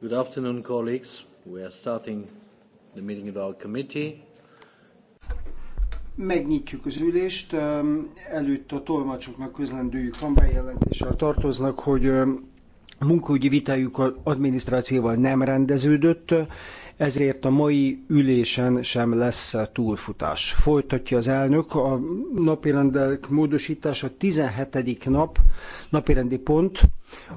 Good afternoon, colleagues. We are starting the meeting of our committee. Megnyitjuk az ülést. Előtt a tolmácsoknak közlendőjük van, bejelentéssel tartoznak, hogy a munkaügyi vitájuk az adminisztrációval nem rendeződött, ezért a mai ülésen sem lesz túlfutás. Folytatja az elnök, a napirendek módosítása 17. nap, napirendi pont,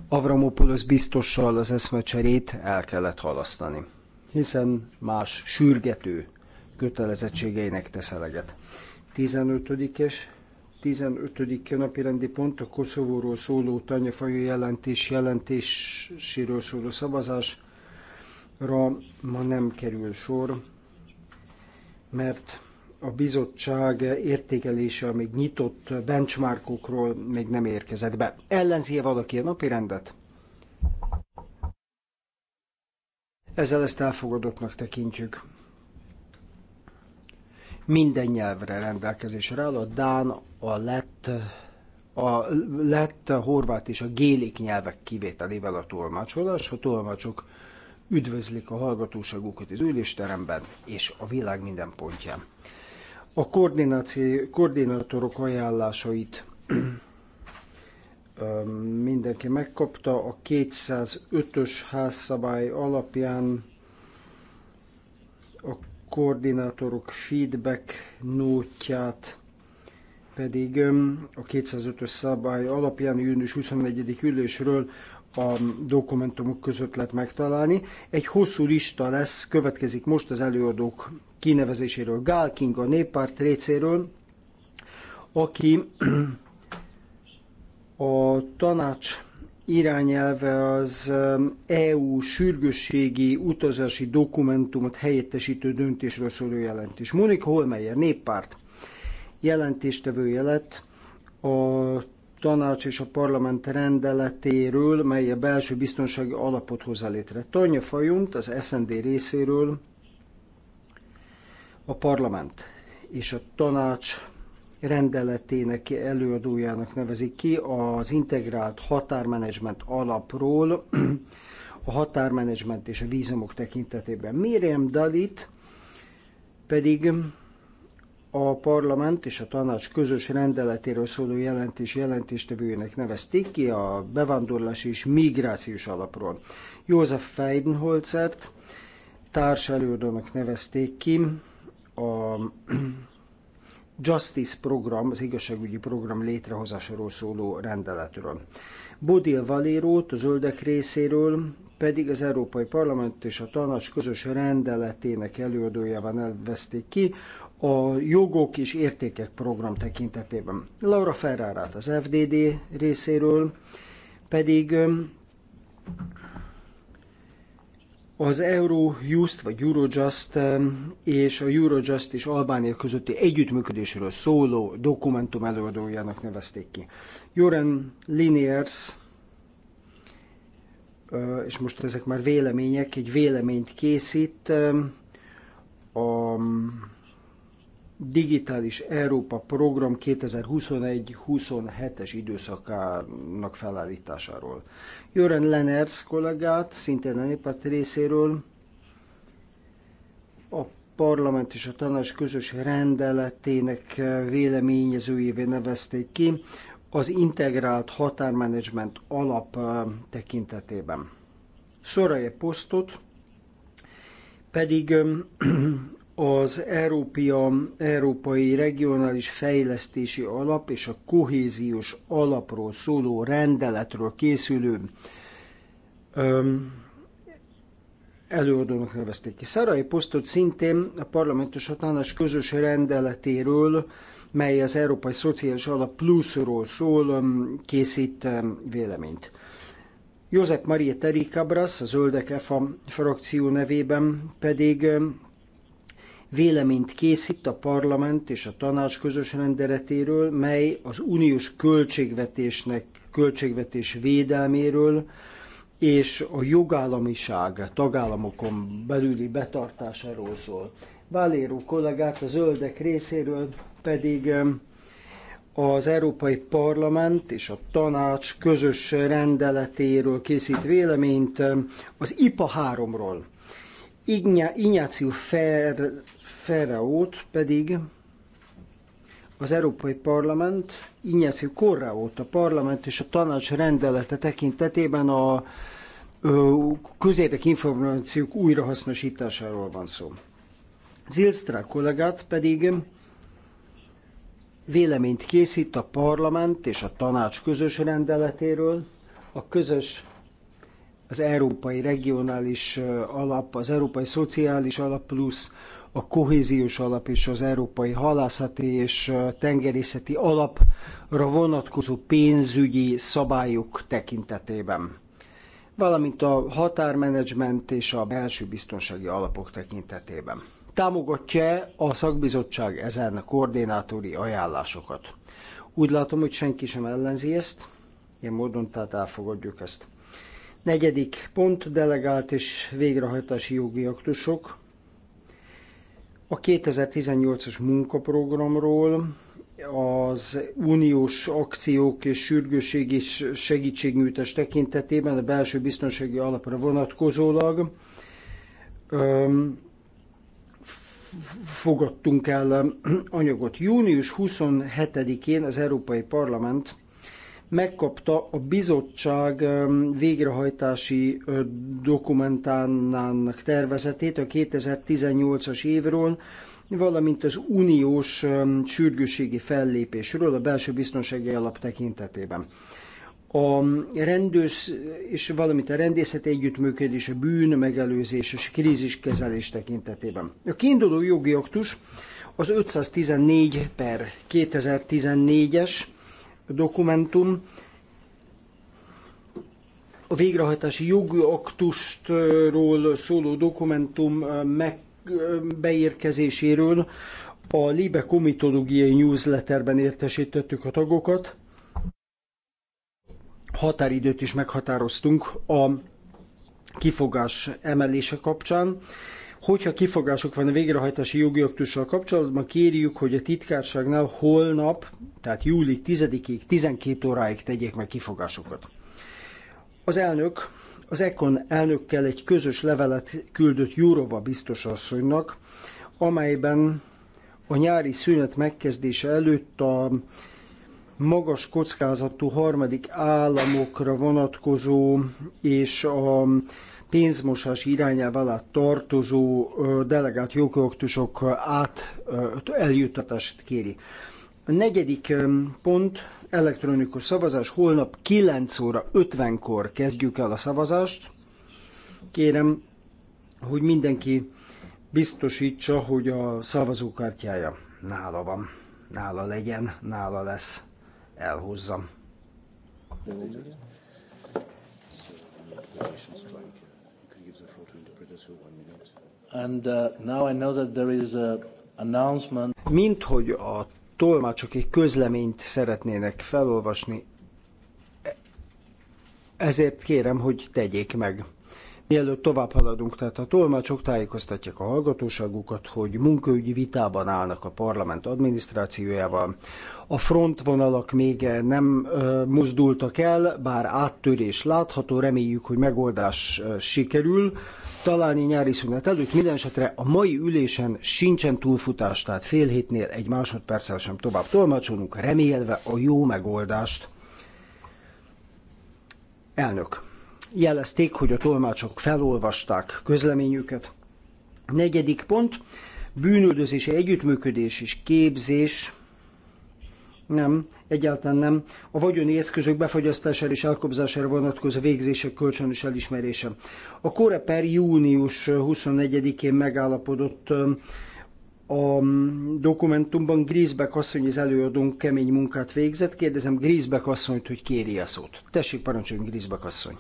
Avramopoulos biztossal az eszmecserét el kellett halasztani, hiszen más sürgető kötelezettségeinek tesz eleget. 15-es 15. rendi pont a Koszovóról szóló tanyafajú jelentés jelentéséről szóló szavazásra ma nem kerül sor, mert a bizottság értékelése a még nyitott benchmarkokról még nem érkezett be. Ellenzi -e valaki a rendet? Ezzel ezt elfogadottnak tekintjük minden nyelvre rendelkezésre áll, a Dán, a lett, a lett, a horvát és a gélik nyelvek kivételével a tolmácsolás. A tolmácsok üdvözlik a hallgatóságukat az ülésteremben és a világ minden pontján. A koordinátorok ajánlásait mindenki megkapta. A 205-ös házszabály alapján a koordinátorok feedback nótját pedig a 205-ös szabály alapján június 21. ülésről a dokumentumok között lehet megtalálni. Egy hosszú lista lesz, következik most az előadók kinevezéséről. Gál King a néppárt részéről, aki a tanács irányelve az EU sürgősségi utazási dokumentumot helyettesítő döntésről szóló jelentés. Monika Holmeyer, néppárt jelentéstevője lett a tanács és a parlament rendeletéről, mely a belső biztonsági alapot hozza létre. Tanya Fajunt az SND részéről a parlament és a tanács rendeletének előadójának nevezik ki az integrált határmenedzsment alapról a határmenedzsment és a vízumok tekintetében. Miriam Dalit pedig a parlament és a tanács közös rendeletéről szóló jelentés jelentéstevőjének nevezték ki a bevándorlási és migrációs alapról. József Feidenholzert társelődőnek nevezték ki a Justice program, az igazságügyi program létrehozásáról szóló rendeletről. Bodil Valérót a zöldek részéről pedig az Európai Parlament és a Tanács közös rendeletének előadójában elveszték ki, a jogok és értékek program tekintetében. Laura Ferrárát az FDD részéről pedig az Eurojust vagy Eurojust és a Eurojust és Albánia közötti együttműködésről szóló dokumentum előadójának nevezték ki. Joren Liniers és most ezek már vélemények, egy véleményt készít a Digitális Európa program 2021-27-es időszakának felállításáról. Jören Lenners kollégát, szintén a néppárt részéről, a parlament és a tanács közös rendeletének véleményezőjévé nevezték ki az integrált határmenedzsment alap tekintetében. Szoraje posztot pedig az Európia, Európai Regionális Fejlesztési Alap és a kohéziós alapról szóló rendeletről készülő öm, előadónak nevezték ki. Szarai posztot szintén a parlamentos hatalmas közös rendeletéről, mely az Európai Szociális Alap pluszról szól, készít véleményt. József Maria Terikabras a Zöldek EFA frakció nevében pedig véleményt készít a parlament és a tanács közös rendeletéről, mely az uniós költségvetésnek költségvetés védelméről és a jogállamiság tagállamokon belüli betartásáról szól. Váléró kollégák a zöldek részéről pedig az Európai Parlament és a Tanács közös rendeletéről készít véleményt az IPA 3-ról. Ignáció Fer Ferraót pedig az Európai Parlament, Ignacio Corraót a parlament és a tanács rendelete tekintetében a közérdek információk újrahasznosításáról van szó. Zilstra kollégát pedig véleményt készít a parlament és a tanács közös rendeletéről, a közös az Európai Regionális Alap, az Európai Szociális Alap plusz a kohéziós alap és az európai halászati és tengerészeti alapra vonatkozó pénzügyi szabályok tekintetében, valamint a határmenedzsment és a belső biztonsági alapok tekintetében. Támogatja a szakbizottság ezen koordinátori ajánlásokat? Úgy látom, hogy senki sem ellenzi ezt, ilyen módon tehát elfogadjuk ezt. Negyedik pont, delegált és végrehajtási jogi aktusok. A 2018-as munkaprogramról az uniós akciók és és segítségnyújtás tekintetében a belső biztonsági alapra vonatkozólag öm, fogadtunk el anyagot. Június 27-én az Európai Parlament megkapta a bizottság végrehajtási dokumentánának tervezetét a 2018-as évről, valamint az uniós sürgőségi fellépésről a belső biztonsági alap tekintetében. A rendőrsz és valamint a rendészeti együttműködés, a bűn megelőzés és kríziskezelés tekintetében. A kiinduló jogi aktus az 514 per 2014-es, dokumentum a végrehajtási jogaktusról szóló dokumentum eh, meg eh, beérkezéséről a Libe komitológiai newsletterben értesítettük a tagokat. Határidőt is meghatároztunk a kifogás emelése kapcsán, Hogyha kifogások van a végrehajtási jogi aktussal kapcsolatban, kérjük, hogy a titkárságnál holnap, tehát júli 10-ig, 12 óráig tegyék meg kifogásokat. Az elnök, az ECON elnökkel egy közös levelet küldött Jurova biztosasszonynak, amelyben a nyári szünet megkezdése előtt a magas kockázatú harmadik államokra vonatkozó és a pénzmosás irányába alá tartozó delegált jogoktusok át eljuttatást kéri. A negyedik pont, elektronikus szavazás, holnap 9 óra 50-kor kezdjük el a szavazást. Kérem, hogy mindenki biztosítsa, hogy a szavazókártyája nála van, nála legyen, nála lesz, elhozzam. Thank you. And uh, now I know that there is a announcement. Mint hogy a tolmácsok egy közleményt szeretnének felolvasni, ezért kérem, hogy tegyék meg. Mielőtt tovább haladunk, tehát a tolmácsok tájékoztatják a hallgatóságukat, hogy munkaügyi vitában állnak a parlament adminisztrációjával. A frontvonalak még nem ö, mozdultak el, bár áttörés látható, reméljük, hogy megoldás ö, sikerül találni nyári szünet előtt. Minden esetre a mai ülésen sincsen túlfutás, tehát fél hétnél egy másodperccel sem tovább tolmácsolunk, remélve a jó megoldást. Elnök. Jelezték, hogy a tolmácsok felolvasták közleményüket. Negyedik pont, bűnöldözési együttműködés és képzés nem, egyáltalán nem. A vagyoni eszközök befogyasztására és elkobzására vonatkozó végzések kölcsönös elismerése. A Koreper június 24-én megállapodott a mm, dokumentumban Grisbeck asszony az előadónk kemény munkát végzett. Kérdezem Grisbeck asszonyt, hogy kéri a szót. Tessék, parancsoljon Grisbeck asszony.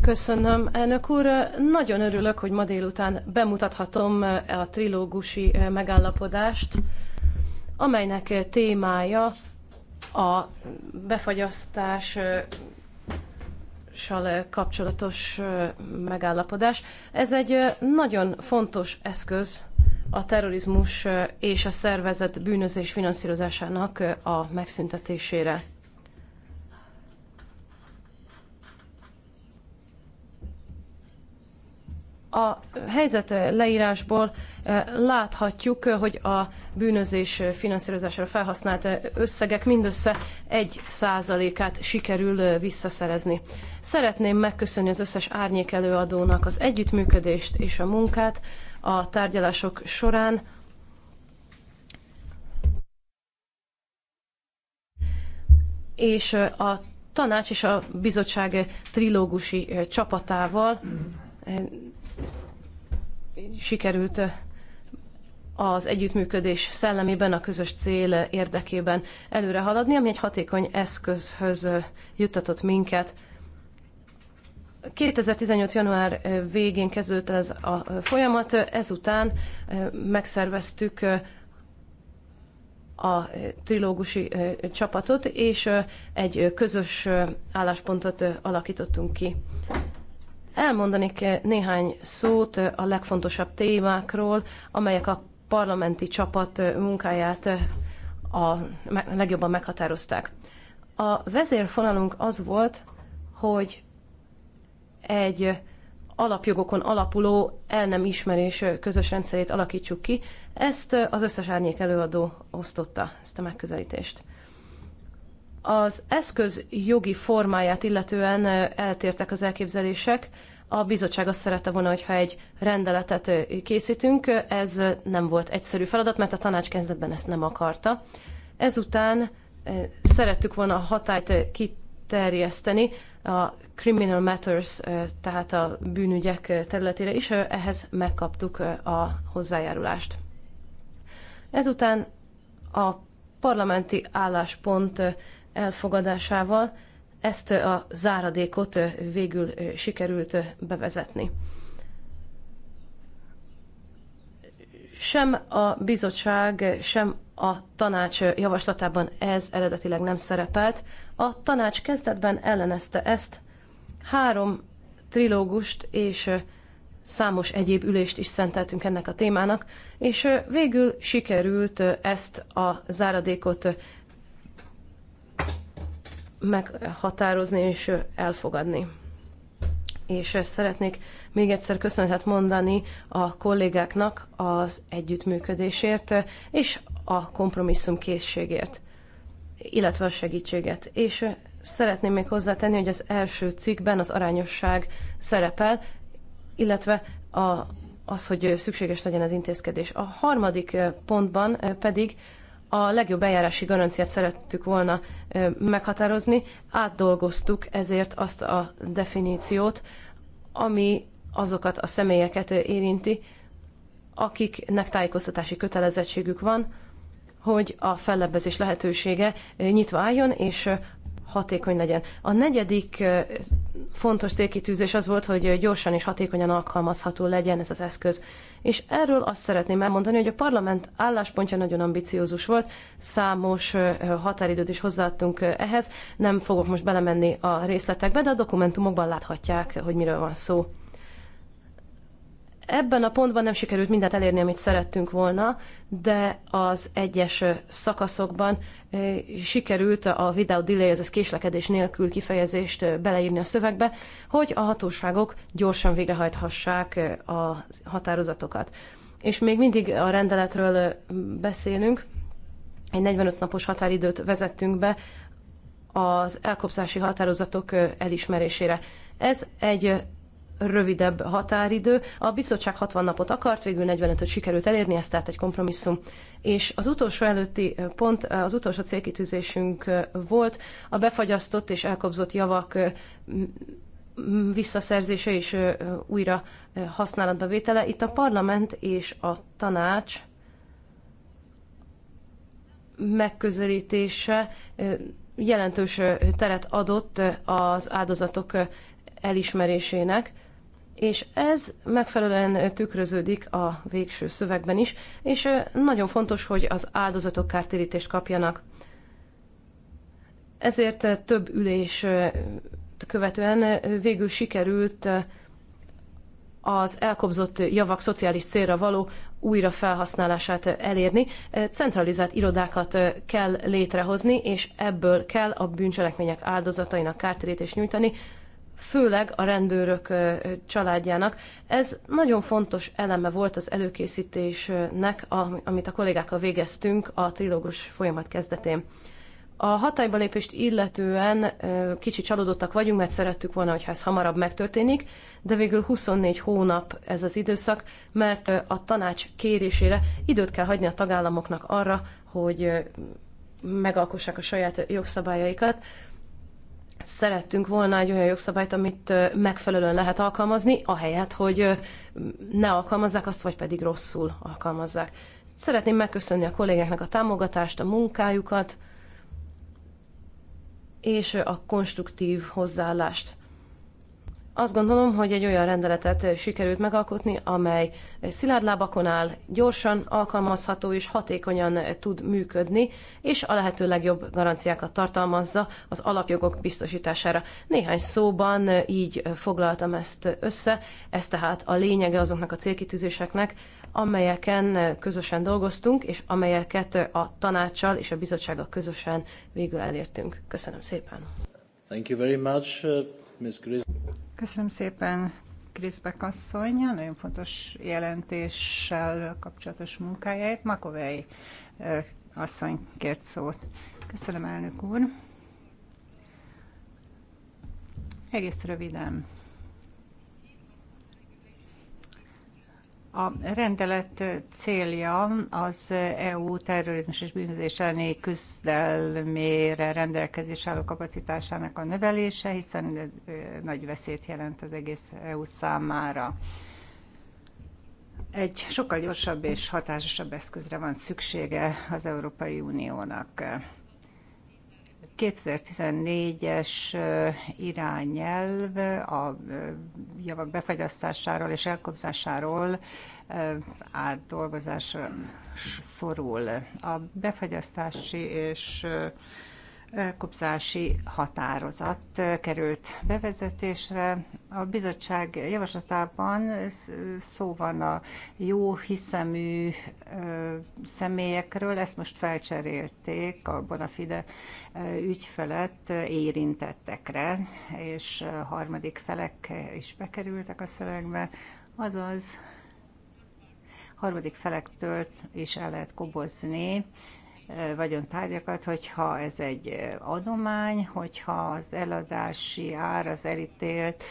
Köszönöm, elnök úr. Nagyon örülök, hogy ma délután bemutathatom a trilógusi megállapodást amelynek témája a befagyasztás kapcsolatos megállapodás. Ez egy nagyon fontos eszköz a terrorizmus és a szervezet bűnözés finanszírozásának a megszüntetésére. A helyzet leírásból eh, láthatjuk, eh, hogy a bűnözés eh, finanszírozására felhasznált összegek mindössze egy százalékát sikerül visszaszerezni. Szeretném megköszönni az összes árnyék előadónak az együttműködést és a munkát a tárgyalások során. És a tanács és a bizottság trilógusi csapatával sikerült az együttműködés szellemében, a közös cél érdekében előre haladni, ami egy hatékony eszközhöz juttatott minket. 2018. január végén kezdődött ez a folyamat, ezután megszerveztük a trilógusi csapatot, és egy közös álláspontot alakítottunk ki. Elmondanék néhány szót a legfontosabb témákról, amelyek a parlamenti csapat munkáját a legjobban meghatározták. A vezérfonalunk az volt, hogy egy alapjogokon alapuló el nem ismerés közös rendszerét alakítsuk ki. Ezt az összes árnyék előadó osztotta, ezt a megközelítést. Az eszköz jogi formáját illetően eltértek az elképzelések. A bizottság azt szerette volna, hogyha egy rendeletet készítünk. Ez nem volt egyszerű feladat, mert a tanács kezdetben ezt nem akarta. Ezután szerettük volna a hatályt kiterjeszteni a Criminal Matters, tehát a bűnügyek területére is, ehhez megkaptuk a hozzájárulást. Ezután a parlamenti álláspont elfogadásával ezt a záradékot végül sikerült bevezetni. Sem a bizottság, sem a tanács javaslatában ez eredetileg nem szerepelt. A tanács kezdetben ellenezte ezt, három trilógust és számos egyéb ülést is szenteltünk ennek a témának, és végül sikerült ezt a záradékot meghatározni és elfogadni. És szeretnék még egyszer köszönetet mondani a kollégáknak az együttműködésért és a kompromisszum készségért, illetve a segítséget. És szeretném még hozzátenni, hogy az első cikkben az arányosság szerepel, illetve a, az, hogy szükséges legyen az intézkedés. A harmadik pontban pedig a legjobb eljárási garanciát szerettük volna meghatározni, átdolgoztuk ezért azt a definíciót, ami azokat a személyeket érinti, akiknek tájékoztatási kötelezettségük van, hogy a fellebbezés lehetősége nyitva álljon, és hatékony legyen. A negyedik fontos célkitűzés az volt, hogy gyorsan és hatékonyan alkalmazható legyen ez az eszköz. És erről azt szeretném elmondani, hogy a parlament álláspontja nagyon ambiciózus volt, számos határidőt is hozzáadtunk ehhez, nem fogok most belemenni a részletekbe, de a dokumentumokban láthatják, hogy miről van szó. Ebben a pontban nem sikerült mindent elérni, amit szerettünk volna, de az egyes szakaszokban sikerült a without delay, azaz késlekedés nélkül kifejezést beleírni a szövegbe, hogy a hatóságok gyorsan végrehajthassák a határozatokat. És még mindig a rendeletről beszélünk. Egy 45 napos határidőt vezettünk be az elkobzási határozatok elismerésére. Ez egy rövidebb határidő. A bizottság 60 napot akart, végül 45-öt sikerült elérni, ez tehát egy kompromisszum. És az utolsó előtti pont, az utolsó célkitűzésünk volt a befagyasztott és elkobzott javak visszaszerzése és újra használatba vétele. Itt a parlament és a tanács megközelítése jelentős teret adott az áldozatok elismerésének, és ez megfelelően tükröződik a végső szövegben is, és nagyon fontos, hogy az áldozatok kártérítést kapjanak. Ezért több ülés követően végül sikerült az elkobzott javak szociális célra való újra felhasználását elérni. Centralizált irodákat kell létrehozni, és ebből kell a bűncselekmények áldozatainak kártérítést nyújtani, főleg a rendőrök családjának. Ez nagyon fontos eleme volt az előkészítésnek, amit a kollégákkal végeztünk a trilógus folyamat kezdetén. A hatályba lépést illetően kicsi csalódottak vagyunk, mert szerettük volna, hogyha ez hamarabb megtörténik, de végül 24 hónap ez az időszak, mert a tanács kérésére időt kell hagyni a tagállamoknak arra, hogy megalkossák a saját jogszabályaikat, szerettünk volna egy olyan jogszabályt, amit megfelelően lehet alkalmazni, ahelyett, hogy ne alkalmazzák azt, vagy pedig rosszul alkalmazzák. Szeretném megköszönni a kollégáknak a támogatást, a munkájukat, és a konstruktív hozzáállást. Azt gondolom, hogy egy olyan rendeletet sikerült megalkotni, amely szilárd lábakon áll, gyorsan alkalmazható és hatékonyan tud működni, és a lehető legjobb garanciákat tartalmazza az alapjogok biztosítására. Néhány szóban így foglaltam ezt össze, ez tehát a lényege azoknak a célkitűzéseknek, amelyeken közösen dolgoztunk, és amelyeket a tanácssal és a bizottsággal közösen végül elértünk. Köszönöm szépen! Thank you very much, uh, Ms. Gris Köszönöm szépen Kriszbek asszony, nagyon fontos jelentéssel kapcsolatos munkájáért. Makovei asszony kért szót. Köszönöm, elnök úr. Egész röviden A rendelet célja az EU terrorizmus és bűnözés elleni küzdelmére rendelkezés álló kapacitásának a növelése, hiszen ez nagy veszélyt jelent az egész EU számára. Egy sokkal gyorsabb és hatásosabb eszközre van szüksége az Európai Uniónak. 2014-es irányelv a javak befagyasztásáról és elkobzásáról átdolgozásra szorul. A befagyasztási és elkobzási határozat került bevezetésre. A bizottság javaslatában szó van a jó hiszemű személyekről, ezt most felcserélték a Bonafide ügyfelet érintettekre, és harmadik felek is bekerültek a szövegbe, azaz harmadik felektől is el lehet kobozni vagyontárgyakat, hogyha ez egy adomány, hogyha az eladási ár az elítélt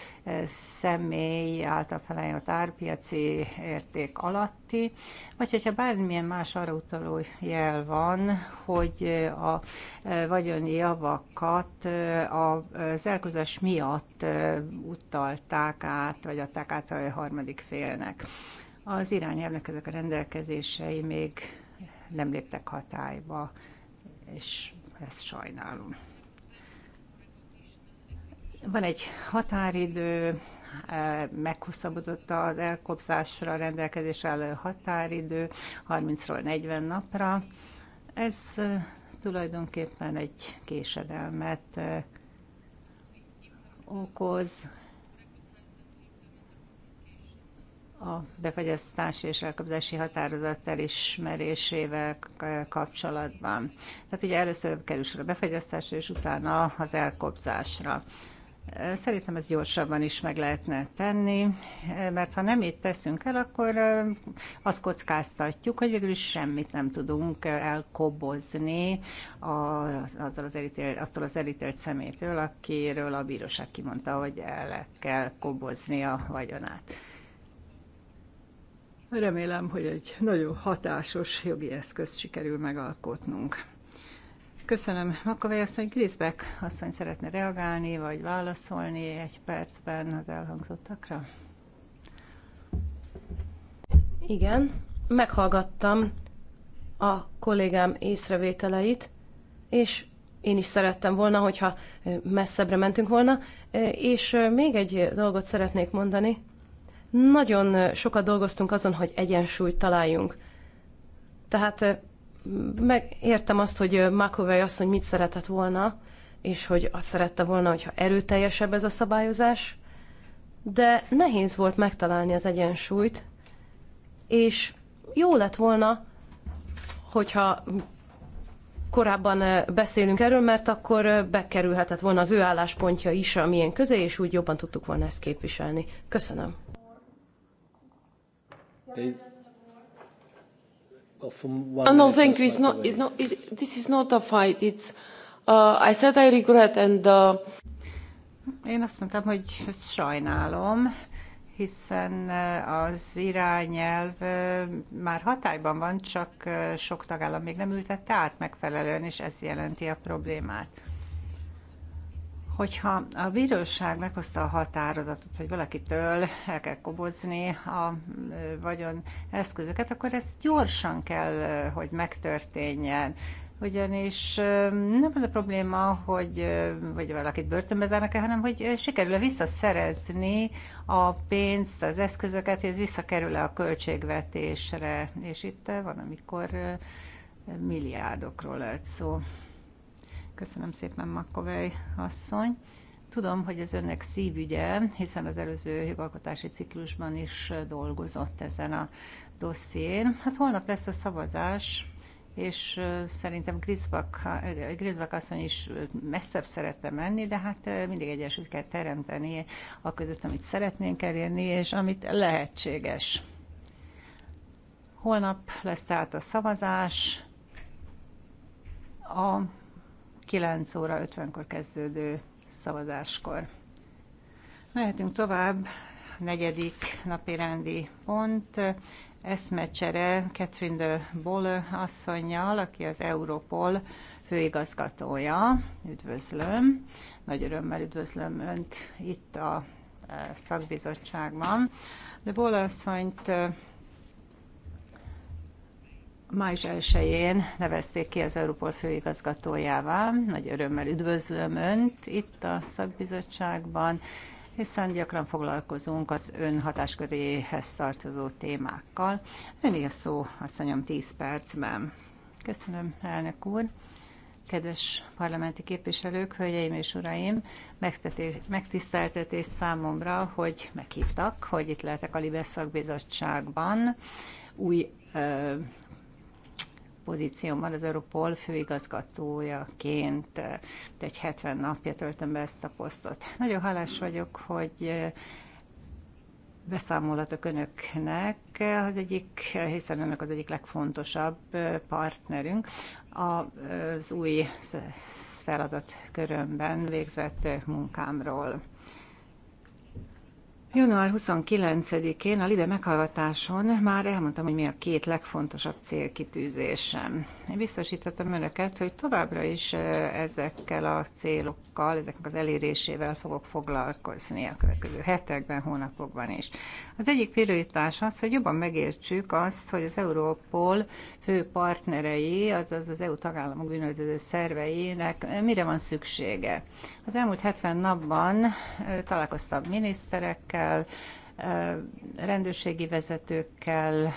személy által felajánlott árpiaci érték alatti, vagy hogyha bármilyen más arra utaló jel van, hogy a vagyoni javakat az elkozás miatt utalták át, vagy adták át a harmadik félnek. Az irányelvnek ezek a rendelkezései még nem léptek hatályba, és ezt sajnálom. Van egy határidő, e, meghosszabbodott az elkobzásra rendelkezés álló határidő 30-ról 40 napra. Ez e, tulajdonképpen egy késedelmet e, okoz, a befagyasztási és elkapzási határozat elismerésével kapcsolatban. Tehát ugye először kerül a befagyasztásra, és utána az elkobzásra. Szerintem ez gyorsabban is meg lehetne tenni, mert ha nem itt teszünk el, akkor azt kockáztatjuk, hogy végül is semmit nem tudunk elkobozni azzal az elítél, attól az elítélt szemétől, akiről a bíróság kimondta, hogy el kell kobozni a vagyonát. Remélem, hogy egy nagyon hatásos jogi eszközt sikerül megalkotnunk. Köszönöm. Makovely asszony, Griszbek asszony szeretne reagálni, vagy válaszolni egy percben az elhangzottakra? Igen, meghallgattam a kollégám észrevételeit, és én is szerettem volna, hogyha messzebbre mentünk volna, és még egy dolgot szeretnék mondani. Nagyon sokat dolgoztunk azon, hogy egyensúlyt találjunk. Tehát megértem azt, hogy McAvey hogy mit szeretett volna, és hogy azt szerette volna, hogyha erőteljesebb ez a szabályozás, de nehéz volt megtalálni az egyensúlyt, és jó lett volna, hogyha korábban beszélünk erről, mert akkor bekerülhetett volna az ő álláspontja is a milyen közé, és úgy jobban tudtuk volna ezt képviselni. Köszönöm. They, well, from one I don't think it's not, it's not it's, this is not a fight. It's, uh, I said I regret and... Uh... Én azt mondtam, hogy sajnálom, hiszen uh, az irányelv uh, már hatályban van, csak uh, sok tagállam még nem ültette át megfelelően, és ez jelenti a problémát hogyha a bíróság meghozta a határozatot, hogy valakitől el kell kobozni a vagyon eszközöket, akkor ez gyorsan kell, hogy megtörténjen ugyanis nem az a probléma, hogy vagy valakit börtönbe zárnak e hanem hogy sikerül-e visszaszerezni a pénzt, az eszközöket, hogy ez visszakerül-e a költségvetésre. És itt van, amikor milliárdokról lehet szó. Köszönöm szépen, Makkovej asszony. Tudom, hogy ez önnek szívügye, hiszen az előző jogalkotási ciklusban is dolgozott ezen a dosszién. Hát holnap lesz a szavazás, és szerintem Griszbak asszony is messzebb szeretne menni, de hát mindig egyesült kell teremteni a között, amit szeretnénk elérni, és amit lehetséges. Holnap lesz tehát a szavazás, a 9 óra 50-kor kezdődő szavazáskor. Mehetünk tovább, negyedik napi rendi pont, eszmecsere Catherine de Bolle asszonynal, aki az Europol főigazgatója. Üdvözlöm, nagy örömmel üdvözlöm Önt itt a eh, szakbizottságban. De Bolle asszonyt eh, május 1-én nevezték ki az Európol főigazgatójává. Nagy örömmel üdvözlöm Önt itt a szakbizottságban, hiszen gyakran foglalkozunk az ön hatásköréhez tartozó témákkal. Ön a szó, mondjam, 10 percben. Köszönöm, elnök úr. Kedves parlamenti képviselők, hölgyeim és uraim, megtiszteltetés számomra, hogy meghívtak, hogy itt lehetek a Libes szakbizottságban új pozíciómmal az Europol főigazgatójaként, eh, egy 70 napja töltöm be ezt a posztot. Nagyon hálás vagyok, hogy eh, beszámolhatok önöknek, eh, az egyik, hiszen önök az egyik legfontosabb partnerünk. Az új feladatkörömben végzett munkámról. Január 29-én a Libe meghallgatáson már elmondtam, hogy mi a két legfontosabb célkitűzésem. Én biztosítottam önöket, hogy továbbra is eh, ezekkel a célok célokkal, ezeknek az elérésével fogok foglalkozni a következő hetekben, hónapokban is. Az egyik prioritás az, hogy jobban megértsük azt, hogy az Európol fő partnerei, azaz az EU tagállamok bűnöző szerveinek mire van szüksége. Az elmúlt 70 napban találkoztam miniszterekkel, rendőrségi vezetőkkel,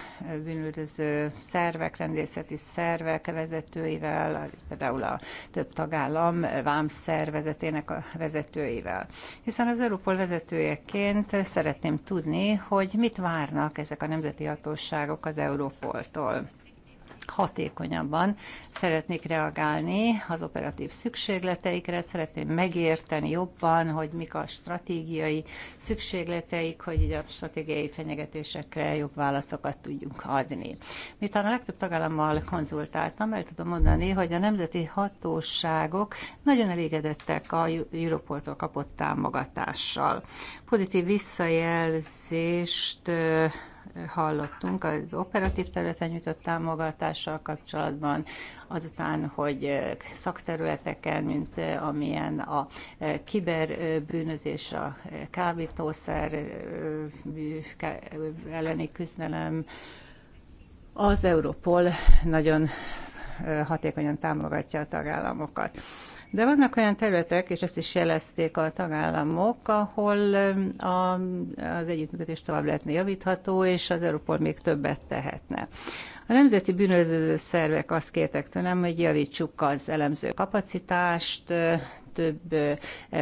bűnüldöző szervek, rendészeti szervek vezetőivel, például a több tagállam vámszervezetének a vezetőivel. Hiszen az Európol vezetőjeként szeretném tudni, hogy mit várnak ezek a nemzeti hatóságok az Európoltól hatékonyabban szeretnék reagálni az operatív szükségleteikre, szeretném megérteni jobban, hogy mik a stratégiai szükségleteik, hogy így a stratégiai fenyegetésekre jobb válaszokat tudjunk adni. Miután a legtöbb tagállammal konzultáltam, el tudom mondani, hogy a nemzeti hatóságok nagyon elégedettek a Europoltól kapott támogatással. Pozitív visszajelzést hallottunk az operatív területen nyújtott támogatással kapcsolatban, azután, hogy szakterületeken, mint amilyen a kiberbűnözés, a kábítószer elleni küzdelem, az Europol nagyon hatékonyan támogatja a tagállamokat. De vannak olyan területek, és ezt is jelezték a tagállamok, ahol um, a, az együttműködés tovább lehetne javítható, és az Európol még többet tehetne. A nemzeti bűnöző szervek azt kértek tőlem, hogy javítsuk az elemző kapacitást, több eh,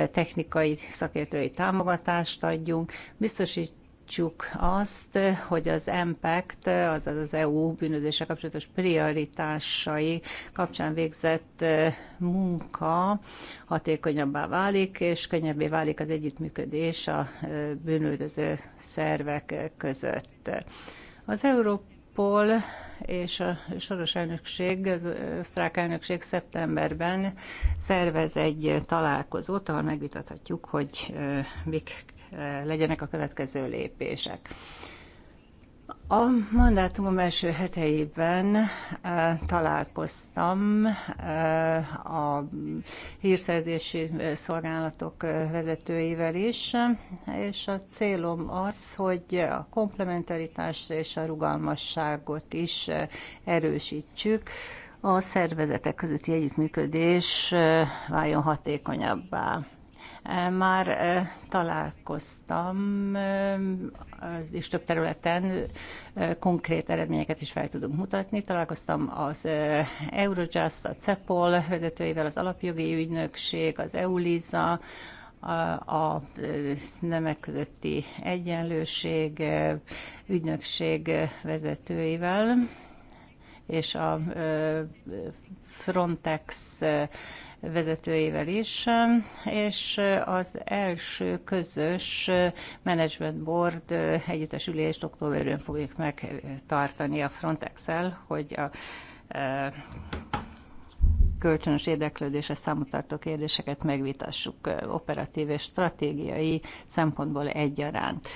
technikai szakértői támogatást adjunk, biztosít Látjuk azt, hogy az impact, e azaz az EU bűnözése kapcsolatos prioritásai kapcsán végzett eh, munka hatékonyabbá válik, és könnyebbé válik az együttműködés a eh, bűnöldöző szervek eh, között. Az Európol és a soros elnökség, az osztrák elnökség szeptemberben szervez egy találkozót, ahol megvitathatjuk, hogy mik legyenek a következő lépések. A mandátumom első heteiben eh, találkoztam eh, a hírszerzési eh, szolgálatok vezetőivel is, és a célom az, hogy a komplementaritást és a rugalmasságot is erősítsük, a szervezetek közötti együttműködés váljon hatékonyabbá. Már találkoztam, és több területen konkrét eredményeket is fel tudunk mutatni. Találkoztam az Eurojust, a CEPOL vezetőivel, az alapjogi ügynökség, az EULISA, a nemek közötti egyenlőség ügynökség vezetőivel, és a Frontex vezetőjével is, és az első közös Management Board együttesülést októberben fogjuk megtartani a Frontex-el, hogy a e, kölcsönös érdeklődésre számítató kérdéseket megvitassuk e, operatív és stratégiai szempontból egyaránt.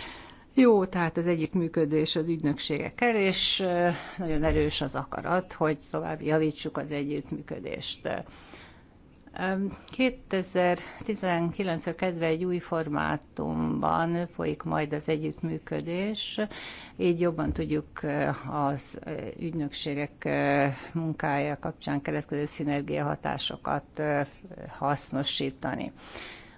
Jó, tehát az működés, az ügynökségekkel, és e, nagyon erős az akarat, hogy tovább javítsuk az együttműködést. 2019-től kedve egy új formátumban folyik majd az együttműködés, így jobban tudjuk eh, az eh, ügynökségek eh, munkája kapcsán keletkező szinergia hatásokat hasznosítani.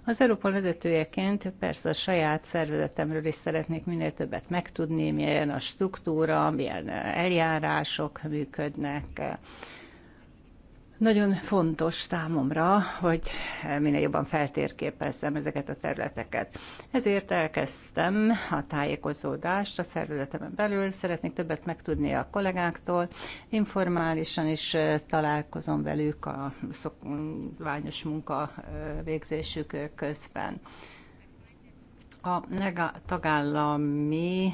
Az Európa vezetőjeként persze a saját szervezetemről is szeretnék minél többet megtudni, milyen a struktúra, milyen eljárások működnek, nagyon fontos számomra, hogy minél jobban feltérképezzem ezeket a területeket. Ezért elkezdtem a tájékozódást a szervezetemen belül, szeretnék többet megtudni a kollégáktól, informálisan is találkozom velük a szokványos munka végzésük közben. A tagállami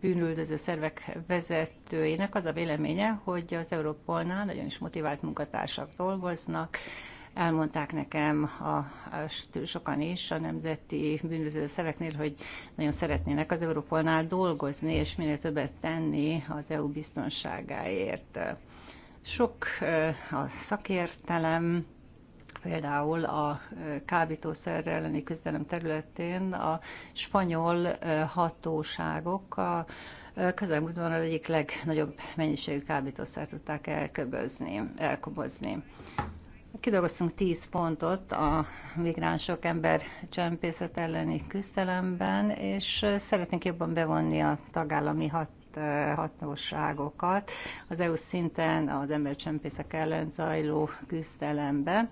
bűnüldöző szervek vezetőjének az a véleménye, hogy az Európolnál nagyon is motivált munkatársak dolgoznak, elmondták nekem a, a, sokan is a nemzeti bűnöző szereknél, hogy nagyon szeretnének az Európolnál dolgozni, és minél többet tenni az EU biztonságáért. Sok a szakértelem, például a kábítószer elleni küzdelem területén a spanyol hatóságok a közelmúltban az egyik legnagyobb mennyiségű kábítószert tudták elköbözni, elkobozni. Kidolgoztunk 10 pontot a migránsok ember csempészet elleni küzdelemben, és szeretnénk jobban bevonni a tagállami hat hatóságokat az EU szinten az embercsempészek ellen zajló küzdelembe.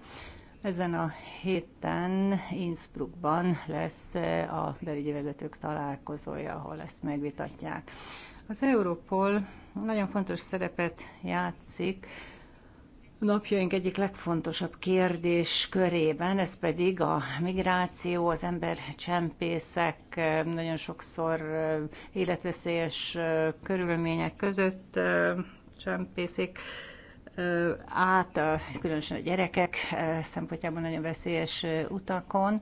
Ezen a héten Innsbruckban lesz eh, a belügyi vezetők találkozója, ahol ezt megvitatják. Az Európol nagyon fontos szerepet játszik, napjaink egyik legfontosabb kérdés körében, ez pedig a migráció, az embercsempészek eh, nagyon sokszor eh, életveszélyes körülmények között csempészik át, különösen a gyerekek szempontjából nagyon veszélyes utakon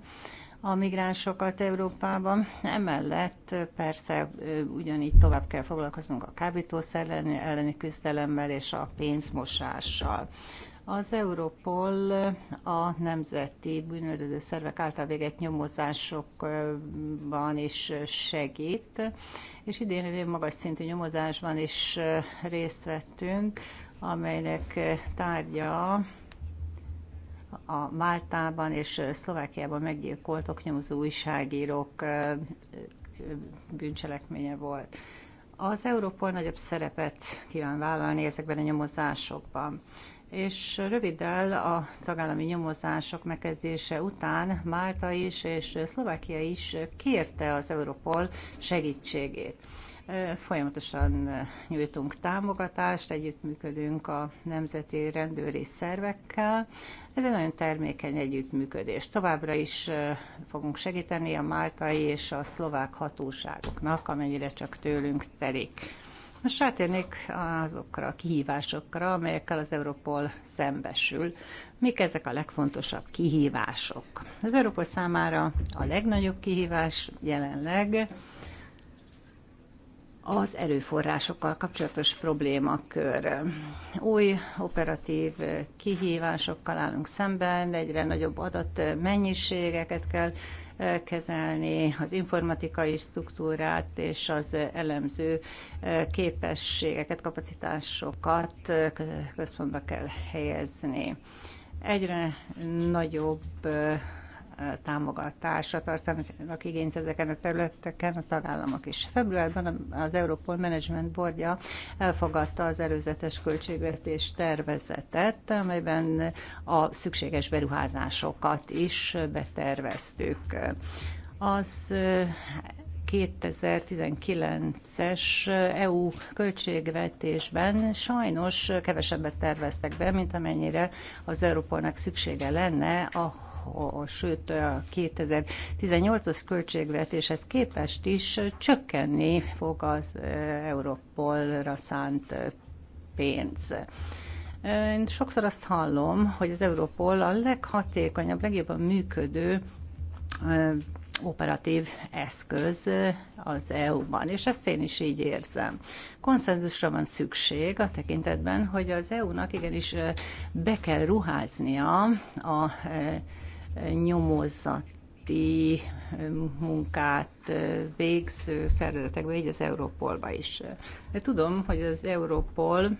a migránsokat Európában. Emellett persze ugyanígy tovább kell foglalkoznunk a kábítószer elleni, elleni küzdelemmel és a pénzmosással. Az Europol a nemzeti bűnöldöző szervek által végett nyomozásokban is segít, és idén egy magas szintű nyomozásban is részt vettünk amelynek tárgya a Máltában és Szlovákiában meggyilkolt oknyomozó újságírók bűncselekménye volt. Az Európol nagyobb szerepet kíván vállalni ezekben a nyomozásokban és röviddel a tagállami nyomozások megkezdése után Málta is és Szlovákia is kérte az Európol segítségét. Folyamatosan nyújtunk támogatást, együttműködünk a nemzeti rendőri szervekkel. Ez egy nagyon termékeny együttműködés. Továbbra is fogunk segíteni a máltai és a szlovák hatóságoknak, amennyire csak tőlünk telik. Most rátérnék azokra a kihívásokra, amelyekkel az Európol szembesül. Mik ezek a legfontosabb kihívások? Az Európol számára a legnagyobb kihívás jelenleg az erőforrásokkal kapcsolatos problémakör. Új operatív kihívásokkal állunk szemben, egyre nagyobb adatmennyiségeket kell eh, kezelni, az informatikai struktúrát és az elemző eh, képességeket, kapacitásokat eh, központba kell helyezni. Egyre nagyobb támogatásra tartanak igényt ezeken a területeken a tagállamok is. Februárban az Europol Management Boardja elfogadta az előzetes költségvetés tervezetet, amelyben a szükséges beruházásokat is beterveztük. Az 2019-es EU költségvetésben sajnos kevesebbet terveztek be, mint amennyire az Európának szüksége lenne sőt a 2018-as költségvetéshez képest is csökkenni fog az Európolra szánt pénz. Én sokszor azt hallom, hogy az Európol a leghatékonyabb, legjobban működő operatív eszköz az EU-ban, és ezt én is így érzem. Konszenzusra van szükség a tekintetben, hogy az EU-nak igenis be kell ruháznia a nyomozati munkát végző szervezetekbe, így az Európolba is. De tudom, hogy az Európol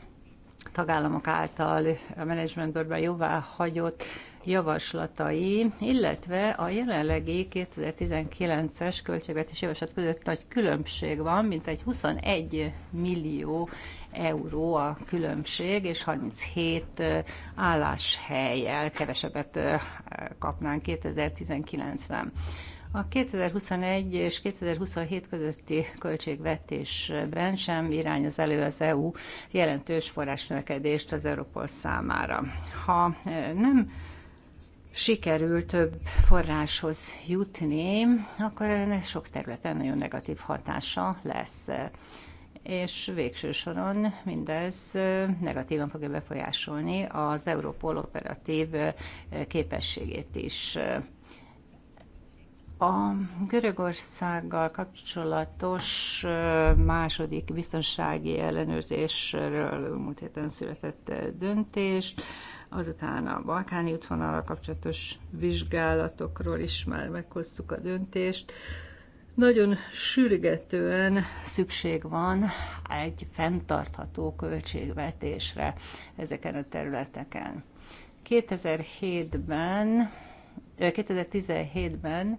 tagállamok által a menedzsmentbőrben jóvá hagyott javaslatai, illetve a jelenlegi 2019-es költségvetés javaslat között nagy különbség van, mint egy 21 millió euró a különbség, és 37 álláshelyel kevesebbet kapnánk 2019-ben. A 2021 és 2027 közötti költségvetésben sem irányoz elő az EU jelentős forrásnövekedést az Európol számára. Ha nem sikerül több forráshoz jutni, akkor ennek sok területen nagyon negatív hatása lesz és végső soron mindez negatívan fogja befolyásolni az Európol operatív képességét is. A Görögországgal kapcsolatos második biztonsági ellenőrzésről múlt héten született döntés, azután a balkáni útvonalra kapcsolatos vizsgálatokról is már meghoztuk a döntést. Nagyon sürgetően szükség van egy fenntartható költségvetésre ezeken a területeken. 2007-ben 2017-ben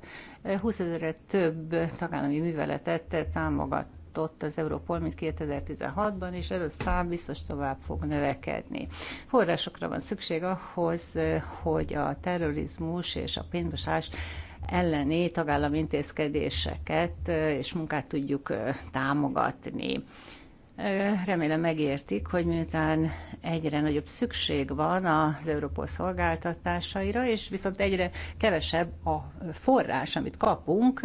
20 ezerre több tagállami műveletet támogatott az Európol, mint 2016-ban, és ez a szám biztos tovább fog növekedni. Forrásokra van szükség ahhoz, hogy a terrorizmus és a pénzmosás elleni tagállami intézkedéseket és munkát tudjuk támogatni. Remélem megértik, hogy miután egyre nagyobb szükség van az Európol szolgáltatásaira, és viszont egyre kevesebb a forrás, amit kapunk,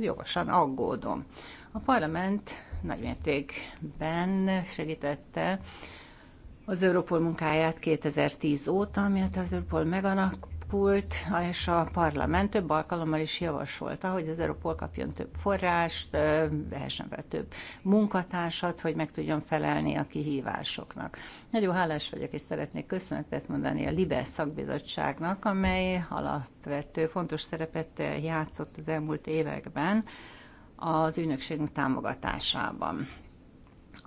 jogosan aggódom. A parlament nagymértékben segítette az Európol munkáját 2010 óta, miatt az Europol alakult, és a parlament több alkalommal is javasolta, hogy az Európol kapjon több forrást, vehessen fel több munkatársat, hogy meg tudjon felelni a kihívásoknak. Nagyon hálás vagyok, és szeretnék köszönetet mondani a Libe szakbizottságnak, amely alapvető fontos szerepet játszott az elmúlt években az ügynökségünk támogatásában.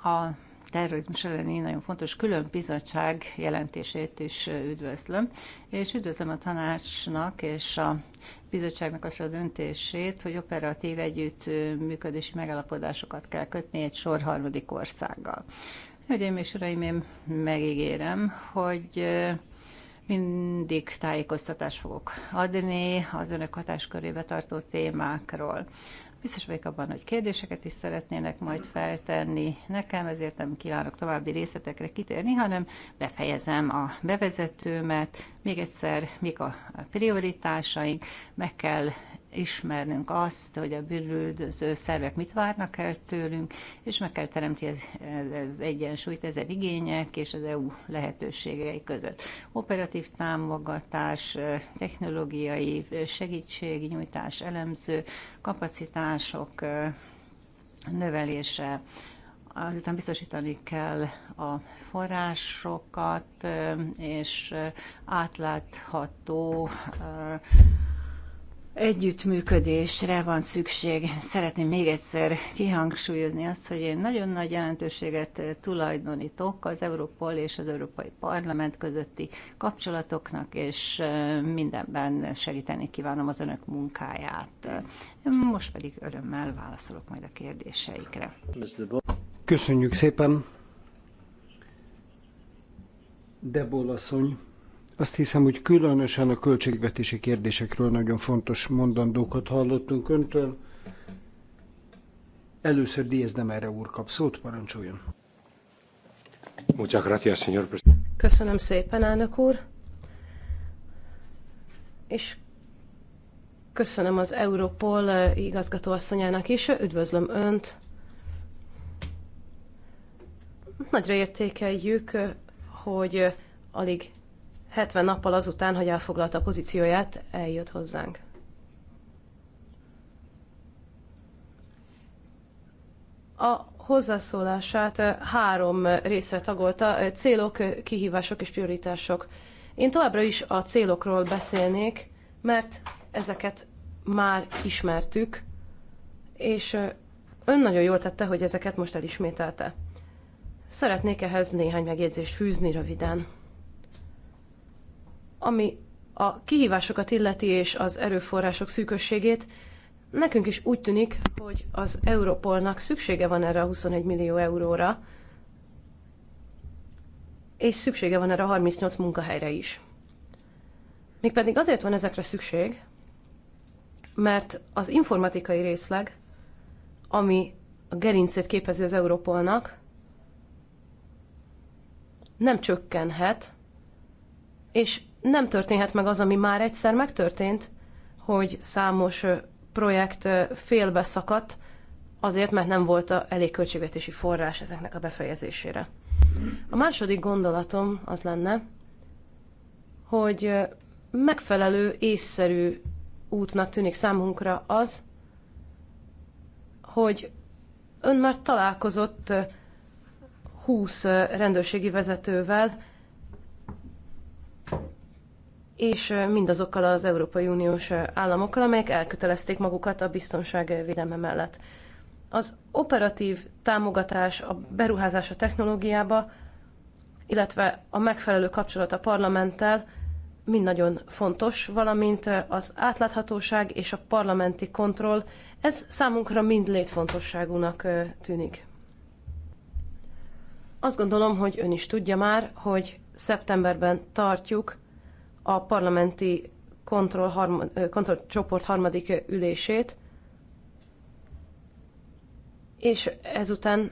A terrorizmus elleni nagyon fontos külön bizottság jelentését is üdvözlöm, és üdvözlöm a tanácsnak és a bizottságnak azt a döntését, hogy operatív együttműködési megállapodásokat kell kötni egy sor harmadik országgal. Hölgyeim és uraim, én megígérem, hogy mindig tájékoztatást fogok adni az önök hatáskörébe tartó témákról. Biztos vagyok abban, hogy kérdéseket is szeretnének majd feltenni nekem, ezért nem kívánok további részletekre kitérni, hanem befejezem a bevezetőmet. Még egyszer, mik a prioritásaink, meg kell ismernünk azt, hogy a bűnöldöző szervek mit várnak el tőlünk, és meg kell teremteni az, az egyensúlyt ezen igények és az EU lehetőségei között. Operatív támogatás, technológiai segítségnyújtás, elemző kapacitások növelése, azután biztosítani kell a forrásokat, és átlátható együttműködésre van szükség. Szeretném még egyszer kihangsúlyozni azt, hogy én nagyon nagy jelentőséget tulajdonítok az Európol és az Európai Parlament közötti kapcsolatoknak, és mindenben segíteni kívánom az önök munkáját. Most pedig örömmel válaszolok majd a kérdéseikre. Köszönjük szépen! Debol asszony! Azt hiszem, hogy különösen a költségvetési kérdésekről nagyon fontos mondandókat hallottunk öntől. Először Díaz erre úr kap szót, parancsoljon. Köszönöm szépen, elnök úr. És köszönöm az Europol eh, igazgatóasszonyának is. Üdvözlöm Önt. Nagyra értékeljük, eh, hogy eh, alig 70 nappal azután, hogy elfoglalta pozícióját, eljött hozzánk. A hozzászólását három részre tagolta, célok, kihívások és prioritások. Én továbbra is a célokról beszélnék, mert ezeket már ismertük, és ön nagyon jól tette, hogy ezeket most elismételte. Szeretnék ehhez néhány megjegyzést fűzni röviden. Ami a kihívásokat illeti és az erőforrások szűkösségét, nekünk is úgy tűnik, hogy az Europolnak szüksége van erre a 21 millió euróra, és szüksége van erre a 38 munkahelyre is. Mégpedig azért van ezekre szükség, mert az informatikai részleg, ami a gerincét képezi az Europolnak, nem csökkenhet, és nem történhet meg az, ami már egyszer megtörtént, hogy számos projekt félbe szakadt, azért, mert nem volt a elég költségvetési forrás ezeknek a befejezésére. A második gondolatom az lenne, hogy megfelelő, észszerű útnak tűnik számunkra az, hogy ön már találkozott 20 rendőrségi vezetővel, és mindazokkal az Európai Uniós államokkal, amelyek elkötelezték magukat a biztonság védelme mellett. Az operatív támogatás, a beruházás a technológiába, illetve a megfelelő kapcsolat a parlamenttel mind nagyon fontos, valamint az átláthatóság és a parlamenti kontroll, ez számunkra mind létfontosságúnak tűnik. Azt gondolom, hogy ön is tudja már, hogy szeptemberben tartjuk a parlamenti kontroll harmad, kontrollcsoport harmadik ülését, és ezután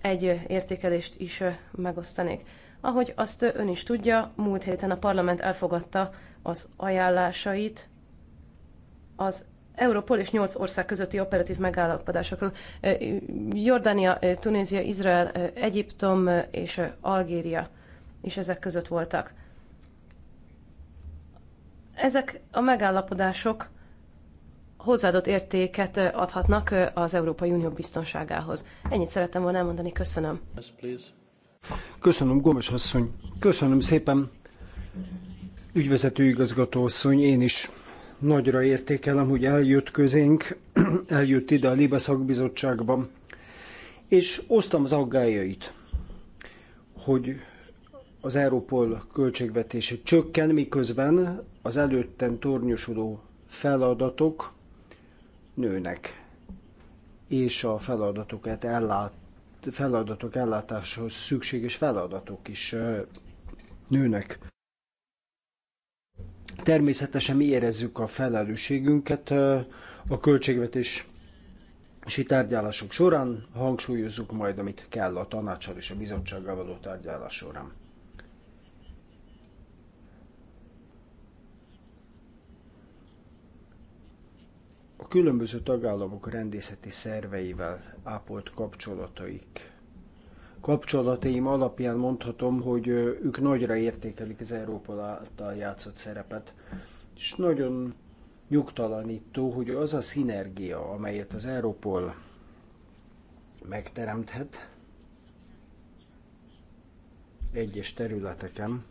egy értékelést is megosztanék. Ahogy azt ön is tudja, múlt héten a parlament elfogadta az ajánlásait az Európol és nyolc ország közötti operatív megállapodásokról. Jordánia, Tunézia, Izrael, Egyiptom és Algéria is ezek között voltak. Ezek a megállapodások hozzáadott értéket adhatnak az Európai Unió biztonságához. Ennyit szerettem volna elmondani, köszönöm. Köszönöm, Gomes asszony. Köszönöm szépen, ügyvezető igazgató asszony, én is nagyra értékelem, hogy eljött közénk, eljött ide a Libe szakbizottságba, és osztam az aggájait, hogy az Európol költségvetése csökken, miközben az előtten tornyosuló feladatok nőnek, és a feladatokat ellát, feladatok ellátáshoz szükséges feladatok is nőnek. Természetesen mi érezzük a felelősségünket a költségvetés és itt tárgyalások során hangsúlyozzuk majd, amit kell a tanácsal és a bizottsággal való tárgyalás során. különböző tagállamok rendészeti szerveivel ápolt kapcsolataik kapcsolataim alapján mondhatom, hogy ők nagyra értékelik az Európa által játszott szerepet, és nagyon nyugtalanító, hogy az a szinergia, amelyet az Európol megteremthet egyes területeken,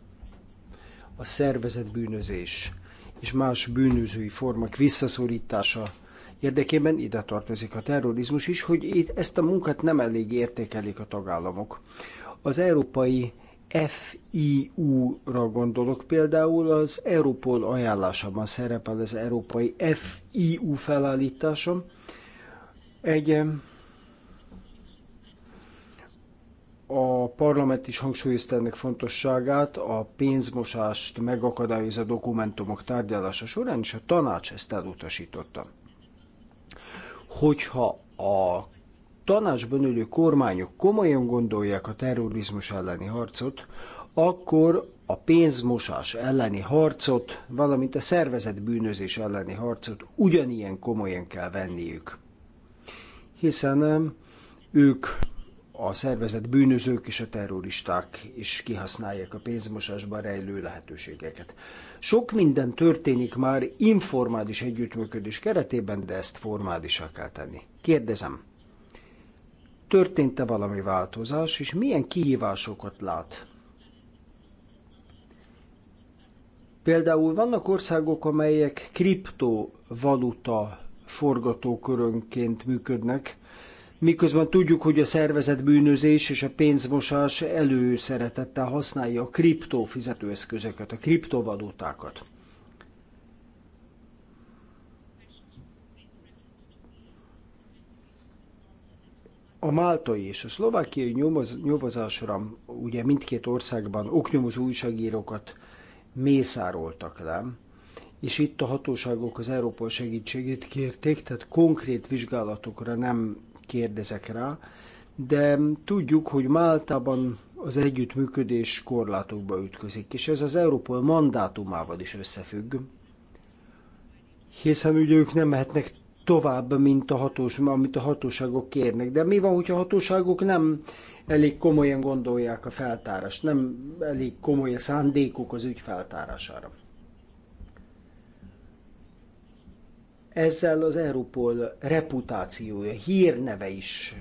a szervezett bűnözés és más bűnözői formák visszaszorítása érdekében ide tartozik a terrorizmus is, hogy itt ezt a munkát nem elég értékelik a tagállamok. Az európai FIU-ra gondolok például, az Európol ajánlásában szerepel az európai FIU felállítása. Egy a parlament is hangsúlyozta ennek fontosságát, a pénzmosást megakadályozó dokumentumok tárgyalása során, és a tanács ezt elutasította hogyha a tanácsban ülő kormányok komolyan gondolják a terrorizmus elleni harcot, akkor a pénzmosás elleni harcot, valamint a szervezett bűnözés elleni harcot ugyanilyen komolyan kell venniük. Hiszen ők a szervezet bűnözők és a terroristák is kihasználják a pénzmosásban rejlő lehetőségeket. Sok minden történik már informális együttműködés keretében, de ezt formálisá kell tenni. Kérdezem, történt-e valami változás, és milyen kihívásokat lát? Például vannak országok, amelyek kriptovaluta forgatókörönként működnek, miközben tudjuk, hogy a szervezett bűnözés és a pénzmosás előszeretettel használja a kriptofizetőeszközöket, a kriptovalutákat. a máltai és a szlovákiai nyomoz, nyomozásra ugye mindkét országban oknyomozó újságírókat mészároltak le, és itt a hatóságok az Európa segítségét kérték, tehát konkrét vizsgálatokra nem kérdezek rá, de tudjuk, hogy Máltában az együttműködés korlátokba ütközik, és ez az Európol mandátumával is összefügg, hiszen ugye ők nem mehetnek tovább, mint a hatós, amit a hatóságok kérnek. De mi van, hogyha a hatóságok nem elég komolyan gondolják a feltárást, nem elég komoly a szándékuk az ügy feltárására? Ezzel az Európol reputációja, hírneve is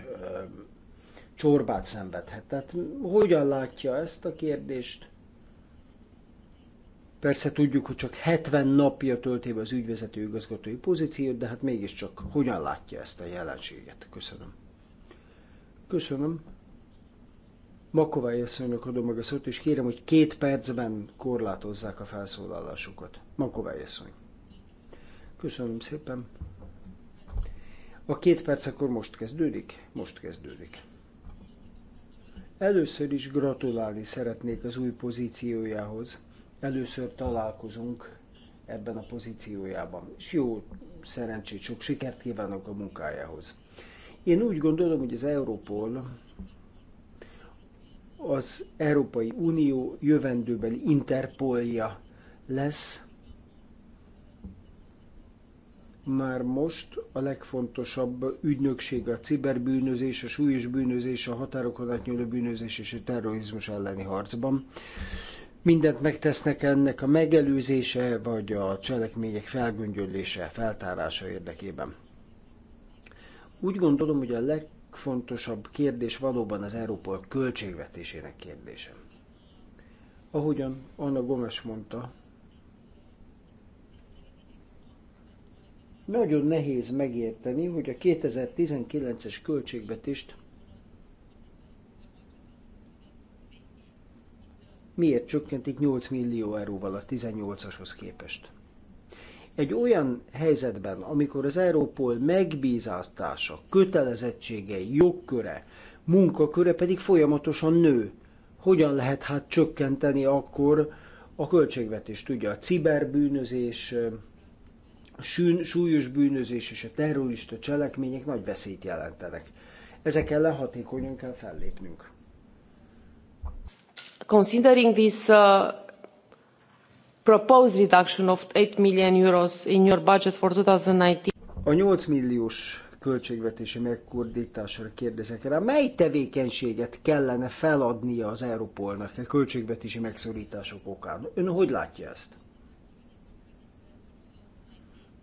csorbát szenvedhet. Tehát hogyan látja ezt a kérdést? Persze tudjuk, hogy csak 70 napja töltébe az ügyvezető igazgatói pozíciót, de hát mégiscsak hogyan látja ezt a jelenséget? Köszönöm. Köszönöm. Makovály asszonynak adom meg a szót, és kérem, hogy két percben korlátozzák a felszólalásukat. Makovály asszony. Köszönöm szépen. A két perc akkor most kezdődik? Most kezdődik. Először is gratulálni szeretnék az új pozíciójához. Először találkozunk ebben a pozíciójában. És jó szerencsét, sok sikert kívánok a munkájához. Én úgy gondolom, hogy az Európol az Európai Unió jövendőbeli Interpolja lesz, már most a legfontosabb ügynökség a ciberbűnözés, a súlyos bűnözés, a határokon átnyúló bűnözés és a terrorizmus elleni harcban. Mindent megtesznek ennek a megelőzése vagy a cselekmények felgöngyölése, feltárása érdekében. Úgy gondolom, hogy a legfontosabb kérdés valóban az Európa költségvetésének kérdése. Ahogyan Anna Gomes mondta, Nagyon nehéz megérteni, hogy a 2019-es költségvetést miért csökkentik 8 millió euróval a 18-ashoz képest. Egy olyan helyzetben, amikor az Európol megbízátása, kötelezettségei, jogköre, munkaköre pedig folyamatosan nő, hogyan lehet hát csökkenteni akkor a költségvetést? Ugye a ciberbűnözés, a sűn, súlyos bűnözés és a terrorista cselekmények nagy veszélyt jelentenek. Ezek ellen hatékonyan kell fellépnünk. Considering this uh, proposed reduction of 8 million euros in your budget for 2019. A 8 milliós költségvetési megkordításra kérdezek rá, mely tevékenységet kellene feladnia az Európolnak a e költségvetési megszorítások okán? Ön hogy látja ezt?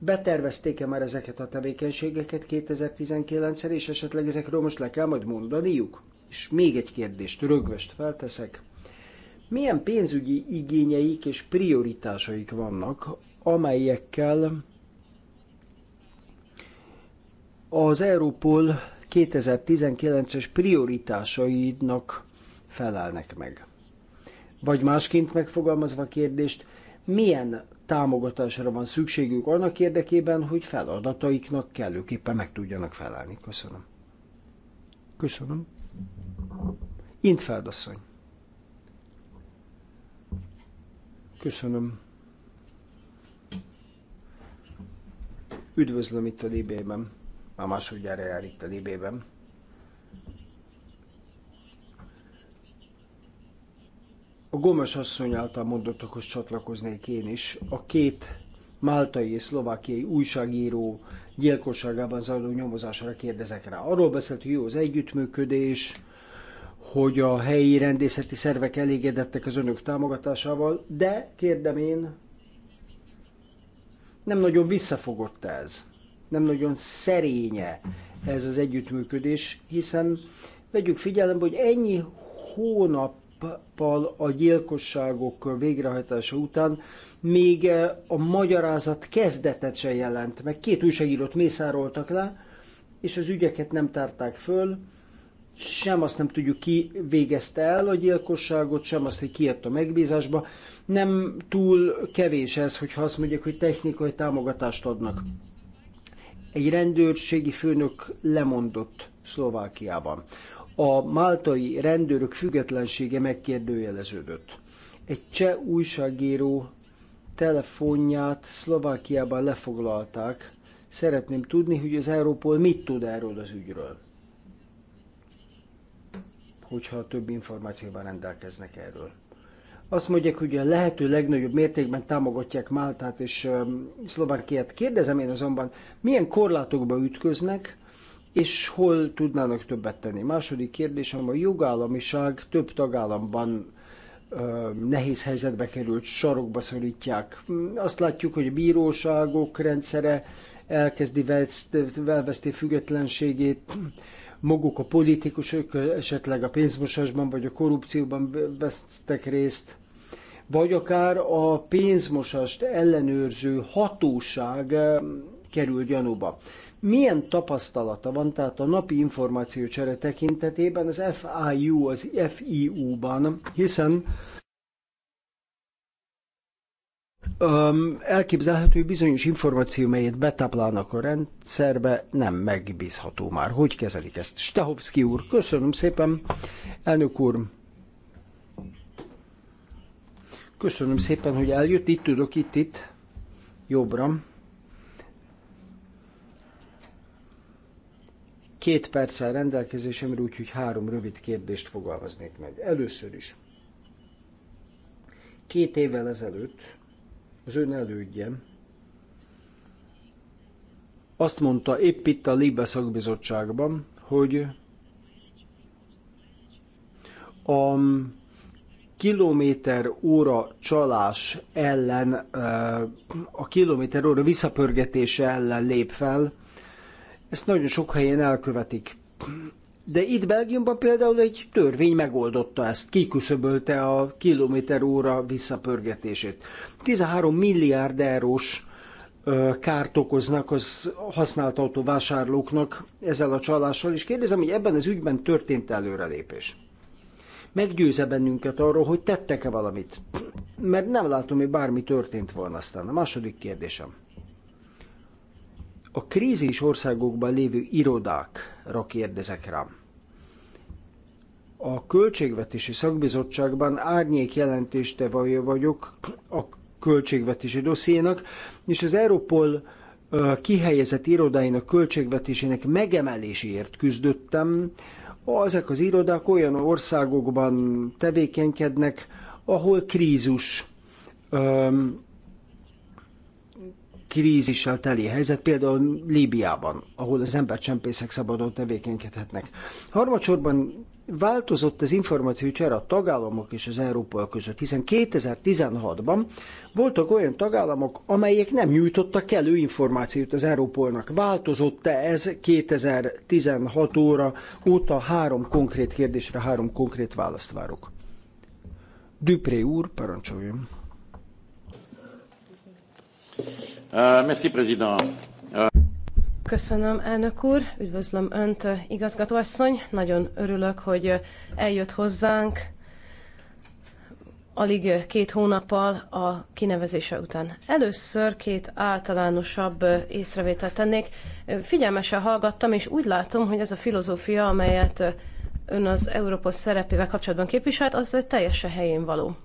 betervezték-e már ezeket a tevékenységeket 2019-re, és esetleg ezekről most le kell majd mondaniuk? És még egy kérdést rögvest felteszek. Milyen pénzügyi igényeik és prioritásaik vannak, amelyekkel az Európol 2019-es prioritásainak felelnek meg? Vagy másként megfogalmazva a kérdést, milyen támogatásra van szükségük annak érdekében, hogy feladataiknak kellőképpen meg tudjanak felelni. Köszönöm. Köszönöm. Intfeld asszony. Köszönöm. Üdvözlöm itt a DB-ben. Már másodjára jár itt a DB-ben. A Gomes asszony által mondottakhoz csatlakoznék én is. A két máltai és szlovákiai újságíró gyilkosságában zajló nyomozásra kérdezek rá. Arról beszélt, hogy jó az együttműködés, hogy a helyi rendészeti szervek elégedettek az önök támogatásával, de kérdem én, nem nagyon visszafogott ez, nem nagyon szerénye ez az együttműködés, hiszen vegyük figyelembe, hogy ennyi hónap Európal a gyilkosságok végrehajtása után még eh, a magyarázat kezdetet se jelent, meg két újságírót mészároltak le, és az ügyeket nem tárták föl, sem azt nem tudjuk, ki végezte el a gyilkosságot, sem azt, hogy ki a megbízásba. Nem túl kevés ez, hogyha azt mondják, hogy technikai támogatást adnak. Egy rendőrségi főnök lemondott Szlovákiában a máltai rendőrök függetlensége megkérdőjeleződött. Egy cseh újságíró telefonját Szlovákiában lefoglalták. Szeretném tudni, hogy az Európol mit tud erről az ügyről. Hogyha több információval rendelkeznek erről. Azt mondják, hogy a lehető legnagyobb mértékben támogatják Máltát és Szlovákiát. Kérdezem én azonban, milyen korlátokba ütköznek, és hol tudnának többet tenni. Második kérdésem, a jogállamiság több tagállamban nehéz helyzetbe került, sarokba szorítják. Azt látjuk, hogy a bíróságok rendszere elkezdi elveszti függetlenségét, maguk a politikusok esetleg a pénzmosásban vagy a korrupcióban vesztek részt, vagy akár a pénzmosást ellenőrző hatóság kerül gyanúba milyen tapasztalata van, tehát a napi információcsere tekintetében az FIU, az FIU-ban, hiszen Um, elképzelhető, hogy bizonyos információ, melyet betáplálnak a rendszerbe, nem megbízható már. Hogy kezelik ezt? Stahovszki úr, köszönöm szépen. Elnök úr, köszönöm szépen, hogy eljött. Itt tudok, itt, itt, jobbra. Két perccel rendelkezésemre, úgyhogy három rövid kérdést fogalmaznék meg. Először is. Két évvel ezelőtt az ön elődjem azt mondta épp itt a Libe szakbizottságban, hogy a kilométer óra csalás ellen, a kilométer óra visszapörgetése ellen lép fel, ezt nagyon sok helyen elkövetik. De itt Belgiumban például egy törvény megoldotta ezt, kiküszöbölte a kilométer óra visszapörgetését. 13 milliárd eurós kárt okoznak az használt autó vásárlóknak ezzel a csalással, és kérdezem, hogy ebben az ügyben történt előrelépés. Meggyőze bennünket arról, hogy tettek-e valamit? Mert nem látom, hogy bármi történt volna aztán. A második kérdésem a krízis országokban lévő irodákra kérdezek rám. A Költségvetési Szakbizottságban árnyék jelentéstevője vagyok a költségvetési dossziénak, és az Európol kihelyezett irodáinak költségvetésének megemeléséért küzdöttem. Ezek az irodák olyan országokban tevékenykednek, ahol krízus krízissel teli helyzet, például Líbiában, ahol az embercsempészek szabadon tevékenykedhetnek. Harmadsorban változott az csere a tagállamok és az Európa között, hiszen 2016-ban voltak olyan tagállamok, amelyek nem nyújtottak elő információt az Európolnak. Változott-e ez 2016 óra óta három konkrét kérdésre három konkrét választ várok? Dupré úr, parancsoljon! Euh, merci, président. Köszönöm, elnök úr, üdvözlöm Önt, igazgatóasszony. Nagyon örülök, hogy eljött hozzánk alig két hónappal a kinevezése után. Először két általánosabb észrevételt tennék. Figyelmesen hallgattam, és úgy látom, hogy ez a filozófia, amelyet ön az Európa szerepével kapcsolatban képviselt, az teljesen helyén való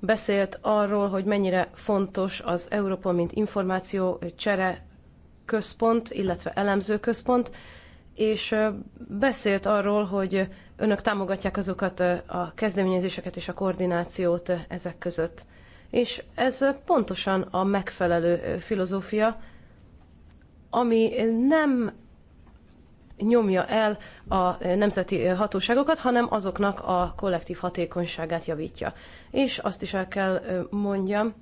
beszélt arról, hogy mennyire fontos az Európa, mint információ csere központ, illetve elemző központ, és beszélt arról, hogy önök támogatják azokat a kezdeményezéseket és a koordinációt ezek között. És ez pontosan a megfelelő filozófia, ami nem nyomja el a nemzeti hatóságokat, hanem azoknak a kollektív hatékonyságát javítja. És azt is el kell mondjam,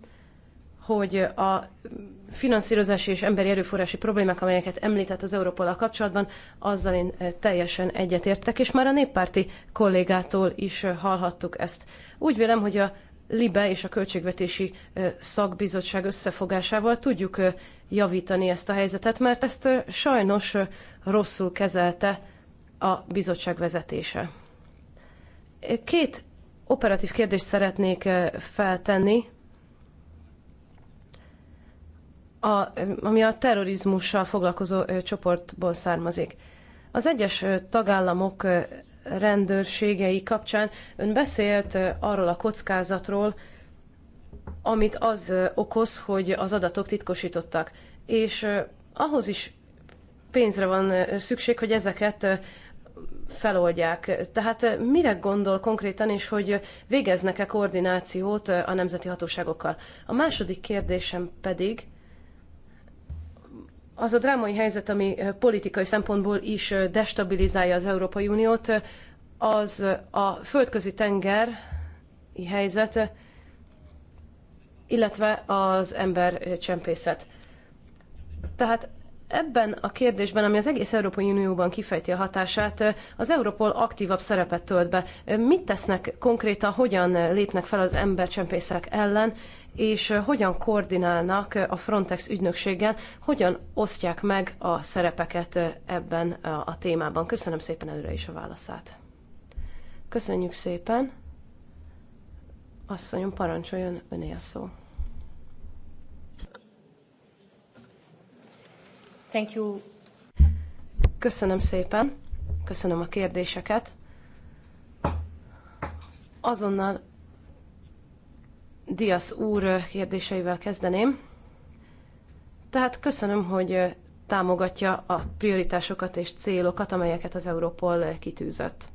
hogy a finanszírozási és emberi erőforrási problémák, amelyeket említett az Európol kapcsolatban, azzal én teljesen egyetértek, és már a néppárti kollégától is hallhattuk ezt. Úgy vélem, hogy a LIBE és a Költségvetési Szakbizottság összefogásával tudjuk javítani ezt a helyzetet, mert ezt sajnos rosszul kezelte a bizottság vezetése. Két operatív kérdést szeretnék feltenni, a, ami a terrorizmussal foglalkozó csoportból származik. Az egyes tagállamok rendőrségei kapcsán ön beszélt arról a kockázatról, amit az okoz, hogy az adatok titkosítottak. És ahhoz is pénzre van szükség, hogy ezeket feloldják. Tehát mire gondol konkrétan, és hogy végeznek-e koordinációt a nemzeti hatóságokkal? A második kérdésem pedig az a drámai helyzet, ami politikai szempontból is destabilizálja az Európai Uniót, az a földközi tengeri helyzet, illetve az csempészet. Tehát ebben a kérdésben, ami az egész Európai Unióban kifejti a hatását, az Europol aktívabb szerepet tölt be. Mit tesznek konkrétan, hogyan lépnek fel az embercsempészek ellen, és hogyan koordinálnak a Frontex ügynökséggel, hogyan osztják meg a szerepeket ebben a témában. Köszönöm szépen előre is a válaszát. Köszönjük szépen! Asszonyom, parancsoljon, öné a szó. Thank you. Köszönöm szépen, köszönöm a kérdéseket. Azonnal Diaz úr kérdéseivel kezdeném. Tehát köszönöm, hogy támogatja a prioritásokat és célokat, amelyeket az Európol kitűzött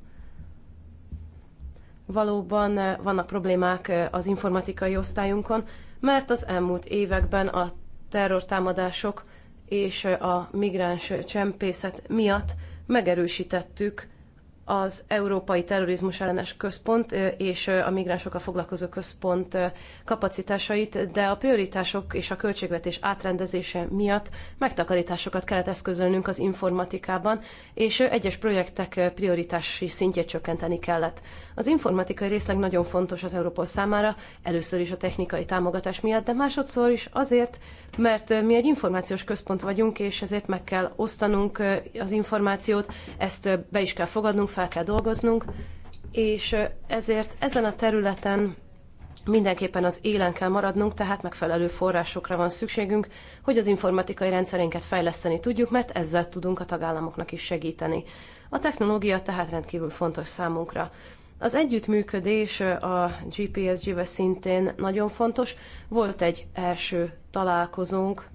valóban eh, vannak problémák eh, az informatikai osztályunkon, mert az elmúlt években a terrortámadások és eh, a migráns csempészet miatt megerősítettük az Európai Terrorizmus ellenes központ és a migránsokkal foglalkozó központ kapacitásait, de a prioritások és a költségvetés átrendezése miatt megtakarításokat kellett eszközölnünk az informatikában, és egyes projektek prioritási szintjét csökkenteni kellett. Az informatikai részleg nagyon fontos az Európol számára, először is a technikai támogatás miatt, de másodszor is azért, mert mi egy információs központ vagyunk, és ezért meg kell osztanunk az információt, ezt be is kell fogadnunk, fel kell dolgoznunk, és ezért ezen a területen mindenképpen az élen kell maradnunk, tehát megfelelő forrásokra van szükségünk, hogy az informatikai rendszerénket fejleszteni tudjuk, mert ezzel tudunk a tagállamoknak is segíteni. A technológia tehát rendkívül fontos számunkra. Az együttműködés a GPSG-be szintén nagyon fontos. Volt egy első találkozónk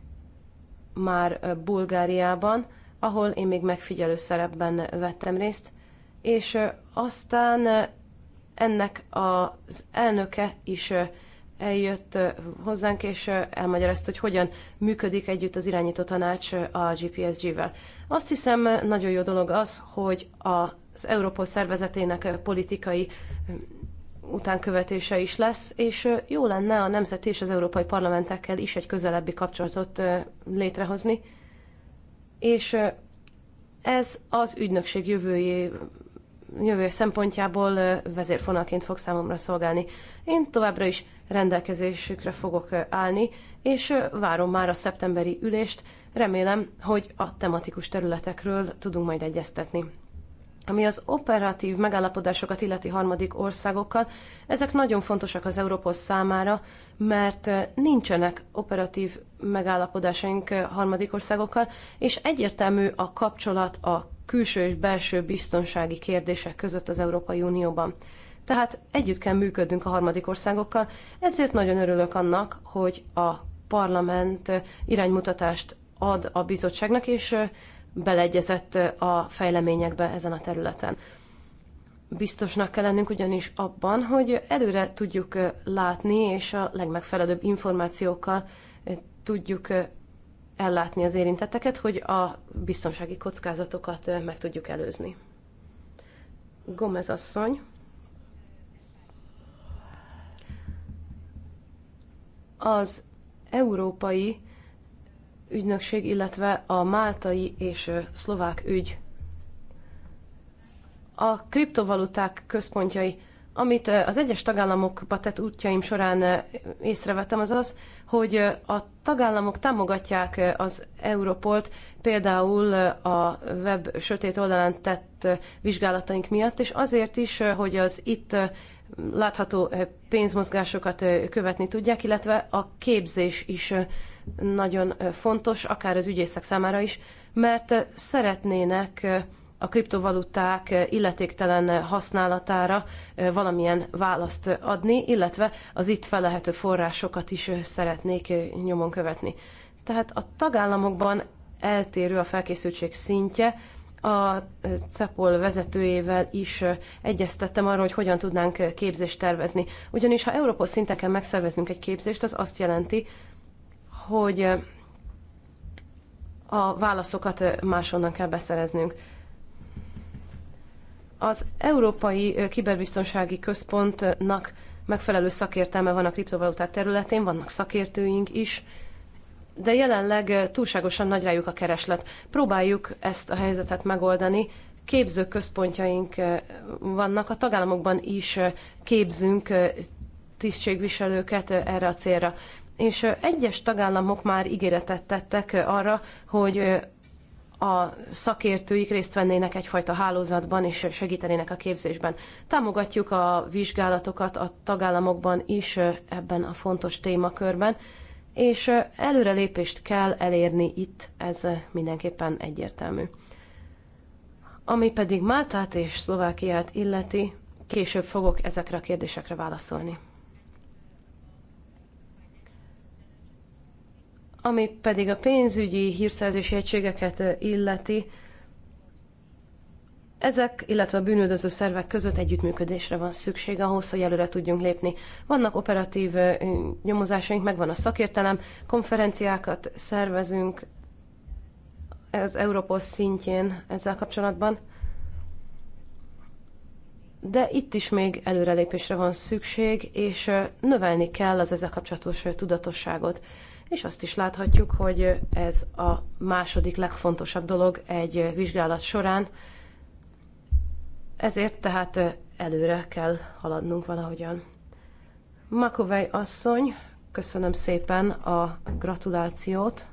már Bulgáriában, ahol én még megfigyelő szerepben vettem részt, és aztán ennek az elnöke is eljött hozzánk, és elmagyarázta, hogy hogyan működik együtt az irányító tanács a GPSG-vel. Azt hiszem, nagyon jó dolog az, hogy a az Európol szervezetének politikai utánkövetése is lesz, és jó lenne a nemzeti és az európai parlamentekkel is egy közelebbi kapcsolatot létrehozni, és ez az ügynökség jövőjé, jövője szempontjából vezérfonalként fog számomra szolgálni. Én továbbra is rendelkezésükre fogok állni, és várom már a szeptemberi ülést, remélem, hogy a tematikus területekről tudunk majd egyeztetni. Ami az operatív megállapodásokat illeti harmadik országokkal, ezek nagyon fontosak az Európa számára, mert eh, nincsenek operatív megállapodásaink eh, harmadik országokkal, és egyértelmű a kapcsolat a külső és belső biztonsági kérdések között az Európai Unióban. Tehát együtt kell működnünk a harmadik országokkal, ezért nagyon örülök annak, hogy a parlament eh, iránymutatást ad a bizottságnak, és beleegyezett a fejleményekbe ezen a területen. Biztosnak kell lennünk ugyanis abban, hogy előre tudjuk látni, és a legmegfelelőbb információkkal tudjuk ellátni az érintetteket, hogy a biztonsági kockázatokat meg tudjuk előzni. Gomez asszony. Az európai ügynökség, illetve a máltai és szlovák ügy. A kriptovaluták központjai, amit az egyes tagállamokba tett útjaim során észrevettem, az az, hogy a tagállamok támogatják az Europolt, például a web sötét oldalán tett vizsgálataink miatt, és azért is, hogy az itt látható pénzmozgásokat követni tudják, illetve a képzés is nagyon fontos, akár az ügyészek számára is, mert szeretnének a kriptovaluták illetéktelen használatára valamilyen választ adni, illetve az itt felehető forrásokat is szeretnék nyomon követni. Tehát a tagállamokban eltérő a felkészültség szintje, a CEPOL vezetőjével is egyeztettem arról, hogy hogyan tudnánk képzést tervezni. Ugyanis ha Európa szinteken megszerveznünk egy képzést, az azt jelenti, hogy a válaszokat máshonnan kell beszereznünk. Az Európai Kiberbiztonsági Központnak megfelelő szakértelme van a kriptovaluták területén, vannak szakértőink is, de jelenleg túlságosan nagy rájuk a kereslet. Próbáljuk ezt a helyzetet megoldani. Képző központjaink vannak, a tagállamokban is képzünk tisztségviselőket erre a célra és egyes tagállamok már ígéretet tettek arra, hogy a szakértőik részt vennének egyfajta hálózatban és segítenének a képzésben. Támogatjuk a vizsgálatokat a tagállamokban is ebben a fontos témakörben, és előrelépést kell elérni itt, ez mindenképpen egyértelmű. Ami pedig Máltát és Szlovákiát illeti, később fogok ezekre a kérdésekre válaszolni. Ami pedig a pénzügyi hírszerzési egységeket illeti, ezek, illetve a bűnöldöző szervek között együttműködésre van szükség ahhoz, hogy előre tudjunk lépni. Vannak operatív nyomozásaink, megvan a szakértelem, konferenciákat szervezünk az Európol szintjén ezzel kapcsolatban. De itt is még előrelépésre van szükség, és növelni kell az ezzel kapcsolatos tudatosságot és azt is láthatjuk, hogy ez a második legfontosabb dolog egy vizsgálat során, ezért tehát előre kell haladnunk valahogyan. Makovej asszony, köszönöm szépen a gratulációt.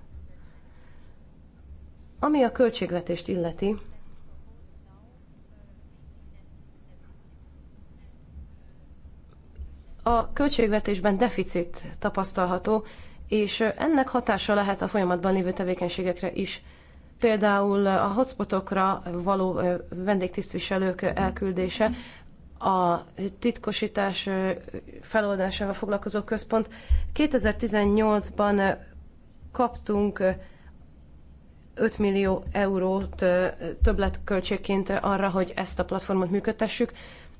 Ami a költségvetést illeti, a költségvetésben deficit tapasztalható, és ennek hatása lehet a folyamatban lévő tevékenységekre is. Például a hotspotokra való vendégtisztviselők elküldése, a titkosítás feloldásával foglalkozó központ. 2018-ban kaptunk 5 millió eurót többletköltségként arra, hogy ezt a platformot működtessük.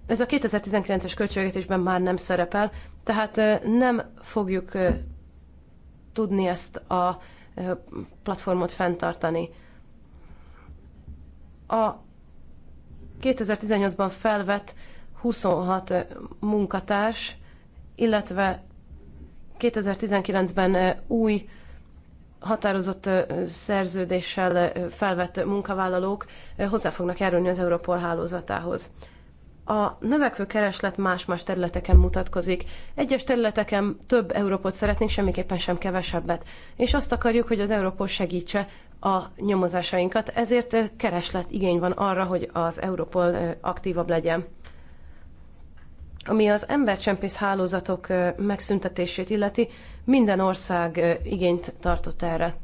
Ez a 2019-es költségvetésben már nem szerepel, tehát nem fogjuk tudni ezt a platformot fenntartani. A 2018-ban felvett 26 munkatárs, illetve 2019-ben új határozott szerződéssel felvett munkavállalók hozzá fognak járulni az Europol hálózatához a növekvő kereslet más-más területeken mutatkozik. Egyes területeken több Európot szeretnénk, semmiképpen sem kevesebbet. És azt akarjuk, hogy az Európol segítse a nyomozásainkat, ezért kereslet igény van arra, hogy az Európol aktívabb legyen. Ami az embercsempész hálózatok megszüntetését illeti, minden ország igényt tartott erre.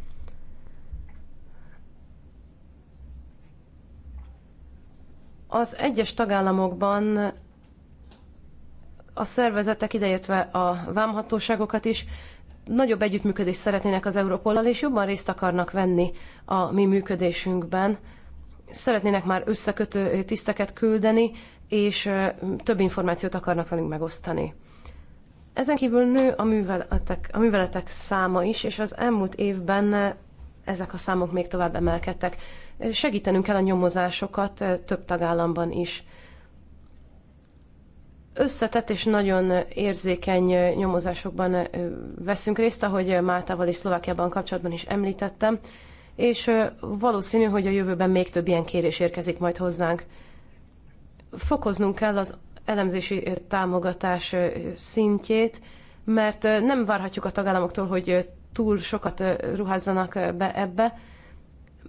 Az egyes tagállamokban a szervezetek, ideértve a vámhatóságokat is, nagyobb együttműködést szeretnének az Európollal, és jobban részt akarnak venni a mi működésünkben. Szeretnének már összekötő tiszteket küldeni, és több információt akarnak velünk megosztani. Ezen kívül nő a műveletek, a műveletek száma is, és az elmúlt évben ezek a számok még tovább emelkedtek segítenünk kell a nyomozásokat több tagállamban is. Összetett és nagyon érzékeny nyomozásokban veszünk részt, ahogy Máltával és Szlovákiában kapcsolatban is említettem, és valószínű, hogy a jövőben még több ilyen kérés érkezik majd hozzánk. Fokoznunk kell az elemzési támogatás szintjét, mert nem várhatjuk a tagállamoktól, hogy túl sokat ruházzanak be ebbe,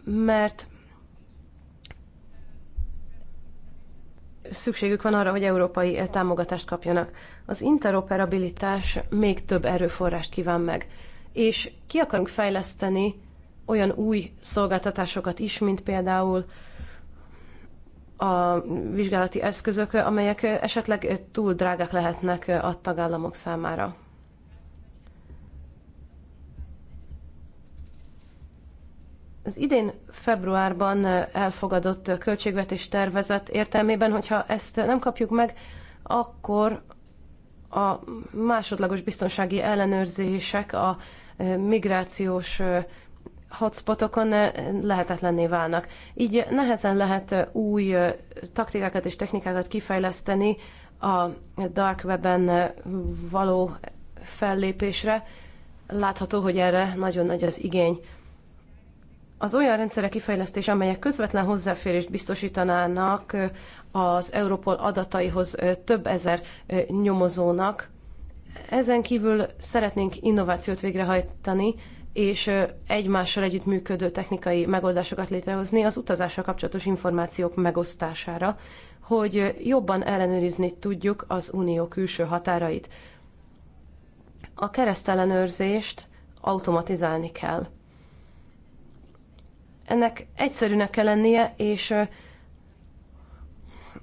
mert szükségük van arra, hogy európai eh, támogatást kapjanak. Az interoperabilitás még több erőforrást kíván meg, és ki akarunk fejleszteni olyan új szolgáltatásokat is, mint például a vizsgálati eszközök, amelyek eh, esetleg eh, túl drágák lehetnek a tagállamok számára. Az idén februárban elfogadott költségvetés tervezet értelmében, hogyha ezt nem kapjuk meg, akkor a másodlagos biztonsági ellenőrzések a migrációs hotspotokon lehetetlenné válnak. Így nehezen lehet új taktikákat és technikákat kifejleszteni a dark webben való fellépésre. Látható, hogy erre nagyon nagy az igény az olyan rendszerek kifejlesztés, amelyek közvetlen hozzáférést biztosítanának az Europol adataihoz több ezer nyomozónak. Ezen kívül szeretnénk innovációt végrehajtani, és egymással együttműködő technikai megoldásokat létrehozni az utazással kapcsolatos információk megosztására, hogy jobban ellenőrizni tudjuk az unió külső határait. A keresztellenőrzést automatizálni kell ennek egyszerűnek kell lennie, és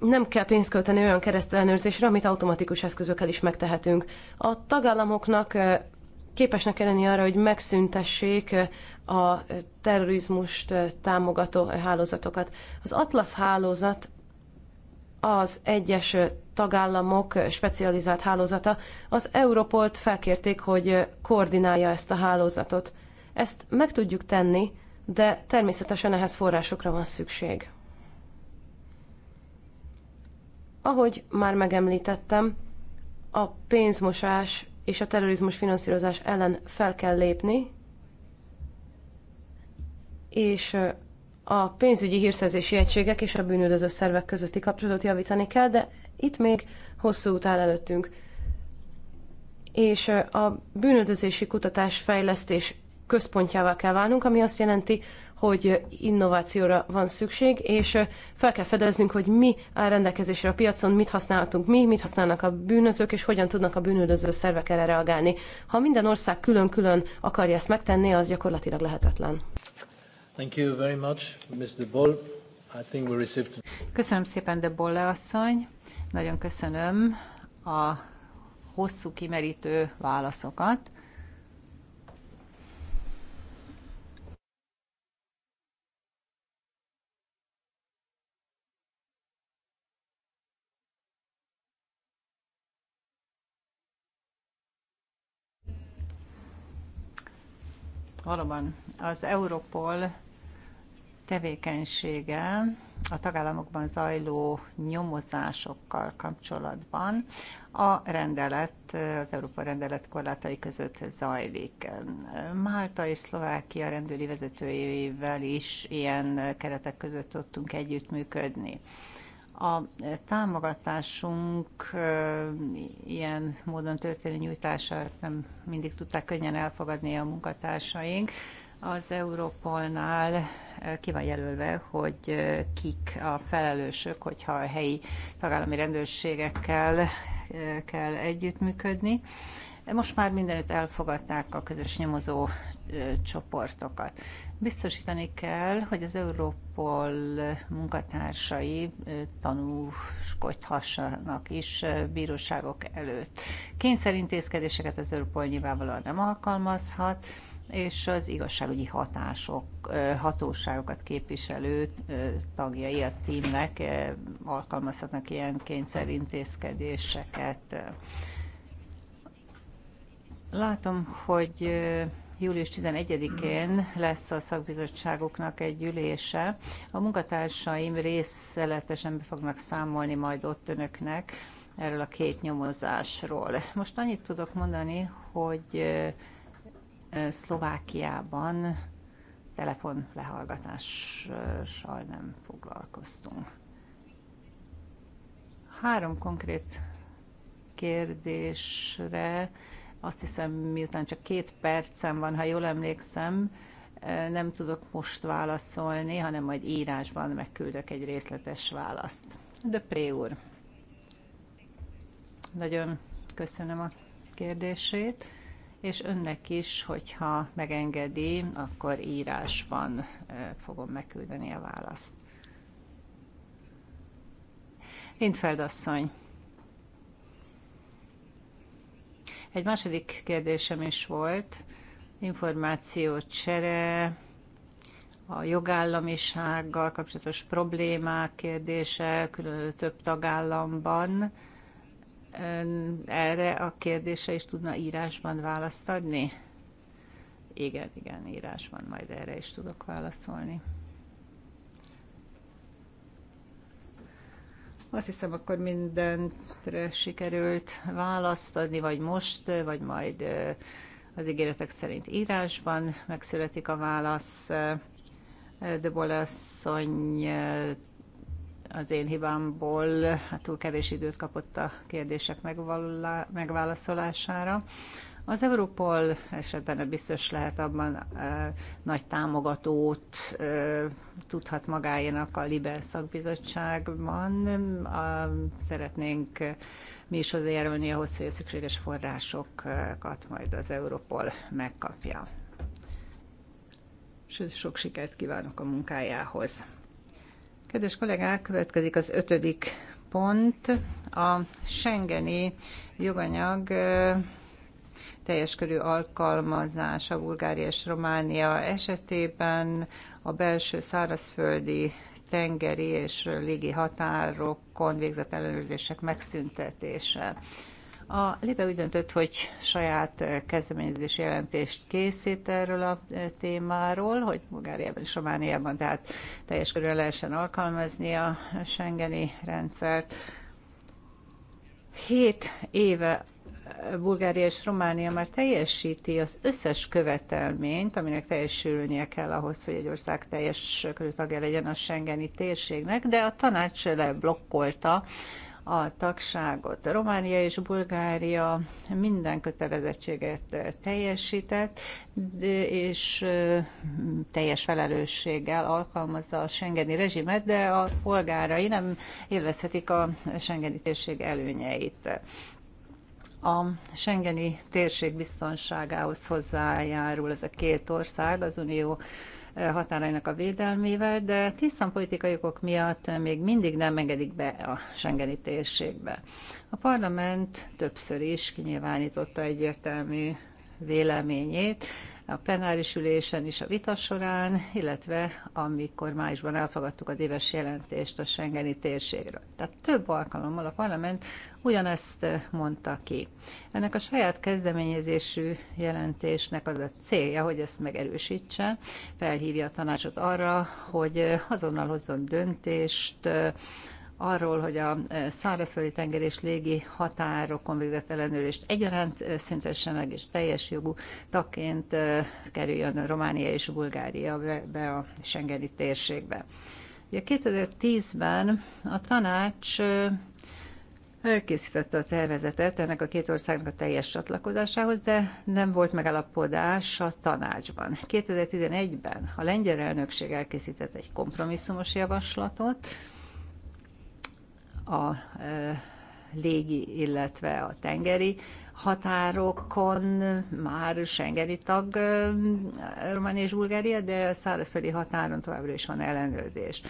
nem kell pénzt költeni olyan keresztelenőrzésre, amit automatikus eszközökkel is megtehetünk. A tagállamoknak képesnek kell lenni arra, hogy megszüntessék a terrorizmust támogató hálózatokat. Az Atlas hálózat az egyes tagállamok specializált hálózata. Az Europolt felkérték, hogy koordinálja ezt a hálózatot. Ezt meg tudjuk tenni, de természetesen ehhez forrásokra van szükség. Ahogy már megemlítettem, a pénzmosás és a terrorizmus finanszírozás ellen fel kell lépni, és a pénzügyi hírszerzési egységek és a bűnüldöző szervek közötti kapcsolatot javítani kell, de itt még hosszú út áll előttünk. És a bűnöldözési kutatás fejlesztés központjává kell válnunk, ami azt jelenti, hogy innovációra van szükség, és fel kell fedeznünk, hogy mi áll rendelkezésre a piacon, mit használhatunk mi, mit használnak a bűnözők, és hogyan tudnak a bűnöző szervek erre reagálni. Ha minden ország külön-külön akarja ezt megtenni, az gyakorlatilag lehetetlen. Thank you very much, Mr. Boll. I think we received... Köszönöm szépen, de Bolle asszony. Nagyon köszönöm a hosszú kimerítő válaszokat. Valóban az Europol tevékenysége a tagállamokban zajló nyomozásokkal kapcsolatban a rendelet, az Európa rendelet korlátai között zajlik. Málta és Szlovákia rendőri vezetőjével is ilyen keretek között tudtunk együttműködni. A támogatásunk ilyen módon történő nyújtását nem mindig tudták könnyen elfogadni a munkatársaink. Az Európolnál ki van jelölve, hogy kik a felelősök, hogyha a helyi tagállami rendőrségekkel kell együttműködni. Most már mindenütt elfogadták a közös nyomozó csoportokat. Biztosítani kell, hogy az Európol munkatársai tanúskodhassanak is bíróságok előtt. Kényszerintézkedéseket az Európol nyilvánvalóan nem alkalmazhat, és az igazságügyi hatások, hatóságokat képviselő tagjai a tímnek alkalmazhatnak ilyen kényszerintézkedéseket. Látom, hogy július 11-én lesz a szakbizottságoknak egy ülése. A munkatársaim részletesen be fognak számolni majd ott önöknek erről a két nyomozásról. Most annyit tudok mondani, hogy Szlovákiában telefon lehallgatással nem foglalkoztunk. Három konkrét kérdésre azt hiszem, miután csak két percem van, ha jól emlékszem, nem tudok most válaszolni, hanem majd írásban megküldök egy részletes választ. De Pré úr, nagyon köszönöm a kérdését, és önnek is, hogyha megengedi, akkor írásban fogom megküldeni a választ. Lindfeld asszony, Egy második kérdésem is volt, csere, a jogállamisággal kapcsolatos problémák kérdése külön több tagállamban. Ön erre a kérdése is tudna írásban választ adni? Igen, igen, írásban majd erre is tudok válaszolni. Azt hiszem, akkor mindentre sikerült választ adni, vagy most, vagy majd az ígéretek szerint írásban megszületik a válasz. De Bolaszony az én hibámból hát túl kevés időt kapott a kérdések megválaszolására. Az Európol esetben biztos lehet abban nagy támogatót tudhat magáénak a Libe szakbizottságban. Szeretnénk mi is hozzájárulni ahhoz, hogy a szükséges forrásokat majd az Európol megkapja. Sőt, sok sikert kívánok a munkájához. Kedves kollégák, következik az ötödik pont, a Schengeni joganyag teljes körű a Bulgária és Románia esetében a belső szárazföldi tengeri és légi határokon végzett ellenőrzések megszüntetése. A Libe úgy döntött, hogy saját kezdeményezés jelentést készít erről a témáról, hogy Bulgáriában és Romániában tehát teljes körül lehessen alkalmazni a Schengeni rendszert. Hét éve Bulgária és Románia már teljesíti az összes követelményt, aminek teljesülnie kell ahhoz, hogy egy ország teljes tagja legyen a Schengeni térségnek, de a tanács leblokkolta a tagságot. Románia és Bulgária minden kötelezettséget teljesített, és teljes felelősséggel alkalmazza a Schengeni rezsimet, de a polgárai nem élvezhetik a Schengeni térség előnyeit a Schengeni térség biztonságához hozzájárul ez a két ország, az Unió eh, határainak a védelmével, de tisztán politikai okok miatt még mindig nem engedik be a Schengeni térségbe. A parlament többször is kinyilvánította egyértelmű véleményét, a plenáris ülésen is a vita során, illetve amikor májusban elfogadtuk a éves jelentést a Schengeni térségről. Tehát több alkalommal a parlament ugyanezt mondta ki. Ennek a saját kezdeményezésű jelentésnek az a célja, hogy ezt megerősítse, felhívja a tanácsot arra, hogy azonnal hozzon döntést, arról, hogy a e, szárazföldi tenger és légi határokon végzett ellenőrzést egyaránt e, szüntesse meg, és teljes jogú tagként e, kerüljön Románia és Bulgária be, a Schengeni térségbe. Ugye 2010-ben a tanács elkészítette a tervezetet ennek a két országnak a teljes csatlakozásához, de nem volt megállapodás a tanácsban. 2011-ben a lengyel elnökség elkészített egy kompromisszumos javaslatot, a légi, illetve a tengeri határokon már Schengeni tag Románia és Bulgária, de a szárazföldi határon továbbra is van ellenőrzés.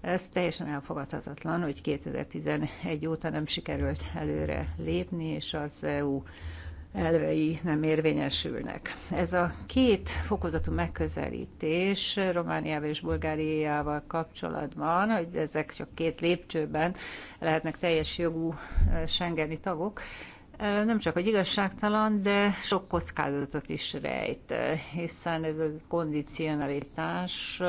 Ez teljesen elfogadhatatlan, hogy 2011 óta nem sikerült előre lépni, és az EU elvei nem érvényesülnek. Ez a két fokozatú megközelítés Romániával és Bulgáriával kapcsolatban, hogy ezek csak két lépcsőben lehetnek teljes jogú Schengeni tagok, nem csak hogy igazságtalan, de sok kockázatot is rejt, hiszen ez a kondicionalitás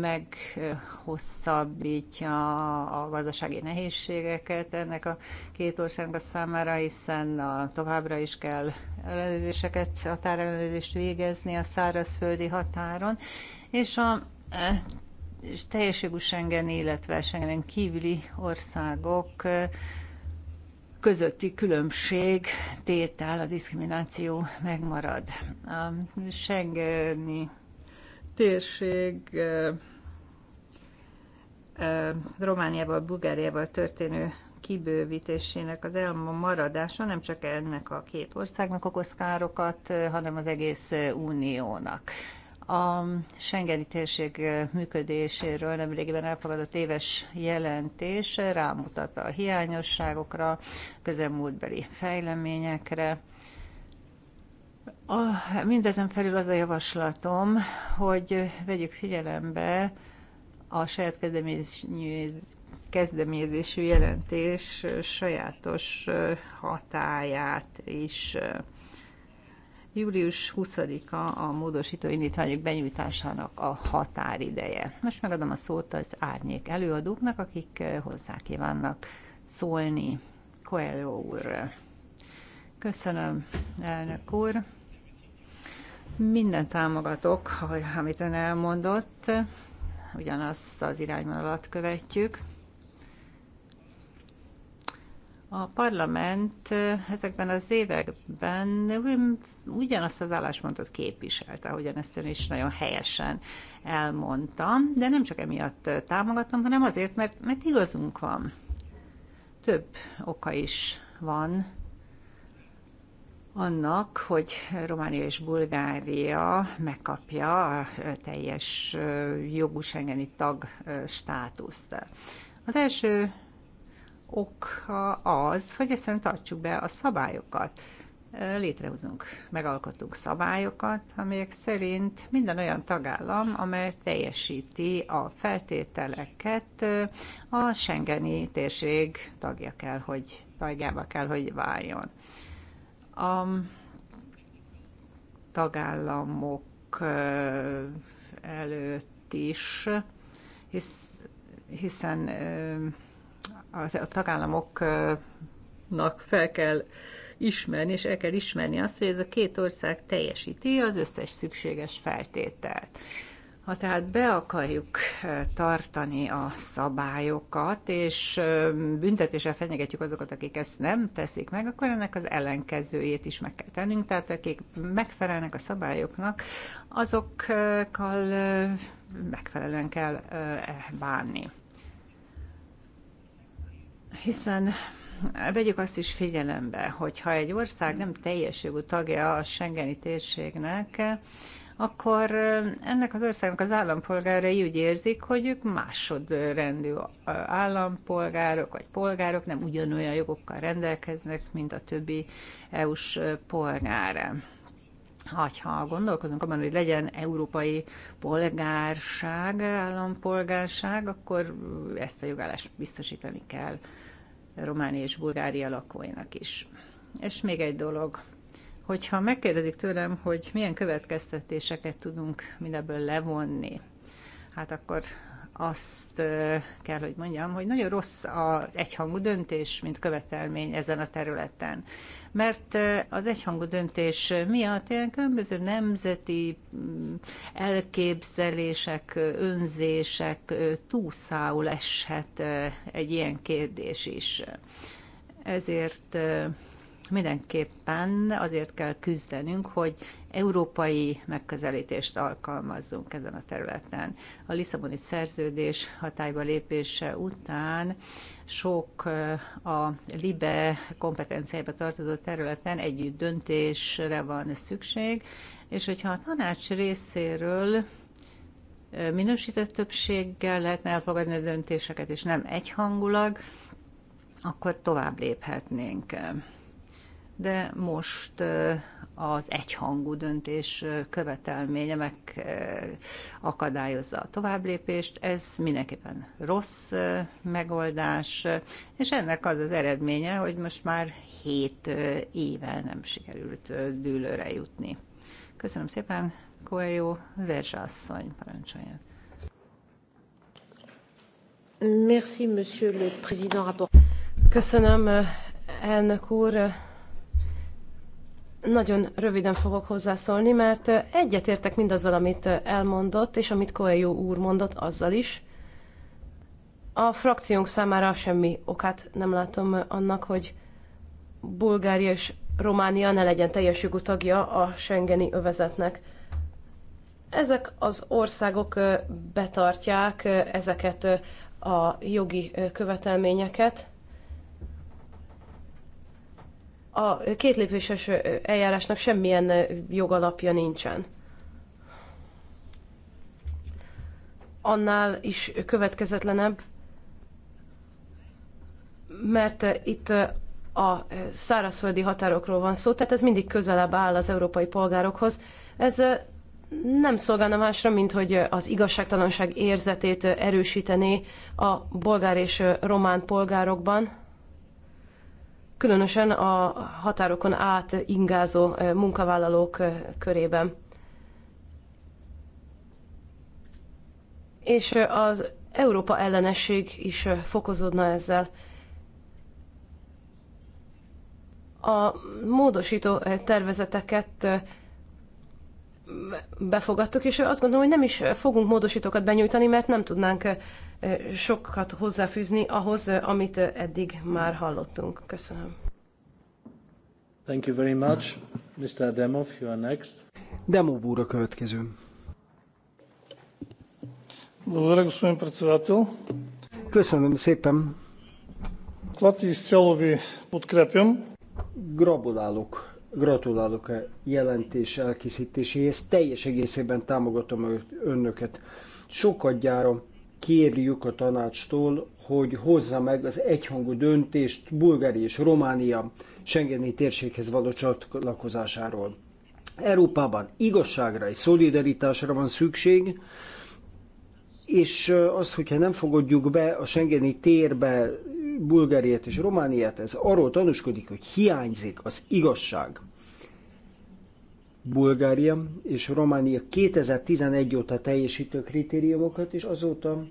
meghosszabbítja a gazdasági nehézségeket ennek a két országnak számára, hiszen a, továbbra is kell ellenőrzéseket, határellenőrzést végezni a szárazföldi határon, és a e, és teljeségű Schengen, illetve Schengenen kívüli országok e, közötti különbség tétel, a diszkrimináció megmarad. A Schengeni térség Romániával, Bulgáriával történő kibővítésének az elmaradása nem csak ennek a két országnak okoz károkat, hanem az egész uniónak. A Schengeni térség működéséről nemrégiben elfogadott éves jelentés rámutat a hiányosságokra, közelmúltbeli fejleményekre, a, mindezen felül az a javaslatom, hogy vegyük figyelembe a saját kezdeményezésű jelentés sajátos hatáját is. Július 20-a a módosító indítványok benyújtásának a határideje. Most megadom a szót az árnyék előadóknak, akik hozzá kívánnak szólni. Coelho úr. Köszönöm, elnök úr. Minden támogatok, amit ön elmondott, ugyanazt az irányvonalat követjük. A parlament ezekben az években ugyanazt az álláspontot képviselte, ahogyan ezt ön is nagyon helyesen elmondtam, de nem csak emiatt támogatom, hanem azért, mert, mert igazunk van. Több oka is van annak, hogy Románia és Bulgária megkapja a teljes jogú Schengeni tag státuszt. Az első oka az, hogy egyszerűen tartsuk be a szabályokat. Létrehozunk, megalkotunk szabályokat, amelyek szerint minden olyan tagállam, amely teljesíti a feltételeket, a Schengeni térség tagja kell, hogy tagjába kell, hogy váljon. A tagállamok előtt is, hiszen a tagállamoknak fel kell ismerni, és el kell ismerni azt, hogy ez a két ország teljesíti az összes szükséges feltételt. Ha tehát be akarjuk tartani a szabályokat, és büntetéssel fenyegetjük azokat, akik ezt nem teszik meg, akkor ennek az ellenkezőjét is meg kell tennünk. Tehát akik megfelelnek a szabályoknak, azokkal megfelelően kell bánni. Hiszen vegyük azt is figyelembe, hogyha egy ország nem teljes jogú tagja a Schengeni térségnek, akkor ennek az országnak az állampolgárai úgy érzik, hogy ők másodrendű állampolgárok vagy polgárok, nem ugyanolyan jogokkal rendelkeznek, mint a többi EU-s polgár Hogyha gondolkozunk abban, hogy legyen európai polgárság, állampolgárság, akkor ezt a jogállást biztosítani kell Románia és Bulgária lakóinak is. És még egy dolog, hogyha megkérdezik tőlem, hogy milyen következtetéseket tudunk mindebből levonni, hát akkor azt kell, hogy mondjam, hogy nagyon rossz az egyhangú döntés, mint követelmény ezen a területen. Mert az egyhangú döntés miatt ilyen különböző nemzeti mm, elképzelések, önzések túlszául eshet egy ilyen kérdés is. Ezért mindenképpen azért kell küzdenünk, hogy európai megközelítést alkalmazzunk ezen a területen. A Lisszaboni szerződés hatályba lépése után sok eh, a LIBE kompetenciájába tartozó területen együtt döntésre van szükség, és hogyha a tanács részéről eh, minősített többséggel lehetne elfogadni a döntéseket, és nem egyhangulag, akkor tovább léphetnénk de most az egyhangú döntés követelménye meg akadályozza a továbblépést. Ez mindenképpen rossz megoldás, és ennek az az eredménye, hogy most már hét éve nem sikerült dűlőre jutni. Köszönöm szépen, Koelyó asszony, parancsoljon. Merci, monsieur le président. Köszönöm, elnök úr. Nagyon röviden fogok hozzászólni, mert egyetértek mindazzal, amit elmondott, és amit Coelho úr mondott, azzal is. A frakciónk számára semmi okát nem látom annak, hogy Bulgária és Románia ne legyen teljes jogú tagja a Schengeni övezetnek. Ezek az országok betartják ezeket a jogi követelményeket, a kétlépéses eljárásnak semmilyen jogalapja nincsen. Annál is következetlenebb, mert itt a szárazföldi határokról van szó, tehát ez mindig közelebb áll az európai polgárokhoz. Ez nem szolgálna másra, mint hogy az igazságtalanság érzetét erősítené a bolgár és román polgárokban különösen a határokon át ingázó munkavállalók körében. És az Európa ellenesség is fokozódna ezzel. A módosító tervezeteket befogadtuk, és azt gondolom, hogy nem is fogunk módosítókat benyújtani, mert nem tudnánk sokat hozzáfűzni ahhoz, amit eddig már hallottunk. Köszönöm. Thank you very much. Mr. Demov, you are next. Demov úr a következő. Благодаря, господин председател. Köszönöm szépen. Plati изцяло ви подкрепям. Gratulálok a jelentés elkészítéséhez, teljes egészében támogatom önöket. Sokat gyára kérjük a tanácstól, hogy hozza meg az egyhangú döntést Bulgária és Románia Schengeni térséghez való csatlakozásáról. Európában igazságra és szolidaritásra van szükség, és az, hogyha nem fogadjuk be a Schengeni térbe Bulgáriát és Romániát, ez arról tanúskodik, hogy hiányzik az igazság. Bulgária és Románia 2011 óta teljesítő kritériumokat, és azóta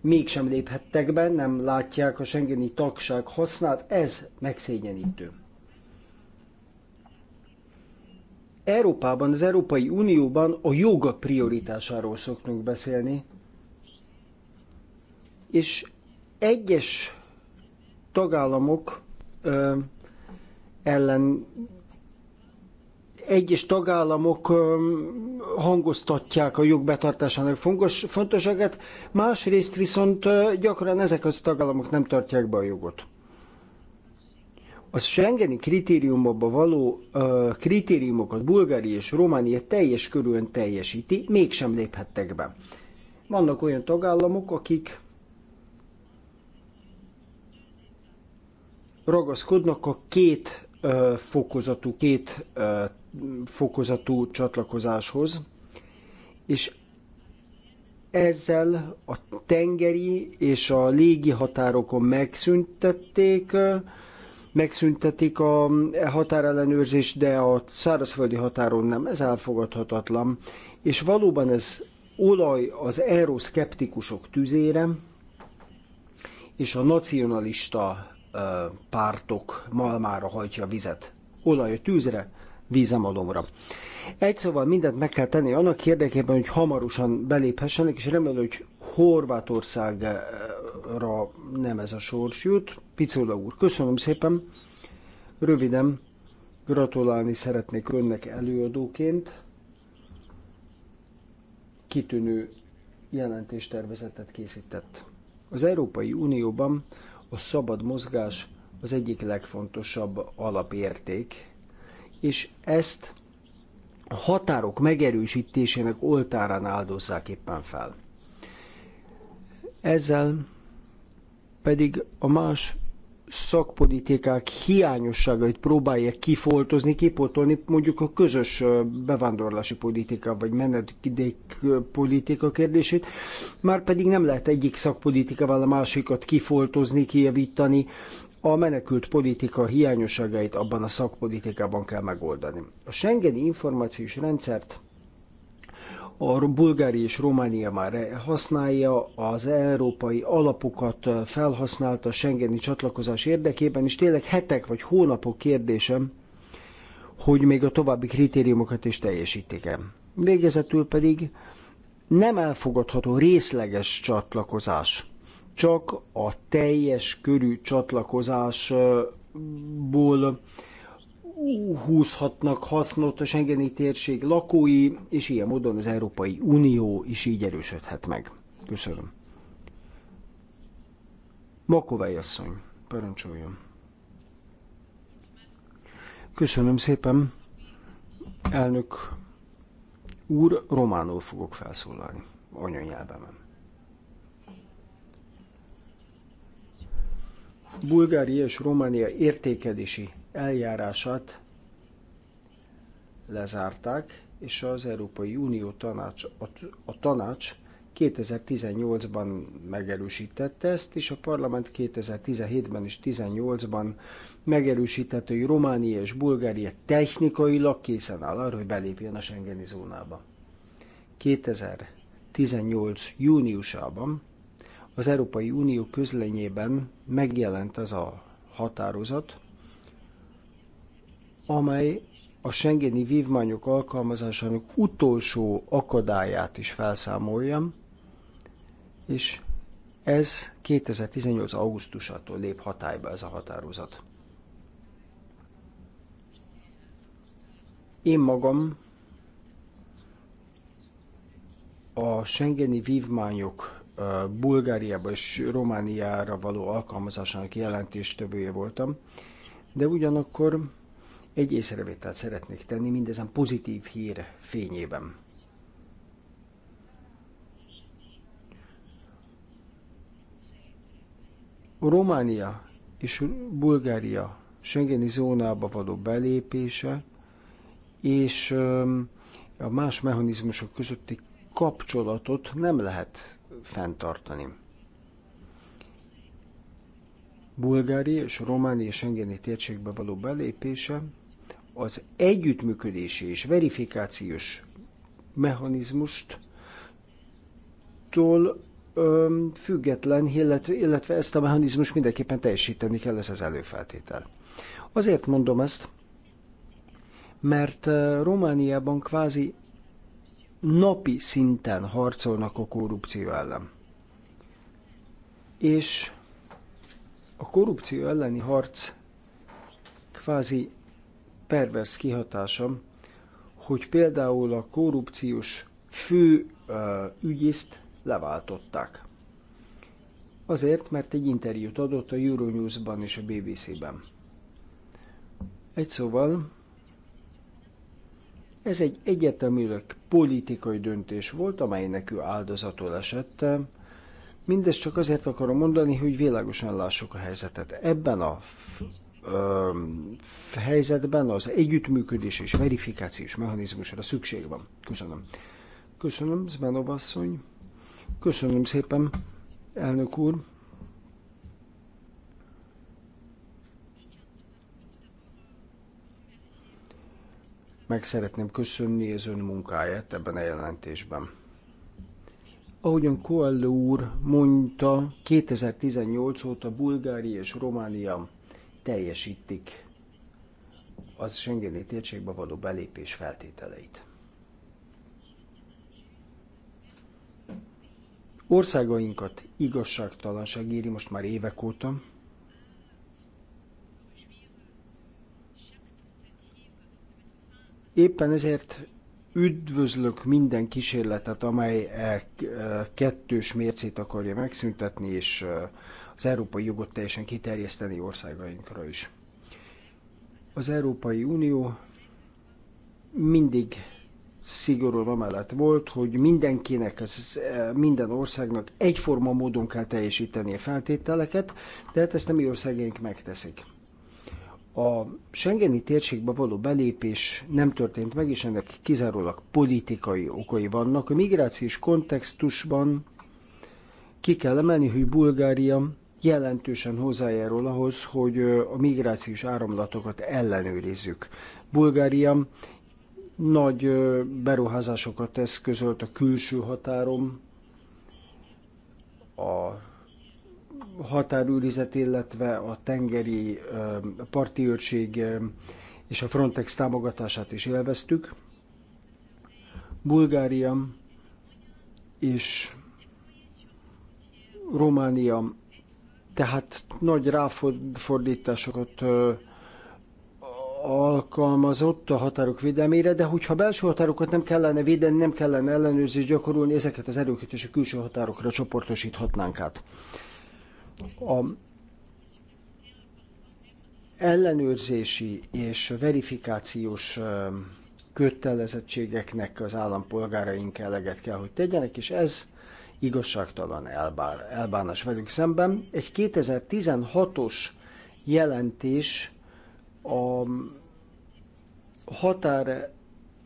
mégsem léphettek be, nem látják a Schengeni tagság hasznát, ez megszégyenítő. Európában, az Európai Unióban a joga prioritásáról szoktunk beszélni, és egyes tagállamok ö, ellen egyes tagállamok hangoztatják a jog betartásának fontosságát, másrészt viszont gyakran ezek a tagállamok nem tartják be a jogot. A Schengeni kritériumokba való ö, kritériumokat Bulgária és Románia teljes körülön teljesíti, mégsem léphettek be. Vannak olyan tagállamok, akik ragaszkodnak a két fokozatú, két fokozatú csatlakozáshoz, és ezzel a tengeri és a légi határokon megszüntették, megszüntetik a határellenőrzést, de a szárazföldi határon nem, ez elfogadhatatlan. És valóban ez olaj az euroszkeptikusok tüzére, és a nacionalista pártok malmára hajtja a vizet. Olaj a tűzre, vízemalomra. Egy szóval mindent meg kell tenni annak érdekében, hogy hamarosan beléphessenek, és remélem, hogy Horvátországra nem ez a sors jut. Picola úr, köszönöm szépen. Röviden gratulálni szeretnék önnek előadóként. Kitűnő jelentéstervezetet készített. Az Európai Unióban a szabad mozgás az egyik legfontosabb alapérték, és ezt a határok megerősítésének oltárán áldozzák éppen fel. Ezzel pedig a más szakpolitikák hiányosságait próbálják kifoltozni, kipotolni mondjuk a közös bevándorlási politika vagy menedékpolitika kérdését, már pedig nem lehet egyik szakpolitikával a másikat kifoltozni, kijavítani, a menekült politika hiányosságait abban a szakpolitikában kell megoldani. A Schengeni információs rendszert a bulgári és Románia már használja, az európai alapokat felhasználta a Schengeni csatlakozás érdekében, és tényleg hetek vagy hónapok kérdésem, hogy még a további kritériumokat is teljesítik-e. Végezetül pedig nem elfogadható részleges csatlakozás. Csak a teljes körű csatlakozásból húzhatnak hasznot a Schengeni térség lakói, és ilyen módon az Európai Unió is így erősödhet meg. Köszönöm. Makovej asszony, parancsoljon. Köszönöm szépen. Elnök úr, románul fogok felszólalni, anyanyelvemen. Bulgária és Románia értékelési eljárását lezárták, és az Európai Unió tanács, a, a tanács 2018-ban megerősítette ezt, és a parlament 2017-ben és 2018-ban megerősítette, hogy Románia és Bulgária technikailag készen áll arra, hogy belépjen a Schengeni zónába. 2018. júniusában az Európai Unió közlenyében megjelent az a határozat, amely a Schengeni vívmányok alkalmazásának utolsó akadályát is felszámoljam, és ez 2018. augusztusától lép hatályba ez a határozat. Én magam a Schengeni vívmányok Bulgáriába és Romániára való alkalmazásának jelentéstövője voltam, de ugyanakkor egy észrevételt szeretnék tenni mindezen pozitív hír fényében. Románia és Bulgária Schengeni zónába való belépése és a más mechanizmusok közötti kapcsolatot nem lehet fenntartani. Bulgária és Románia Schengeni térségbe való belépése az együttműködési és verifikációs mechanizmustól független, illetve, illetve ezt a mechanizmust mindenképpen teljesíteni kell, ez az előfeltétel. Azért mondom ezt, mert Romániában kvázi napi szinten harcolnak a korrupció ellen. És a korrupció elleni harc kvázi pervers kihatása, hogy például a korrupciós fő uh, ügyészt leváltották. Azért, mert egy interjút adott a Euronews-ban és a BBC-ben. Egy szóval, ez egy egyetemileg politikai döntés volt, amelynek ő áldozatul esett. Mindezt csak azért akarom mondani, hogy világosan lássuk a helyzetet. Ebben a helyzetben az együttműködés és verifikációs mechanizmusra szükség van. Köszönöm. Köszönöm, Zmenov asszony. Köszönöm szépen, elnök úr. Meg szeretném köszönni az ön munkáját ebben a jelentésben. Ahogyan Coelho úr mondta, 2018 óta Bulgária és Románia teljesítik az Schengeni térségbe való belépés feltételeit. Országainkat igazságtalanság éri most már évek óta. Éppen ezért üdvözlök minden kísérletet, amely e e, kettős mércét akarja megszüntetni, és e, az európai jogot teljesen kiterjeszteni országainkra is. Az Európai Unió mindig szigorú amellett volt, hogy mindenkinek, ez, e, minden országnak egyforma módon kell teljesíteni a feltételeket, de hát ezt a mi országaink megteszik. A Schengeni térségbe való belépés nem történt meg, és ennek kizárólag politikai okai vannak. A migrációs kontextusban ki kell emelni, hogy Bulgária jelentősen hozzájárul ahhoz, hogy a migrációs áramlatokat ellenőrizzük. Bulgária nagy beruházásokat eszközölt a külső határom, a határőrizet, illetve a tengeri a parti őrség és a Frontex támogatását is élveztük. Bulgária és Románia tehát nagy ráfordításokat alkalmazott a határok védelmére, de hogyha belső határokat nem kellene védeni, nem kellene ellenőrzés gyakorolni, ezeket az erőket és a külső határokra csoportosíthatnánk át. A ellenőrzési és verifikációs kötelezettségeknek az állampolgáraink eleget kell, hogy tegyenek, és ez igazságtalan elbár, elbánás velük szemben. Egy 2016-os jelentés a határ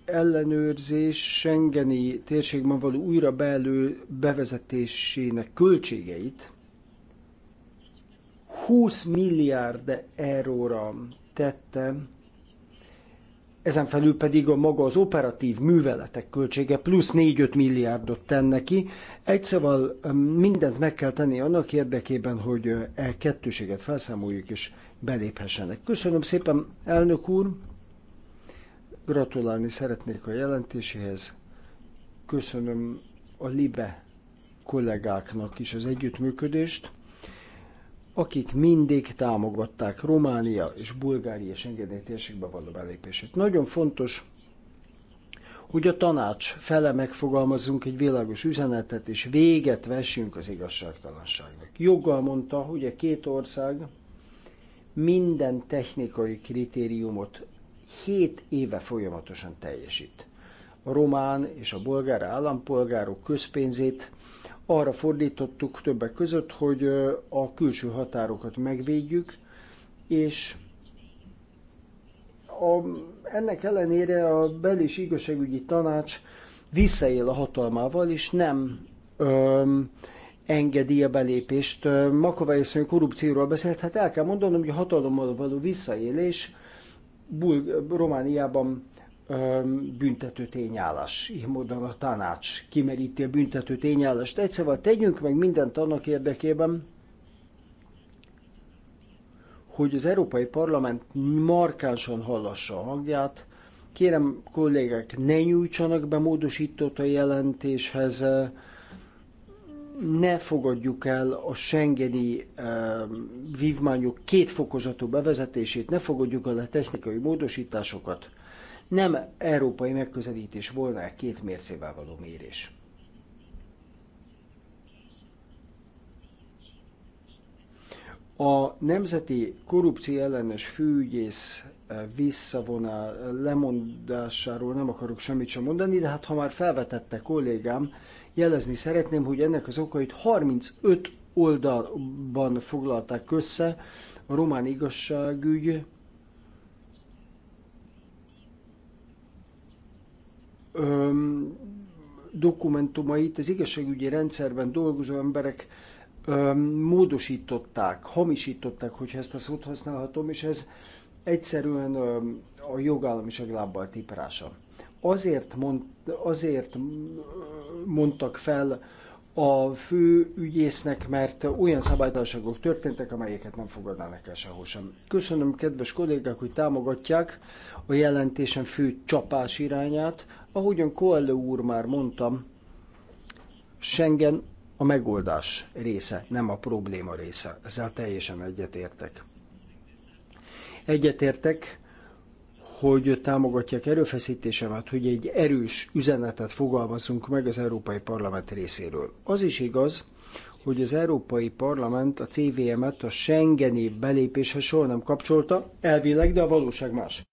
ellenőrzés Schengeni térségben való újra belő bevezetésének költségeit 20 milliárd euróra tette ezen felül pedig a maga az operatív műveletek költsége plusz 4-5 milliárdot tenne ki. Egyszerűen szóval, mindent meg kell tenni annak érdekében, hogy e kettőséget felszámoljuk és beléphessenek. Köszönöm szépen, elnök úr! Gratulálni szeretnék a jelentéséhez. Köszönöm a LIBE kollégáknak is az együttműködést akik mindig támogatták Románia és Bulgária és engedélytérségbe való belépését. Nagyon fontos, hogy a tanács fele megfogalmazunk egy világos üzenetet, és véget vessünk az igazságtalanságnak. Joggal mondta, hogy a két ország minden technikai kritériumot 7 éve folyamatosan teljesít. A román és a bolgár állampolgárok közpénzét arra fordítottuk többek között, hogy a külső határokat megvédjük, és a, ennek ellenére a belis igazságügyi tanács visszaél a hatalmával, és nem ö, engedi a belépést. Makovai asszony korrupcióról beszélt, hát el kell mondanom, hogy a hatalommal való visszaélés Bul- Romániában büntető tényállás. Így módon a tanács kimeríti a büntető tényállást. Egyszerűen tegyünk meg mindent annak érdekében, hogy az Európai Parlament markánsan hallassa a hangját. Kérem kollégák, ne nyújtsanak be módosított a jelentéshez, ne fogadjuk el a Schengeni vívmányok kétfokozatú bevezetését, ne fogadjuk el a technikai módosításokat nem európai megközelítés volna -e két mércével való mérés. A Nemzeti Korrupció Ellenes Főügyész eh, visszavonál eh, lemondásáról nem akarok semmit sem mondani, de hát ha már felvetette kollégám, jelezni szeretném, hogy ennek az okait 35 oldalban foglalták össze a román igazságügy öm, dokumentumait az igazságügyi rendszerben dolgozó emberek öm, módosították, hamisították, hogyha ezt a szót használhatom, és ez egyszerűen öm, a jogállamiság lábbal tiprása. Azért, mond, azért mondtak fel a fő ügyésznek, mert olyan szabálytalanságok történtek, amelyeket nem fogadnának el sehol sem. Köszönöm, kedves kollégák, hogy támogatják a jelentésem fő csapás irányát, Ahogyan Coelho úr már mondtam, Schengen a megoldás része, nem a probléma része. Ezzel teljesen egyetértek. Egyetértek, hogy támogatják erőfeszítésemet, hogy egy erős üzenetet fogalmazunk meg az Európai Parlament részéről. Az is igaz, hogy az Európai Parlament a CVM-et a Schengeni belépéshez soha nem kapcsolta, elvileg, de a valóság más.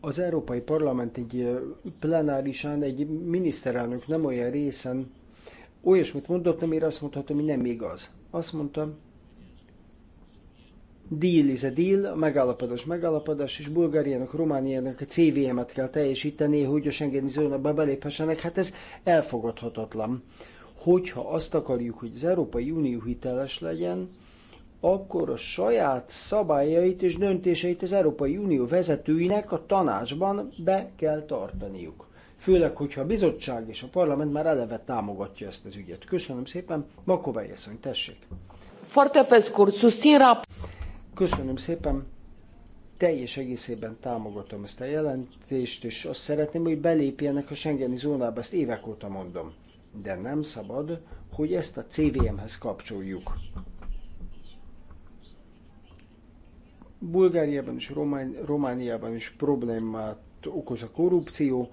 az Európai Parlament egy plenárisán egy miniszterelnök nem olyan részen olyasmit mondott, amire azt mondhatom, hogy nem igaz. Azt mondtam, deal is a deal, a megállapodás megállapodás, és Bulgáriának, Romániának a CVM-et kell teljesíteni, hogy a Schengeni zónába beléphessenek, hát ez elfogadhatatlan. Hogyha azt akarjuk, hogy az Európai Unió hiteles legyen, akkor a saját szabályait és döntéseit az Európai Unió vezetőinek a tanácsban be kell tartaniuk. Főleg, hogyha a bizottság és a parlament már eleve támogatja ezt az ügyet. Köszönöm szépen. Makovei asszony, tessék. Köszönöm szépen. Teljes egészében támogatom ezt a jelentést, és azt szeretném, hogy belépjenek a Schengeni zónába, ezt évek óta mondom. De nem szabad, hogy ezt a CVM-hez kapcsoljuk. Bulgáriában és Romániában is problémát okoz a korrupció,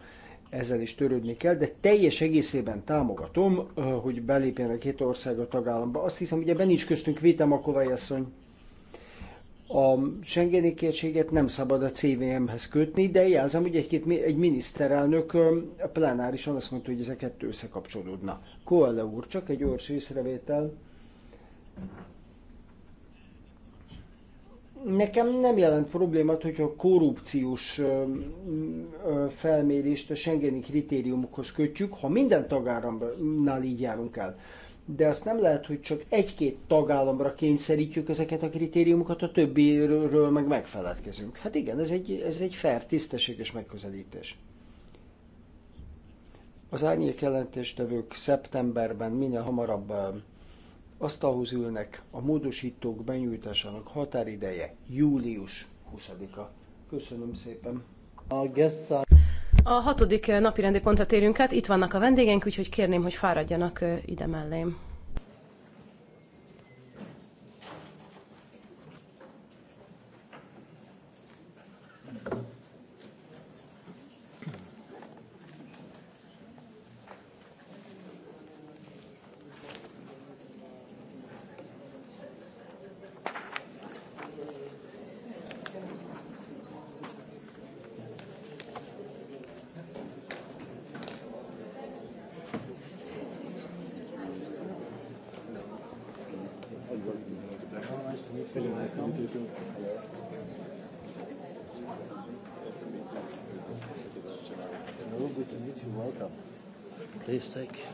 ezzel is törődni kell, de teljes egészében támogatom, hogy belépjen a két ország a tagállamba. Azt hiszem, ugye benne is köztünk Vita Makovai asszony. A Schengeni kérséget nem szabad a CVM-hez kötni, de jelzem, hogy egy, -két, egy miniszterelnök a azt mondta, hogy ezeket összekapcsolódna. Koala úr, csak egy gyors észrevétel. Nekem nem jelent problémát, hogyha a korrupciós felmérést a Schengeni kritériumokhoz kötjük, ha minden tagállamnál így járunk el. De azt nem lehet, hogy csak egy-két tagállamra kényszerítjük ezeket a kritériumokat, a többiről meg megfeledkezünk. Hát igen, ez egy, ez egy fair, tisztességes megközelítés. Az árnyék jelentéstevők szeptemberben minél hamarabb Asztalhoz ülnek. A módosítók benyújtásának határideje július 20-a. Köszönöm szépen. A guests a hatodik napirendi pontra térünk át, itt vannak a vendégeink, úgyhogy kérném, hogy fáradjanak ide mellém. please take.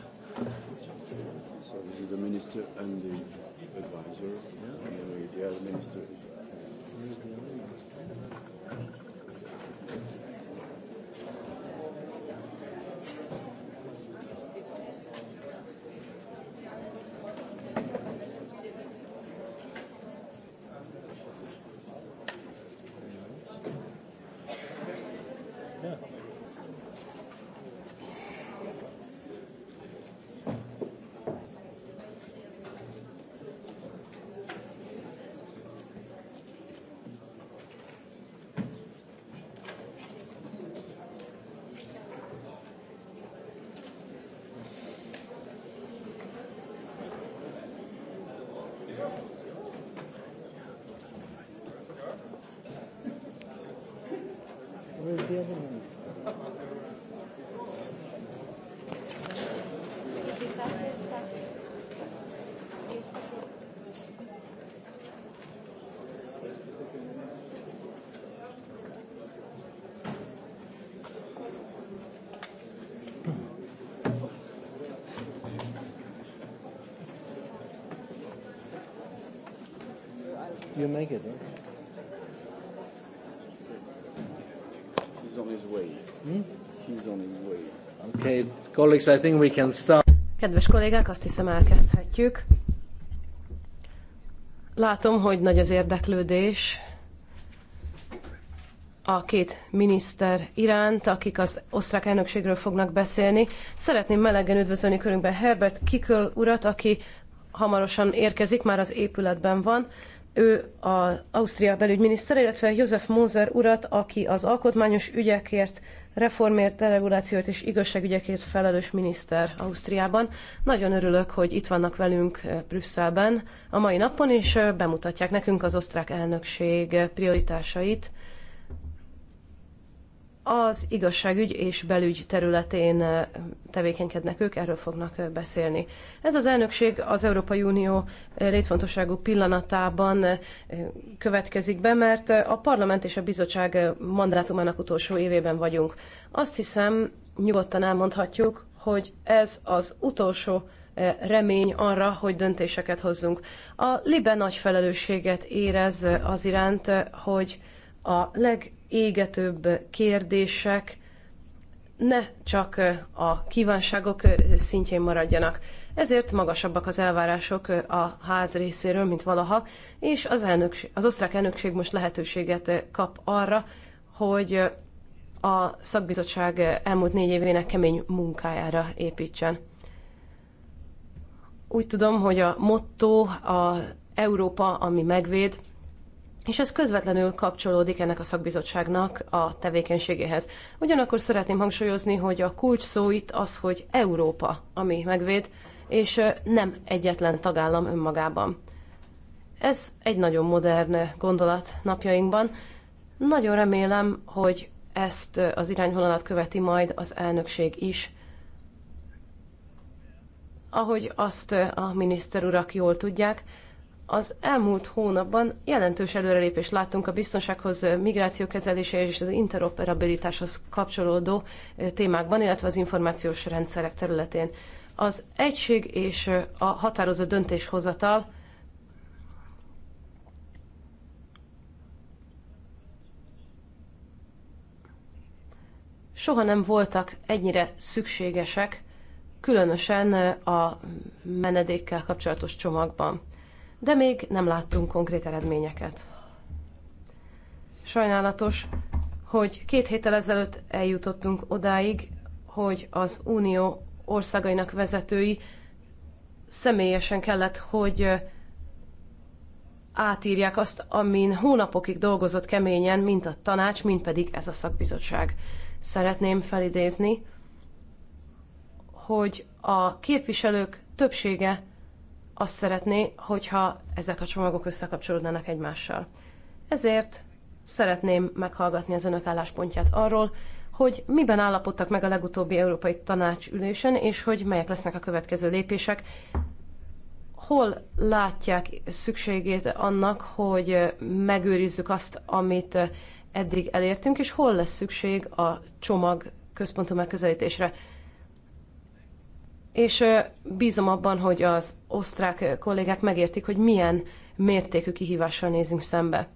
You make it, huh? Colleagues, I think we can start. Kedves kollégák, azt hiszem elkezdhetjük. Látom, hogy nagy az érdeklődés a két miniszter iránt, akik az osztrák elnökségről fognak beszélni. Szeretném melegen üdvözölni körünkben Herbert Kikl urat, aki hamarosan érkezik, már az épületben van ő az Ausztria belügyminiszter, illetve József Moser urat, aki az alkotmányos ügyekért, reformért, deregulációért és igazságügyekért felelős miniszter Ausztriában. Nagyon örülök, hogy itt vannak velünk eh, Brüsszelben a mai napon, és eh, bemutatják nekünk az osztrák elnökség prioritásait az igazságügy és belügy területén tevékenykednek ők, erről fognak beszélni. Ez az elnökség az Európai Unió létfontosságú pillanatában következik be, mert a parlament és a bizottság mandátumának utolsó évében vagyunk. Azt hiszem, nyugodtan elmondhatjuk, hogy ez az utolsó remény arra, hogy döntéseket hozzunk. A Libe nagy felelősséget érez az iránt, hogy a legégetőbb kérdések ne csak a kívánságok szintjén maradjanak. Ezért magasabbak az elvárások a ház részéről, mint valaha, és az, elnökség, az osztrák elnökség most lehetőséget kap arra, hogy a szakbizottság elmúlt négy évének kemény munkájára építsen. Úgy tudom, hogy a motto a Európa, ami megvéd, és ez közvetlenül kapcsolódik ennek a szakbizottságnak a tevékenységéhez. Ugyanakkor szeretném hangsúlyozni, hogy a kulcs szó itt az, hogy Európa, ami megvéd, és nem egyetlen tagállam önmagában. Ez egy nagyon modern gondolat napjainkban. Nagyon remélem, hogy ezt az irányvonalat követi majd az elnökség is. Ahogy azt a miniszter urak jól tudják, az elmúlt hónapban jelentős előrelépést láttunk a biztonsághoz, migráció kezelése és az interoperabilitáshoz kapcsolódó témákban, illetve az információs rendszerek területén. Az egység és a határozott döntéshozatal soha nem voltak ennyire szükségesek, különösen a menedékkel kapcsolatos csomagban de még nem láttunk konkrét eredményeket. Sajnálatos, hogy két héttel ezelőtt eljutottunk odáig, hogy az Unió országainak vezetői személyesen kellett, hogy átírják azt, amin hónapokig dolgozott keményen, mint a tanács, mint pedig ez a szakbizottság. Szeretném felidézni, hogy a képviselők többsége azt szeretné, hogyha ezek a csomagok összekapcsolódnának egymással. Ezért szeretném meghallgatni az önök álláspontját arról, hogy miben állapodtak meg a legutóbbi Európai Tanács ülésen, és hogy melyek lesznek a következő lépések. Hol látják szükségét annak, hogy megőrizzük azt, amit eddig elértünk, és hol lesz szükség a csomag központú megközelítésre és bízom abban, hogy az osztrák kollégák megértik, hogy milyen mértékű kihívással nézünk szembe.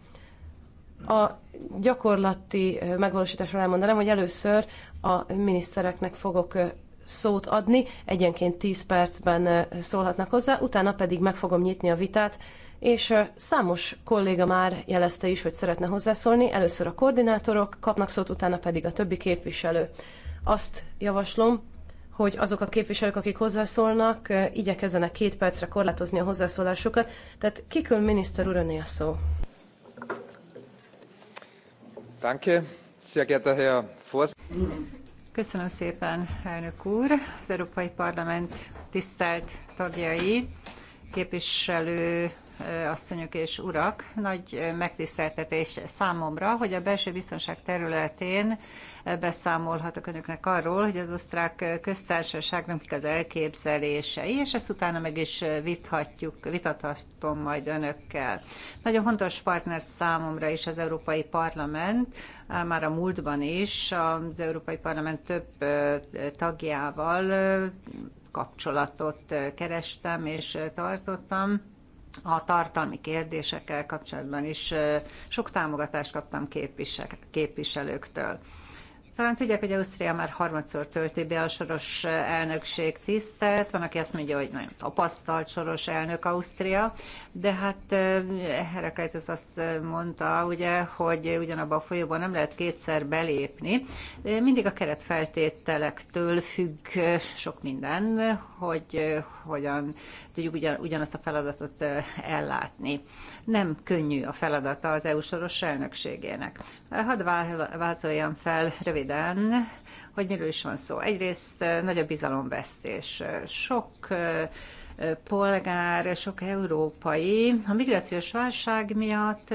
A gyakorlati megvalósításról elmondanám, hogy először a minisztereknek fogok szót adni, egyenként 10 percben szólhatnak hozzá, utána pedig meg fogom nyitni a vitát, és számos kolléga már jelezte is, hogy szeretne hozzászólni. Először a koordinátorok kapnak szót, utána pedig a többi képviselő. Azt javaslom, hogy azok a képviselők, akik hozzászólnak, igyekezzenek két percre korlátozni a hozzászólásukat. Tehát kikül miniszter úr a szó. Danke, sehr geehrter Herr Köszönöm szépen, elnök úr, az Európai Parlament tisztelt tagjai, képviselő asszonyok és urak! Nagy megtiszteltetés számomra, hogy a belső biztonság területén beszámolhatok önöknek arról, hogy az osztrák köztársaságnak mik az elképzelései, és ezt utána meg is vithatjuk, vitathatom majd önökkel. Nagyon fontos partner számomra is az Európai Parlament, már a múltban is az Európai Parlament több tagjával kapcsolatot kerestem és tartottam a tartalmi kérdésekkel kapcsolatban is sok támogatást kaptam képviselőktől. Talán tudják, hogy Ausztria már harmadszor tölti be a soros elnökség tisztet. Van, aki azt mondja, hogy nagyon tapasztalt soros elnök Ausztria, de hát az, azt mondta, ugye, hogy ugyanabban a folyóban nem lehet kétszer belépni. Mindig a keretfeltételektől függ sok minden, hogy hogyan tudjuk ugyan, ugyanazt a feladatot ellátni. Nem könnyű a feladata az EU soros elnökségének. Hadd vázoljam fel röviden, hogy miről is van szó. Egyrészt nagy a bizalomvesztés. Sok polgár, sok európai a migrációs válság miatt,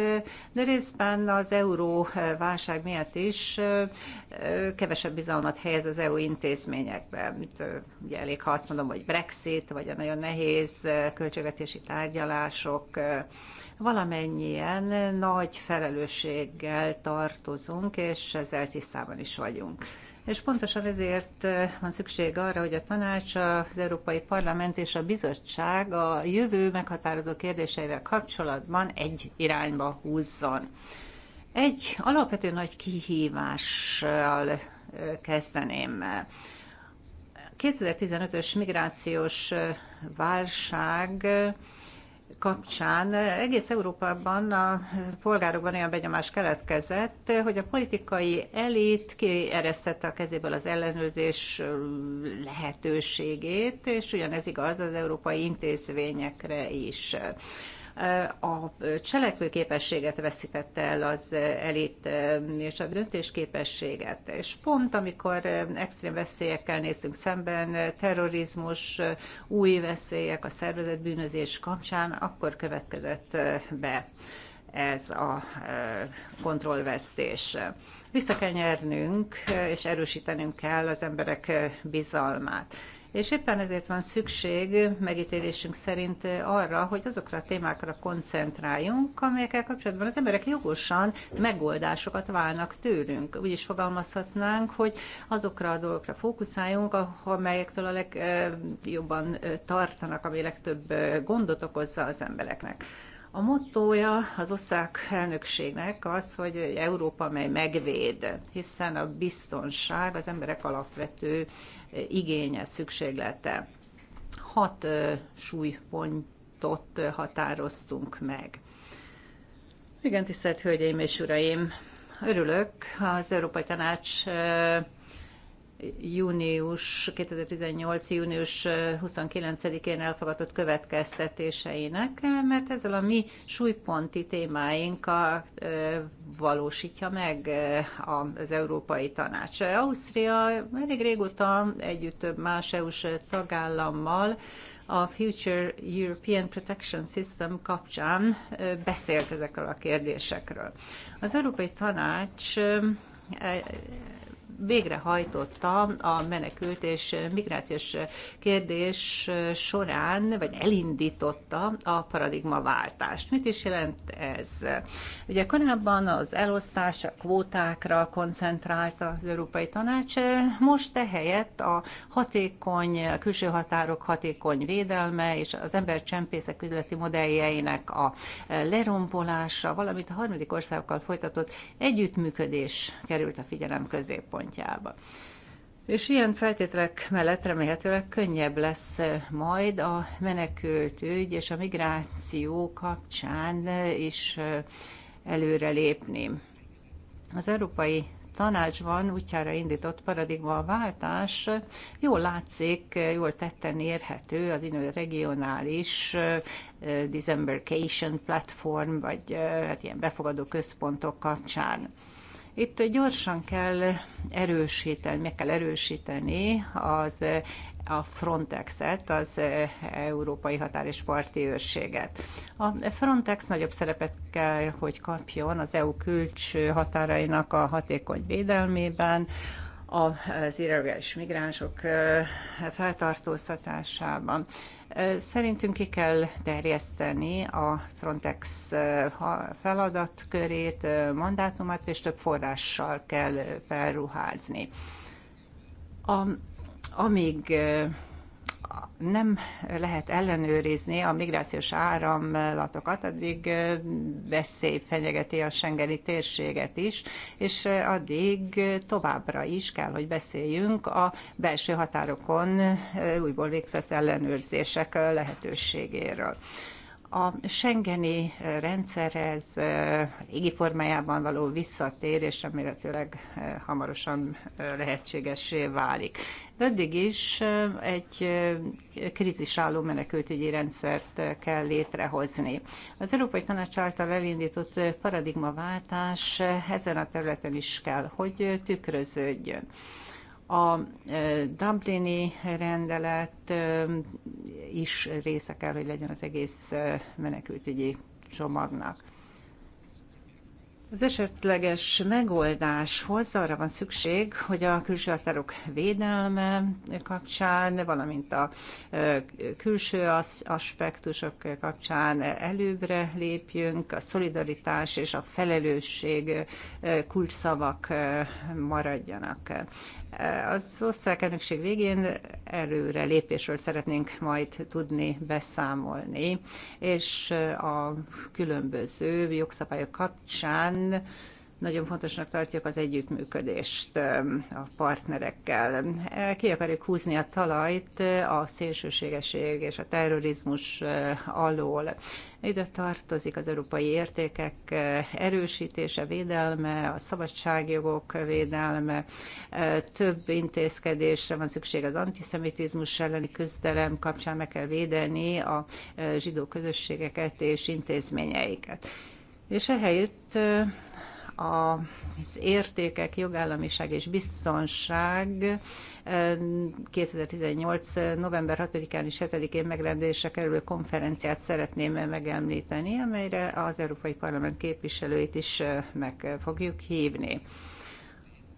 de részben az euró válság miatt is kevesebb bizalmat helyez az EU intézményekbe. mint ugye elég, ha azt mondom, hogy Brexit, vagy a nagyon nehéz költségvetési tárgyalások, valamennyien nagy felelősséggel tartozunk, és ezzel tisztában is vagyunk. És pontosan ezért van szükség arra, hogy a tanács, az Európai Parlament és a bizottság a jövő meghatározó kérdéseivel kapcsolatban egy irányba húzzon. Egy alapvető nagy kihívással kezdeném. 2015-ös migrációs válság kapcsán egész Európában a polgárokban olyan benyomás keletkezett, hogy a politikai elit kieresztette a kezéből az ellenőrzés lehetőségét, és ugyanez igaz az európai intézményekre is a cselekvő képességet veszítette el az elit és a döntésképességet. És pont amikor extrém veszélyekkel néztünk szemben, terrorizmus, új veszélyek a szervezet bűnözés kapcsán, akkor következett be ez a kontrollvesztés. Vissza kell nyernünk, és erősítenünk kell az emberek bizalmát. És éppen ezért van szükség megítélésünk szerint arra, hogy azokra a témákra koncentráljunk, amelyekkel kapcsolatban az emberek jogosan megoldásokat válnak tőlünk. Úgy is fogalmazhatnánk, hogy azokra a dolgokra fókuszáljunk, amelyektől a legjobban tartanak, ami legtöbb gondot okozza az embereknek. A mottója az osztrák elnökségnek az, hogy Európa, mely megvéd, hiszen a biztonság az emberek alapvető igénye, szükséglete. Hat súlypontot határoztunk meg. Igen, tisztelt Hölgyeim és Uraim! Örülök az Európai Tanács június 2018. június 29-én elfogadott következtetéseinek, mert ezzel a mi súlyponti témáinkat valósítja meg az Európai Tanács. Ausztria elég régóta együtt több más EU-s tagállammal a Future European Protection System kapcsán beszélt ezekről a kérdésekről. Az Európai Tanács végrehajtotta a menekült és migrációs kérdés során, vagy elindította a paradigmaváltást. Mit is jelent ez? Ugye korábban az elosztás, a kvótákra koncentrált az Európai Tanács, most ehelyett a hatékony, a külső határok hatékony védelme és az embercsempészek üzleti modelljeinek a lerombolása, valamint a harmadik országokkal folytatott együttműködés került a figyelem középpontjába szempontjába. És ilyen feltételek mellett remélhetőleg könnyebb lesz eh, majd a menekült ügy és a migráció kapcsán eh, is eh, előrelépni. Az Európai Tanácsban útjára indított paradigmaváltás jól látszik, jól tetten érhető az inő regionális disembarkation platform, vagy hát ilyen befogadó központok kapcsán. Itt gyorsan kell erősíteni, meg kell erősíteni az a Frontexet, az Európai Határ és Parti Őrséget. A Frontex nagyobb szerepet kell, hogy kapjon az EU külcs határainak a hatékony védelmében, az irreguláris migránsok feltartóztatásában. Szerintünk ki kell terjeszteni a Frontex feladatkörét, mandátumát, és több forrással kell felruházni. A, amíg nem lehet ellenőrizni a migrációs áramlatokat, addig veszély fenyegeti a Schengeni térséget is, és addig továbbra is kell, hogy beszéljünk a belső határokon újból végzett ellenőrzések lehetőségéről. A Schengeni rendszerhez régi formájában való visszatérés, és remélhetőleg hamarosan lehetségesé válik. Eddig is egy krízisálló menekültügyi rendszert kell létrehozni. Az Európai Tanács által elindított paradigmaváltás ezen a területen is kell, hogy tükröződjön. A Dublini rendelet is része kell, hogy legyen az egész menekültügyi csomagnak. Az esetleges megoldáshoz arra van szükség, hogy a külső határok védelme kapcsán, valamint a külső aspektusok kapcsán előbbre lépjünk, a szolidaritás és a felelősség kulcsszavak maradjanak. Az osztrák elnökség végén előre lépésről szeretnénk majd tudni beszámolni, és a különböző jogszabályok kapcsán nagyon fontosnak tartjuk az együttműködést a partnerekkel. Ki akarjuk húzni a talajt a szélsőségeség és a terrorizmus alól. Ide tartozik az európai értékek erősítése, védelme, a szabadságjogok védelme, több intézkedésre van szükség az antiszemitizmus elleni küzdelem kapcsán meg kell védeni a zsidó közösségeket és intézményeiket. És ehelyett az értékek, jogállamiság és biztonság 2018. november 6-án és 7-én megrendelésre kerülő konferenciát szeretném megemlíteni, amelyre az Európai Parlament képviselőit is meg fogjuk hívni.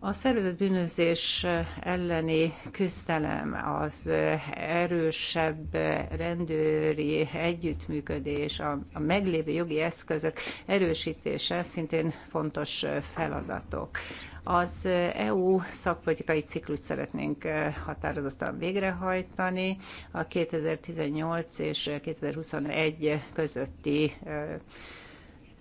A szervezett bűnözés elleni küzdelem, az erősebb rendőri együttműködés, a, a meglévő jogi eszközök erősítése szintén fontos feladatok. Az EU szakpolitikai ciklus szeretnénk határozottan végrehajtani a 2018 és 2021 közötti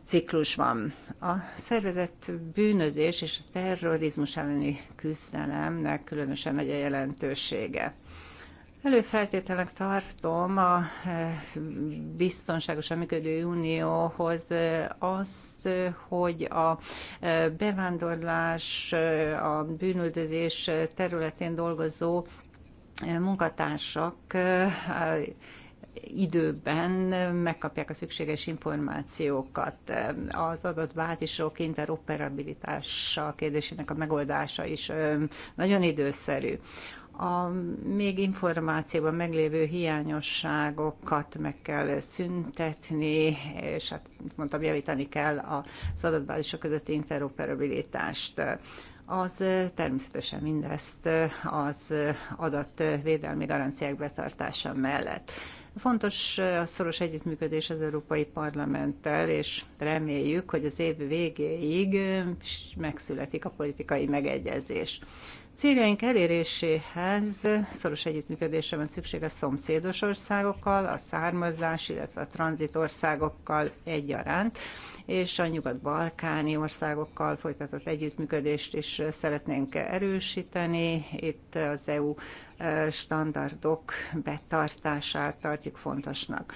ciklus van A szervezett bűnözés és a terrorizmus elleni küzdelemnek különösen nagy a jelentősége. Előfeltételnek tartom a e, biztonságosan működő unióhoz e, azt, e, hogy a bevándorlás, a bűnöldözés területén dolgozó munkatársak időben megkapják a szükséges információkat. Az bázisok interoperabilitása kérdésének a megoldása is nagyon időszerű a még információban meglévő hiányosságokat meg kell szüntetni, és hát mondtam, javítani kell az adatbázisok közötti interoperabilitást. Az természetesen mindezt az adatvédelmi garanciák betartása mellett. Fontos a szoros együttműködés az Európai Parlamenttel, és reméljük, hogy az év végéig megszületik a politikai megegyezés. Céljaink eléréséhez szoros együttműködésre van szükség a szomszédos országokkal, a származás, illetve a tranzit országokkal egyaránt, és a nyugat-balkáni országokkal folytatott együttműködést is szeretnénk erősíteni. Itt az EU eh, standardok betartását tartjuk fontosnak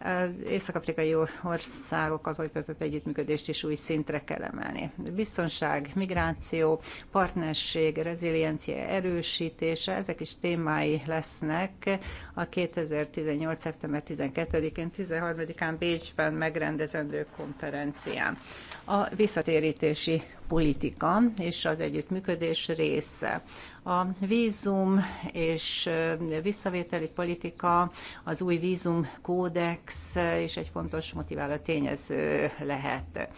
az észak-afrikai országokkal folytatott együttműködést is új szintre kell emelni. Biztonság, migráció, partnerség, reziliencia erősítése, ezek is témái lesznek a 2018. szeptember 12-én, 13-án Bécsben megrendezendő konferencián. A visszatérítési politika és az együttműködés része. A vízum és visszavételi politika, az új vízum kódex is egy fontos motiváló tényező lehet.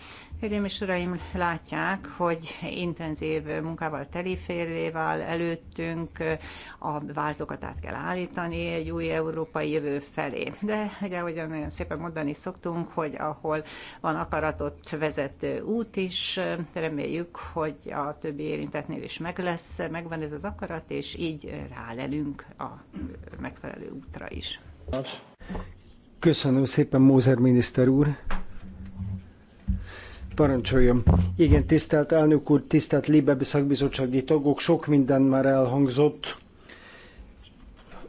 Hölgyeim és Uraim, látják, hogy intenzív munkával, teliférvével előttünk a váltókat át kell állítani egy új európai jövő felé. De ugye, ahogyan nagyon szépen mondani szoktunk, hogy ahol van akaratot vezető út is, reméljük, hogy a többi érintetnél is meg lesz, megvan ez az akarat, és így rálelünk a megfelelő útra is. Köszönöm szépen, Mózer miniszter úr! Parancsoljon. Igen, tisztelt elnök úr, tisztelt Libebi szakbizottsági tagok, sok minden már elhangzott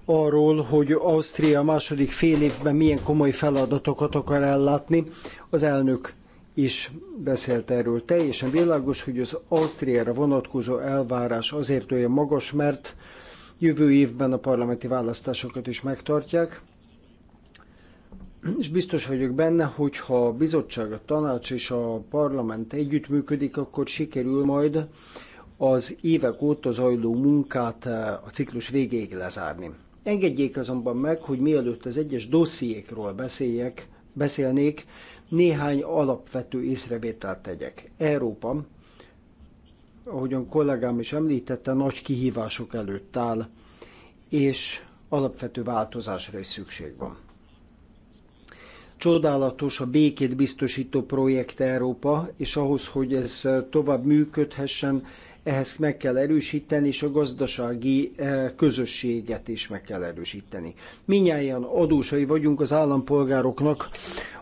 arról, hogy Ausztria a második fél évben milyen komoly feladatokat akar ellátni. Az elnök is beszélt erről. Teljesen világos, hogy az Ausztriára vonatkozó elvárás azért olyan magas, mert jövő évben a parlamenti választásokat is megtartják, és biztos vagyok benne, hogy ha a bizottság, a tanács és a parlament együttműködik, akkor sikerül majd az évek óta zajló munkát eh, a ciklus végéig lezárni. Engedjék azonban meg, hogy mielőtt az egyes dossziékról beszéljek, beszélnék, néhány alapvető észrevételt tegyek. Európa, ahogyan kollégám is említette, nagy kihívások előtt áll, és alapvető változásra is szükség van. Csodálatos a békét biztosító projekt Európa, és ahhoz, hogy ez tovább működhessen, ehhez meg kell erősíteni, és a gazdasági eh, közösséget is meg kell erősíteni. Minnyáján adósai vagyunk az állampolgároknak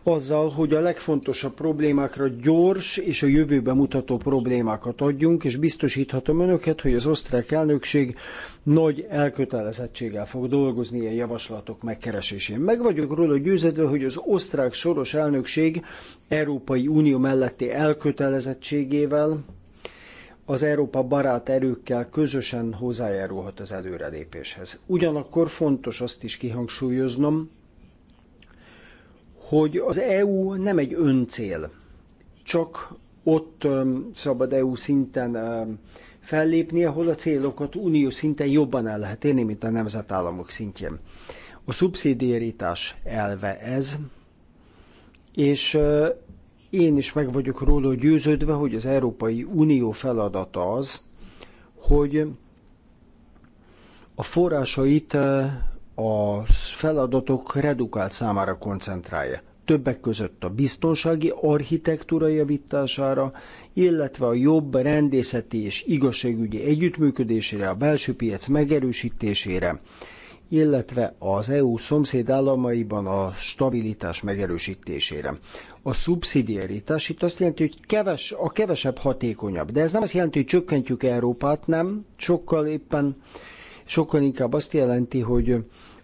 azzal, hogy a legfontosabb problémákra gyors és a jövőbe mutató problémákat adjunk, és biztosíthatom önöket, hogy az osztrák elnökség nagy elkötelezettséggel fog dolgozni a javaslatok megkeresésén. Meg vagyok róla győződve, hogy az osztrák soros elnökség Európai Unió melletti elkötelezettségével, az Európa barát erőkkel közösen hozzájárulhat az előrelépéshez. Ugyanakkor fontos azt is kihangsúlyoznom, hogy az EU nem egy öncél, csak ott szabad EU szinten fellépni, ahol a célokat unió szinten jobban el lehet érni, mint a nemzetállamok szintjén. A szubszidiaritás elve ez, és én is meg vagyok róla győződve, hogy az Európai Unió feladata az, hogy a forrásait eh, a feladatok redukált számára koncentrálja. Többek között a biztonsági architektúra javítására, illetve a jobb rendészeti és igazságügyi együttműködésére, a belső piac megerősítésére, illetve az EU szomszéd államaiban a stabilitás megerősítésére a szubszidiaritás itt azt jelenti, hogy keves, a kevesebb hatékonyabb. De ez nem azt jelenti, hogy csökkentjük Európát, nem. Sokkal éppen, sokkal inkább azt jelenti, hogy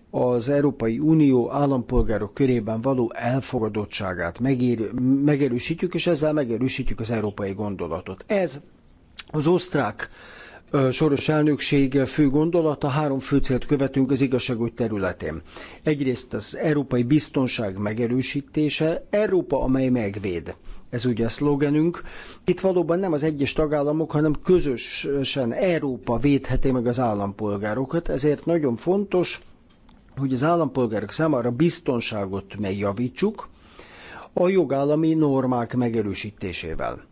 az Európai Unió állampolgárok körében való elfogadottságát megér, megerősítjük, és ezzel megerősítjük az európai gondolatot. Ez az osztrák soros elnökség fő gondolata három fő célt követünk az igazságügy területén. Egyrészt az európai biztonság megerősítése, Európa, amely megvéd. Ez ugye a szlogenünk. Itt valóban nem az egyes tagállamok, hanem közösen Európa védheti meg az állampolgárokat, ezért nagyon fontos, hogy az állampolgárok számára biztonságot megjavítsuk a jogállami normák megerősítésével.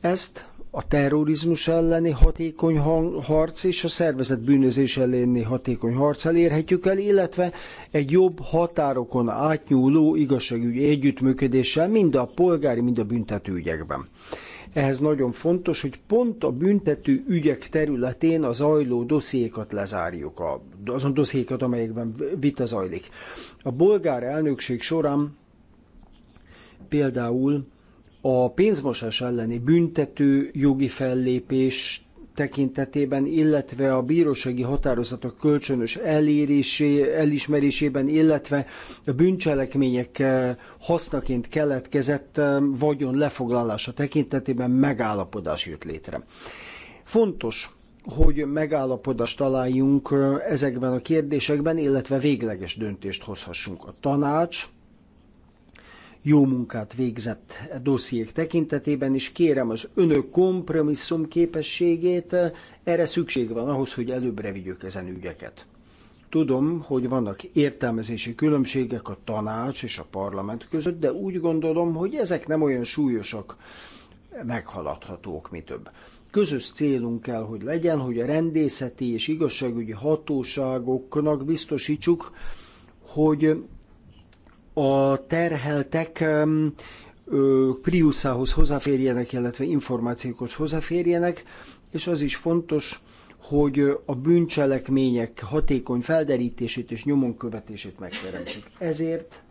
Ezt a terrorizmus elleni hatékony harc és a szervezett bűnözés elleni hatékony harc elérhetjük el, illetve egy jobb határokon átnyúló igazságügyi együttműködéssel mind a polgári, mind a büntető ügyekben. Ehhez nagyon fontos, hogy pont a büntető ügyek területén a zajló dossziékat lezárjuk, a, azon dossziékat, amelyekben vita zajlik. A bolgár elnökség során például a pénzmosás elleni büntető jogi fellépés tekintetében, illetve a bírósági határozatok kölcsönös elérésé, elismerésében, illetve a bűncselekmények eh, hasznaként keletkezett eh, vagyon lefoglalása tekintetében megállapodás jött létre. Fontos, hogy megállapodást találjunk eh, ezekben a kérdésekben, illetve végleges döntést hozhassunk. A tanács jó munkát végzett e dossziék tekintetében, és kérem az önök kompromisszum képességét, erre szükség van ahhoz, hogy előbbre vigyük ezen ügyeket. Tudom, hogy vannak értelmezési különbségek a tanács és a parlament között, de úgy gondolom, hogy ezek nem olyan súlyosak, meghaladhatók, mi több. Közös célunk kell, hogy legyen, hogy a rendészeti és igazságügyi hatóságoknak biztosítsuk, hogy a terheltek Priusához hozzáférjenek, illetve információkhoz hozzáférjenek, és az is fontos, hogy a bűncselekmények hatékony felderítését és nyomon követését megteremtsük. Ezért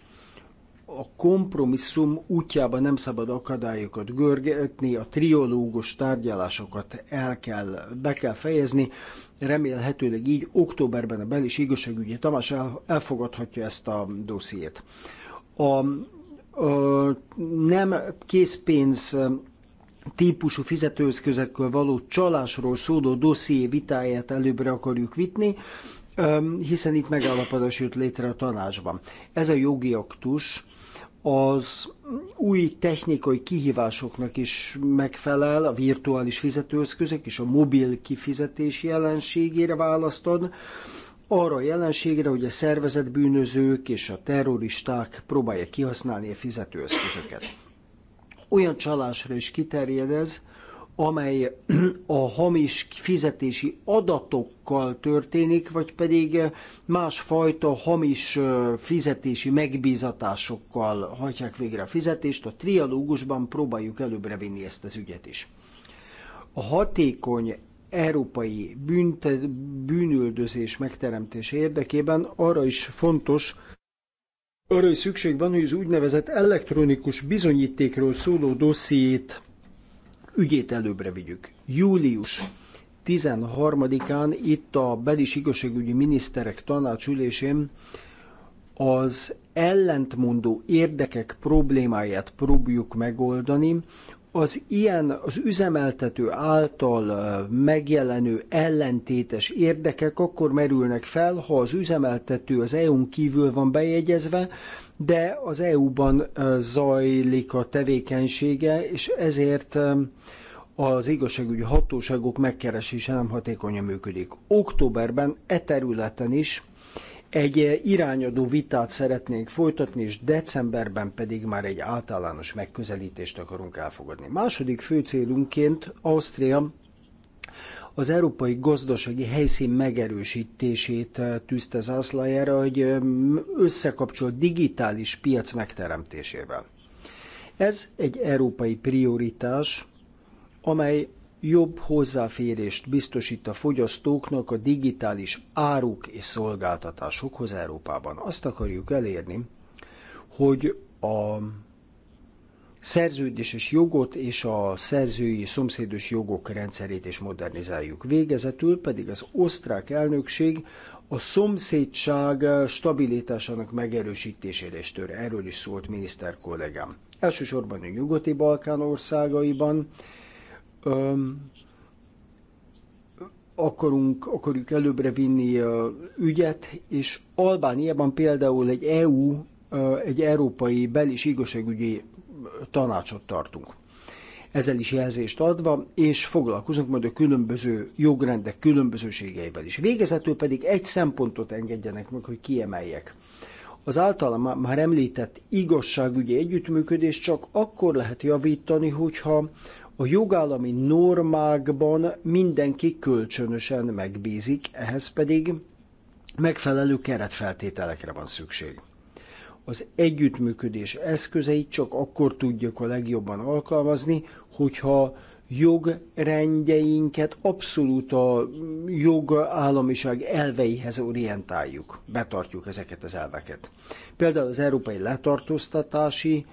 a kompromisszum útjában nem szabad akadályokat görgetni, a triológus tárgyalásokat el kell, be kell fejezni, remélhetőleg így októberben a belis igazságügyi Tamás elfogadhatja ezt a dossziét. A, a nem készpénz típusú fizetőeszközökkel való csalásról szóló dosszié vitáját előbbre akarjuk vitni, hiszen itt megállapodás jött létre a tanácsban. Ez a jogi aktus az új technikai kihívásoknak is megfelel, a virtuális fizetőeszközök és a mobil kifizetés jelenségére választod, arra a jelenségre, hogy a szervezetbűnözők és a terroristák próbálják kihasználni a fizetőeszközöket. Olyan csalásra is kiterjed ez, amely a hamis fizetési adatokkal történik, vagy pedig másfajta hamis fizetési megbízatásokkal hajtják végre a fizetést. A trialógusban próbáljuk előbbre vinni ezt az ügyet is. A hatékony európai bűnte, bűnüldözés megteremtése érdekében arra is fontos, arra is szükség van, hogy az úgynevezett elektronikus bizonyítékról szóló dossziét ügyét előbbre vigyük. Július 13-án itt a belis igazságügyi miniszterek tanácsülésén az ellentmondó érdekek problémáját próbáljuk megoldani, az ilyen az üzemeltető által megjelenő ellentétes érdekek akkor merülnek fel, ha az üzemeltető az EU-n kívül van bejegyezve, de az EU-ban zajlik a tevékenysége, és ezért az igazságügyi hatóságok megkeresése nem hatékonyan működik. Októberben e területen is egy irányadó vitát szeretnénk folytatni, és decemberben pedig már egy általános megközelítést akarunk elfogadni. Második fő célunkként Ausztria az európai gazdasági helyszín megerősítését eh, tűzte zászlajára, hogy eh, összekapcsol digitális piac megteremtésével. Ez egy európai prioritás, amely jobb hozzáférést biztosít a fogyasztóknak a digitális áruk és szolgáltatásokhoz Európában. Azt akarjuk elérni, hogy a szerződéses jogot és a szerzői szomszédos jogok rendszerét is modernizáljuk. Végezetül pedig az osztrák elnökség a szomszédság stabilitásának megerősítésére is tör. Erről is szólt miniszter kollégám. Elsősorban a nyugati Balkán országaiban öm, akarunk, akarjuk előbbre vinni a ügyet, és Albániában például egy EU, egy európai bel- és igazságügyi tanácsot tartunk. Ezzel is jelzést adva, és foglalkozunk majd a különböző jogrendek különbözőségeivel is. Végezetül pedig egy szempontot engedjenek meg, hogy kiemeljek. Az általam már említett igazságügyi együttműködés csak akkor lehet javítani, hogyha a jogállami normákban mindenki kölcsönösen megbízik, ehhez pedig megfelelő keretfeltételekre van szükség. Az együttműködés eszközeit csak akkor tudjuk a legjobban alkalmazni, hogyha jogrendjeinket abszolút a jogállamiság elveihez orientáljuk, betartjuk ezeket az elveket. Például az európai letartóztatási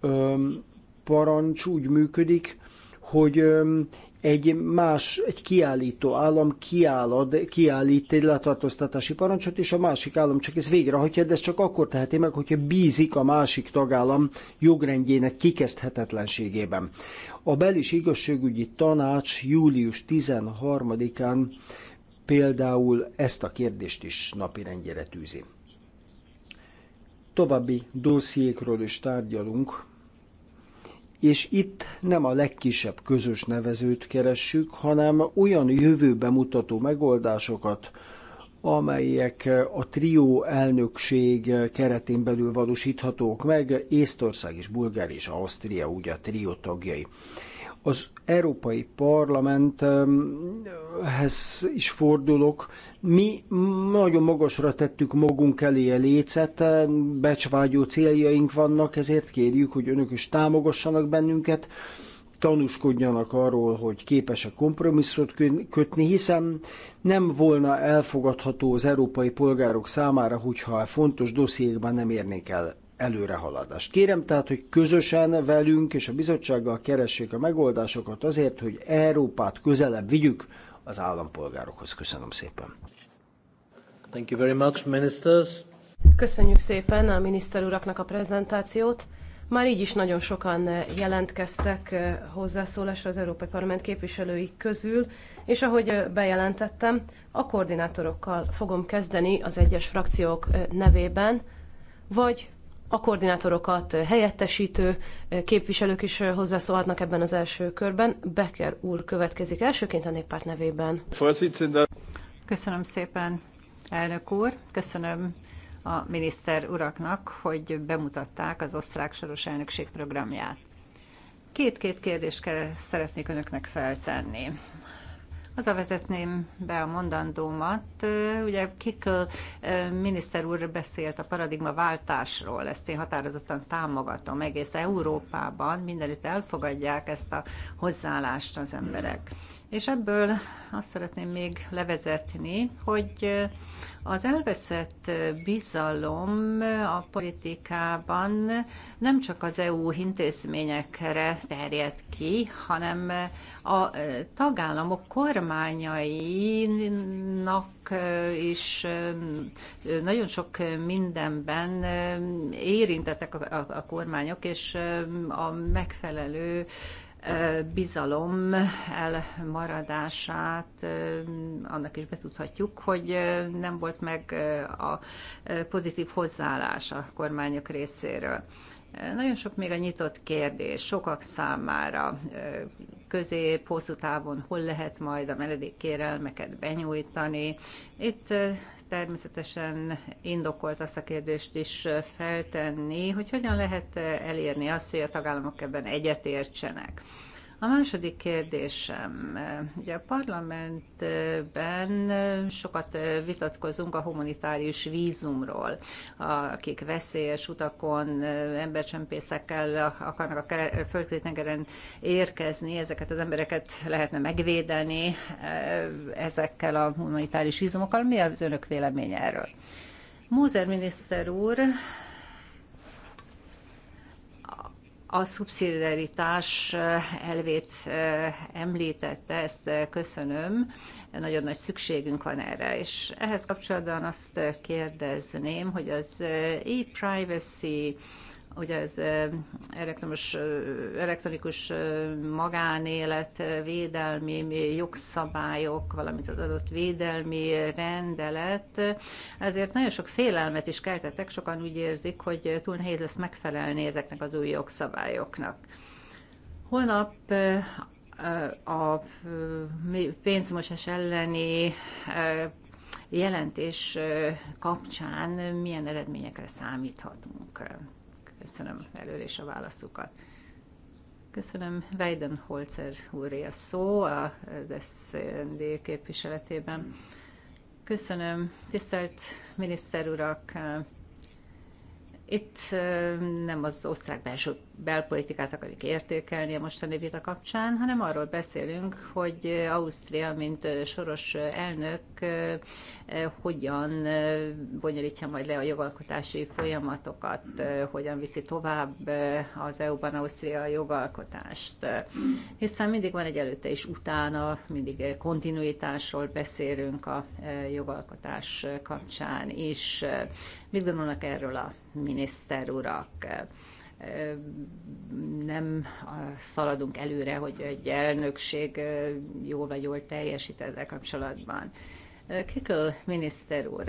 öm, parancs úgy működik, hogy öm, egy más, egy kiállító állam kiállad, kiállít egy letartóztatási parancsot, és a másik állam csak ezt végrehajtja, de ezt csak akkor teheti meg, hogyha bízik a másik tagállam jogrendjének kikezdhetetlenségében. A belis igazságügyi tanács július 13-án például ezt a kérdést is napirendjére tűzi. További dossziékról is tárgyalunk, és itt nem a legkisebb közös nevezőt keressük, hanem olyan jövőbe mutató megoldásokat, amelyek a trió elnökség keretén belül valósíthatók meg, Észtország és Bulgária és Ausztria ugye a trió tagjai az Európai Parlamenthez is fordulok. Mi nagyon magasra tettük magunk elé a lécet, becsvágyó céljaink vannak, ezért kérjük, hogy önök is támogassanak bennünket, tanúskodjanak arról, hogy képesek kompromisszot kötni, hiszen nem volna elfogadható az európai polgárok számára, hogyha a fontos dossziékban nem érnék el előrehaladást. Kérem tehát, hogy közösen velünk és a bizottsággal keressék a megoldásokat azért, hogy Európát közelebb vigyük az állampolgárokhoz. Köszönöm szépen. Thank you very much, ministers. Köszönjük szépen a miniszter uraknak a prezentációt. Már így is nagyon sokan jelentkeztek eh, hozzászólásra az Európai Parlament képviselői közül, és ahogy eh, bejelentettem, a koordinátorokkal fogom kezdeni az egyes frakciók eh, nevében, vagy a koordinátorokat helyettesítő eh, képviselők is eh, hozzászólhatnak ebben az első körben. Becker úr következik elsőként a néppárt nevében. Köszönöm szépen, elnök úr. Köszönöm a miniszter uraknak, hogy bemutatták az osztrák soros elnökség programját. Két-két kérdést kell, szeretnék önöknek feltenni a vezetném be a mondandómat. Ugye Kikl miniszter úr beszélt a paradigmaváltásról, ezt én határozottan támogatom. Egész Európában mindenütt elfogadják ezt a hozzáállást az emberek. És ebből azt szeretném még levezetni, hogy az elveszett bizalom a politikában nem csak az EU intézményekre terjed ki, hanem a tagállamok kormányainak is nagyon sok mindenben érintettek a kormányok, és a megfelelő bizalom elmaradását annak is betudhatjuk, hogy nem volt meg a pozitív hozzáállás a kormányok részéről. Nagyon sok még a nyitott kérdés sokak számára közép, hosszú távon hol lehet majd a menedékkérelmeket benyújtani. Itt természetesen indokolt azt a kérdést is feltenni, hogy hogyan lehet elérni azt, hogy a tagállamok ebben egyetértsenek. A második kérdésem, ugye a parlamentben sokat vitatkozunk a humanitárius vízumról, akik veszélyes utakon embercsempészekkel akarnak a földtengeren érkezni, ezeket az embereket lehetne megvédeni ezekkel a humanitárius vízumokkal. Mi az önök véleménye erről? Mózer miniszter úr a szubszidiaritás eh, elvét eh, említette, ezt eh, köszönöm, nagyon nagy szükségünk van erre, és ehhez kapcsolatban azt kérdezném, hogy az e-privacy ugye ez elektromos, elektronikus magánélet védelmi jogszabályok, valamint az adott védelmi rendelet, ezért nagyon sok félelmet is keltettek, sokan úgy érzik, hogy túl nehéz lesz megfelelni ezeknek az új jogszabályoknak. Holnap a pénzmosás elleni jelentés kapcsán milyen eredményekre számíthatunk. Köszönöm előre is a válaszukat. Köszönöm. Weidenholzer úré a szó az SZND képviseletében. Köszönöm. Tisztelt miniszter urak! Itt nem az osztrák belső belpolitikát akarjuk értékelni a mostani vita kapcsán, hanem arról beszélünk, hogy Ausztria, mint soros elnök, hogyan bonyolítja majd le a jogalkotási folyamatokat, hogyan viszi tovább az EU-ban Ausztria jogalkotást. Hiszen mindig van egy előtte és utána, mindig kontinuitásról beszélünk a jogalkotás kapcsán is. Mit gondolnak erről a miniszter urak? nem szaladunk előre, hogy egy elnökség jó vagy jól teljesít ezzel kapcsolatban. Kikl miniszter úr,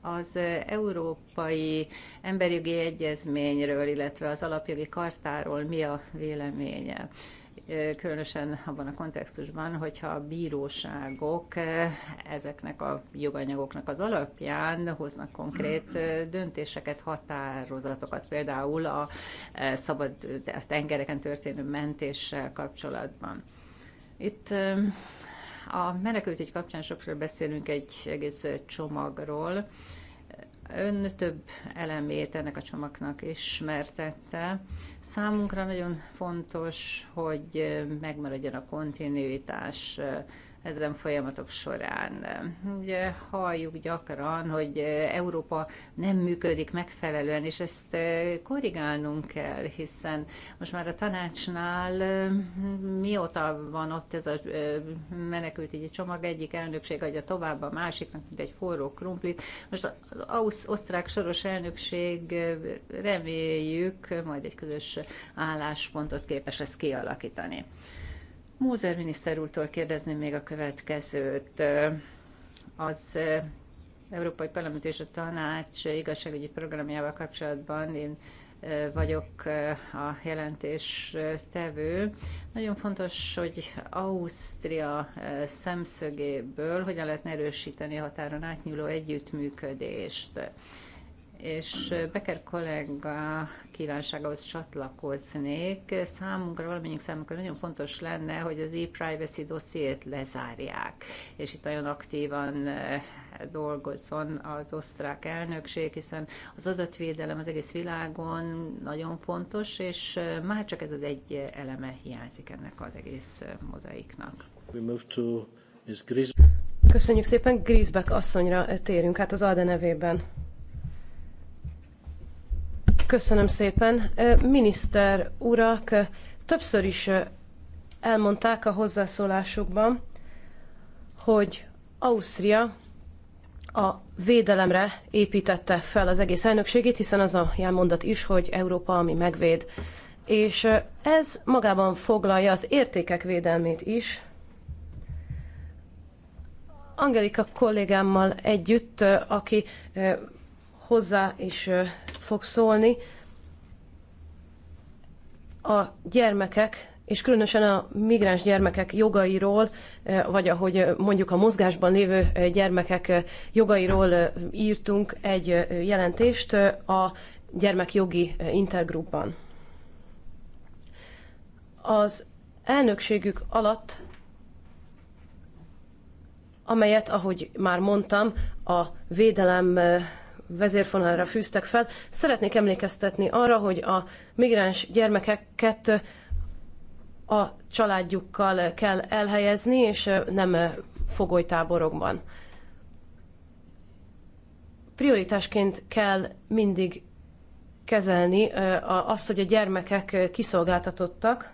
az Európai Emberjogi Egyezményről, illetve az Alapjogi Kartáról mi a véleménye? különösen abban a kontextusban, hogyha a bíróságok ezeknek a joganyagoknak az alapján hoznak konkrét döntéseket, határozatokat, például a szabad tengereken történő mentéssel kapcsolatban. Itt a menekültügy kapcsán sokszor beszélünk egy egész csomagról, Ön több elemét ennek a csomagnak ismertette. Számunkra nagyon fontos, hogy megmaradjon a kontinuitás ezen folyamatok során. Ugye halljuk gyakran, hogy Európa nem működik megfelelően, és ezt eh, korrigálnunk kell, hiszen most már a tanácsnál eh, mióta van ott ez a eh, menekült, így csomag, egyik elnökség adja tovább a másiknak, mint egy forró krumplit. Most az osztrák soros elnökség reméljük, majd egy közös álláspontot képes lesz kialakítani. Mózer miniszter úrtól kérdezném még a következőt. Az eh, Európai Parlament és a Tanács igazságügyi programjával kapcsolatban én eh, vagyok eh, a jelentés tevő. Nagyon fontos, hogy Ausztria szemszögéből hogyan lehetne erősíteni határon átnyúló együttműködést és Becker kollega kívánságához csatlakoznék. Számunkra, valamennyiünk számunkra nagyon fontos lenne, hogy az e-privacy dossziét lezárják, és itt nagyon aktívan dolgozzon az osztrák elnökség, hiszen az adatvédelem az egész világon nagyon fontos, és már csak ez az egy eleme hiányzik ennek az egész mozaiknak. We move to Ms. Köszönjük szépen, Grisbeck asszonyra térünk át az ALDE nevében. Köszönöm szépen. Miniszter urak, többször is elmondták a hozzászólásukban, hogy Ausztria a védelemre építette fel az egész elnökségét, hiszen az a jelmondat is, hogy Európa, ami megvéd. És ez magában foglalja az értékek védelmét is. Angelika kollégámmal együtt, aki hozzá is fog szólni a gyermekek, és különösen a migráns gyermekek jogairól, eh, vagy ahogy eh, mondjuk a mozgásban lévő eh, gyermekek jogairól írtunk egy jelentést a gyermekjogi intergrupban. Az elnökségük alatt amelyet, ahogy már mondtam, a védelem vezérfonalra fűztek fel. Szeretnék emlékeztetni arra, hogy a migráns gyermekeket a családjukkal kell elhelyezni, és nem fogolytáborokban. Prioritásként kell mindig kezelni azt, hogy a gyermekek kiszolgáltatottak,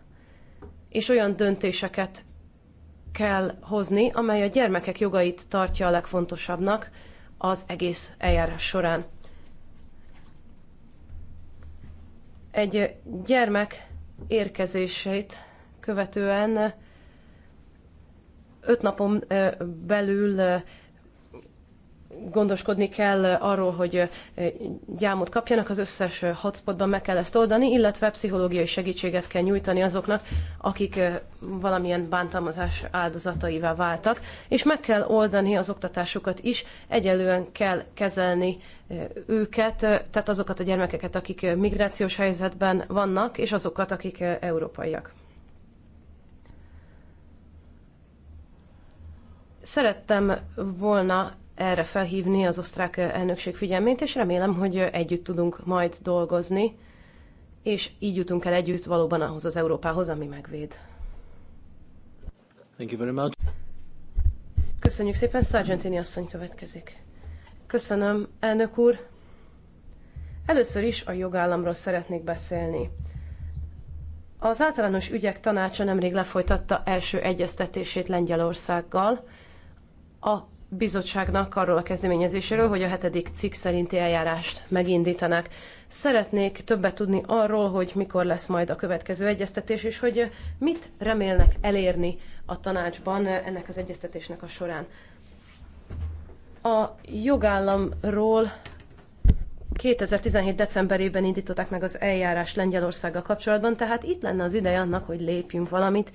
és olyan döntéseket kell hozni, amely a gyermekek jogait tartja a legfontosabbnak, az egész eljárás során. Egy gyermek érkezését követően öt napon belül gondoskodni kell arról, hogy gyámot kapjanak, az összes hotspotban meg kell ezt oldani, illetve pszichológiai segítséget kell nyújtani azoknak, akik valamilyen bántalmazás áldozataival váltak, és meg kell oldani az oktatásukat is, egyelően kell kezelni őket, tehát azokat a gyermekeket, akik migrációs helyzetben vannak, és azokat, akik európaiak. Szerettem volna erre felhívni az osztrák elnökség figyelmét, és remélem, hogy együtt tudunk majd dolgozni, és így jutunk el együtt valóban ahhoz az Európához, ami megvéd. Thank you very much. Köszönjük szépen, Sargentini asszony következik. Köszönöm, elnök úr. Először is a jogállamról szeretnék beszélni. Az általános ügyek tanácsa nemrég lefolytatta első egyeztetését Lengyelországgal. A bizottságnak arról a kezdeményezéséről, hogy a hetedik cikk szerinti eljárást megindítanak. Szeretnék többet tudni arról, hogy mikor lesz majd a következő egyeztetés, és hogy mit remélnek elérni a tanácsban ennek az egyeztetésnek a során. A jogállamról 2017. decemberében indították meg az eljárás Lengyelországgal kapcsolatban, tehát itt lenne az ideje annak, hogy lépjünk valamit.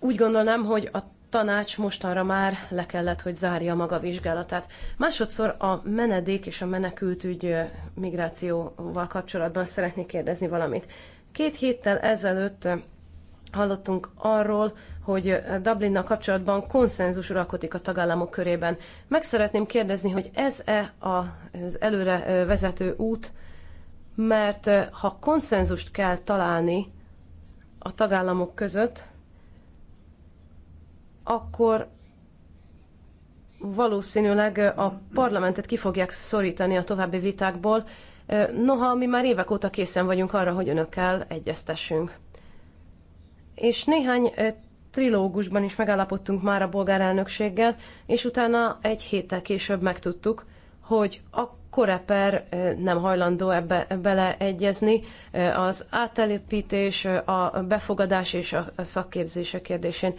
Úgy gondolnám, hogy a tanács mostanra már le kellett, hogy zárja maga vizsgálatát. Másodszor a menedék és a menekültügy migrációval kapcsolatban szeretnék kérdezni valamit. Két héttel ezelőtt hallottunk arról, hogy Dublinnal kapcsolatban konszenzus uralkodik a tagállamok körében. Meg szeretném kérdezni, hogy ez-e az előre vezető út, mert ha konszenzust kell találni a tagállamok között, akkor valószínűleg a parlamentet ki fogják szorítani a további vitákból, noha mi már évek óta készen vagyunk arra, hogy önökkel egyeztessünk. És néhány trilógusban is megállapodtunk már a bolgár elnökséggel, és utána egy héttel később megtudtuk, hogy a Koreper nem hajlandó ebbe beleegyezni. Az átelépítés, a befogadás és a szakképzése kérdésén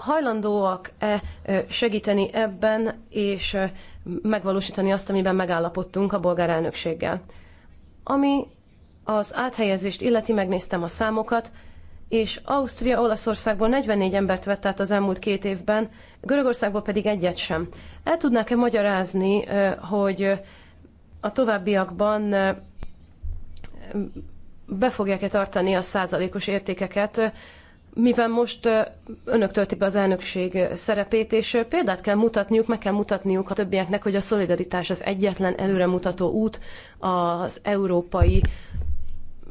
hajlandóak-e segíteni ebben, és megvalósítani azt, amiben megállapodtunk a bolgár elnökséggel. Ami az áthelyezést illeti, megnéztem a számokat, és Ausztria Olaszországból 44 embert vett át az elmúlt két évben, Görögországból pedig egyet sem. El tudnák-e magyarázni, hogy a továbbiakban be fogják-e tartani a százalékos értékeket, mivel most önök tölti be az elnökség szerepét, és példát kell mutatniuk, meg kell mutatniuk a többieknek, hogy a szolidaritás az egyetlen előremutató út az európai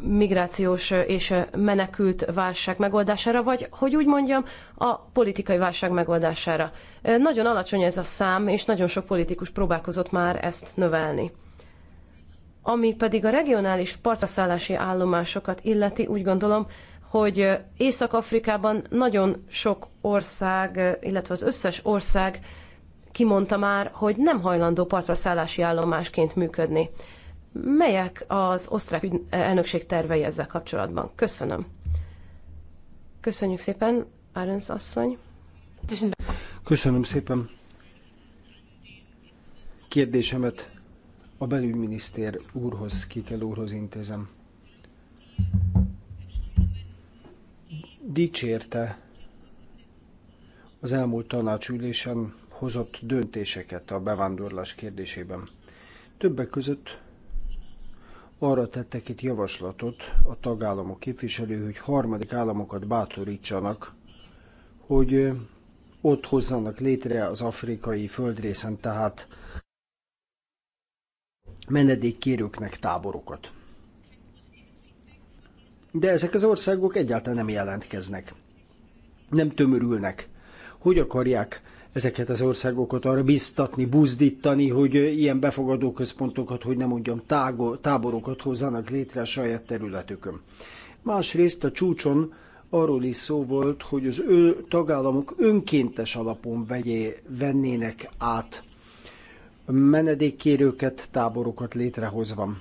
migrációs és menekült válság megoldására, vagy hogy úgy mondjam, a politikai válság megoldására. Nagyon alacsony ez a szám, és nagyon sok politikus próbálkozott már ezt növelni. Ami pedig a regionális partraszállási állomásokat illeti, úgy gondolom, hogy Észak-Afrikában nagyon sok ország, illetve az összes ország kimondta már, hogy nem hajlandó partraszállási állomásként működni. Melyek az osztrák e, elnökség tervei ezzel kapcsolatban? Köszönöm. Köszönjük szépen, Árens asszony. Köszönöm szépen. Kérdésemet a belügyminiszter úrhoz, Kikel úrhoz intézem dicsérte az elmúlt tanácsülésen hozott döntéseket a bevándorlás kérdésében. Többek között arra tettek itt javaslatot a tagállamok képviselő, hogy harmadik államokat bátorítsanak, hogy eh, ott hozzanak létre az afrikai földrészen, tehát menedékkérőknek táborokat de ezek az országok egyáltalán nem jelentkeznek. Nem tömörülnek. Hogy akarják ezeket az országokat arra biztatni, buzdítani, hogy ilyen befogadó központokat, hogy nem mondjam tágo, táborokat hozzanak létre a saját területükön. Másrészt a csúcson arról is szó volt, hogy az ő tagállamok önkéntes alapon vegyé, vennének át menedékkérőket, táborokat létrehozva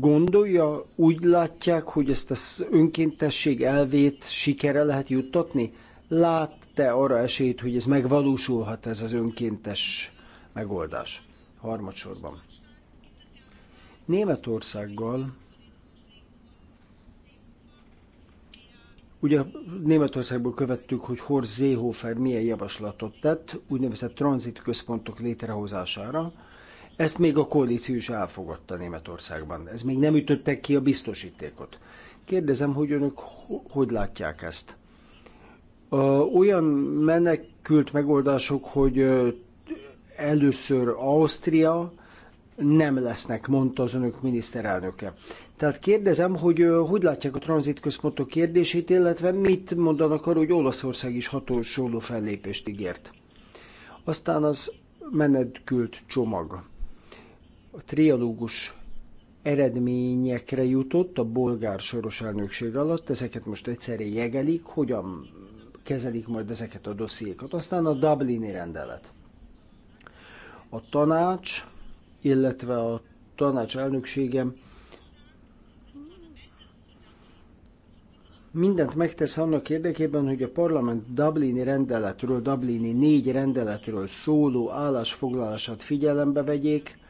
gondolja, úgy látják, hogy ezt az önkéntesség elvét sikere lehet juttatni? Lát-te arra esélyt, hogy ez megvalósulhat, ez az önkéntes megoldás? Harmadsorban. Németországgal Ugye Németországból követtük, hogy Horst Seehofer milyen javaslatot tett úgynevezett tranzit központok létrehozására, ezt még a koalíció is elfogadta Németországban. Ez még nem ütöttek ki a biztosítékot. Kérdezem, hogy önök hogy látják ezt? Olyan menekült megoldások, hogy először Ausztria, nem lesznek, mondta az önök miniszterelnöke. Tehát kérdezem, hogy hogy látják a tranzitközpontok kérdését, illetve mit mondanak arról, hogy Olaszország is hatósoló fellépést ígért. Aztán az menedkült csomag a trialógus eredményekre jutott a bolgár soros elnökség alatt, ezeket most egyszerre jegelik, hogyan kezelik majd ezeket a dossziékat. Aztán a Dublini rendelet. A tanács, illetve a tanács elnöksége mindent megtesz annak érdekében, hogy a parlament Dublini rendeletről, Dublini négy rendeletről szóló állásfoglalását figyelembe vegyék,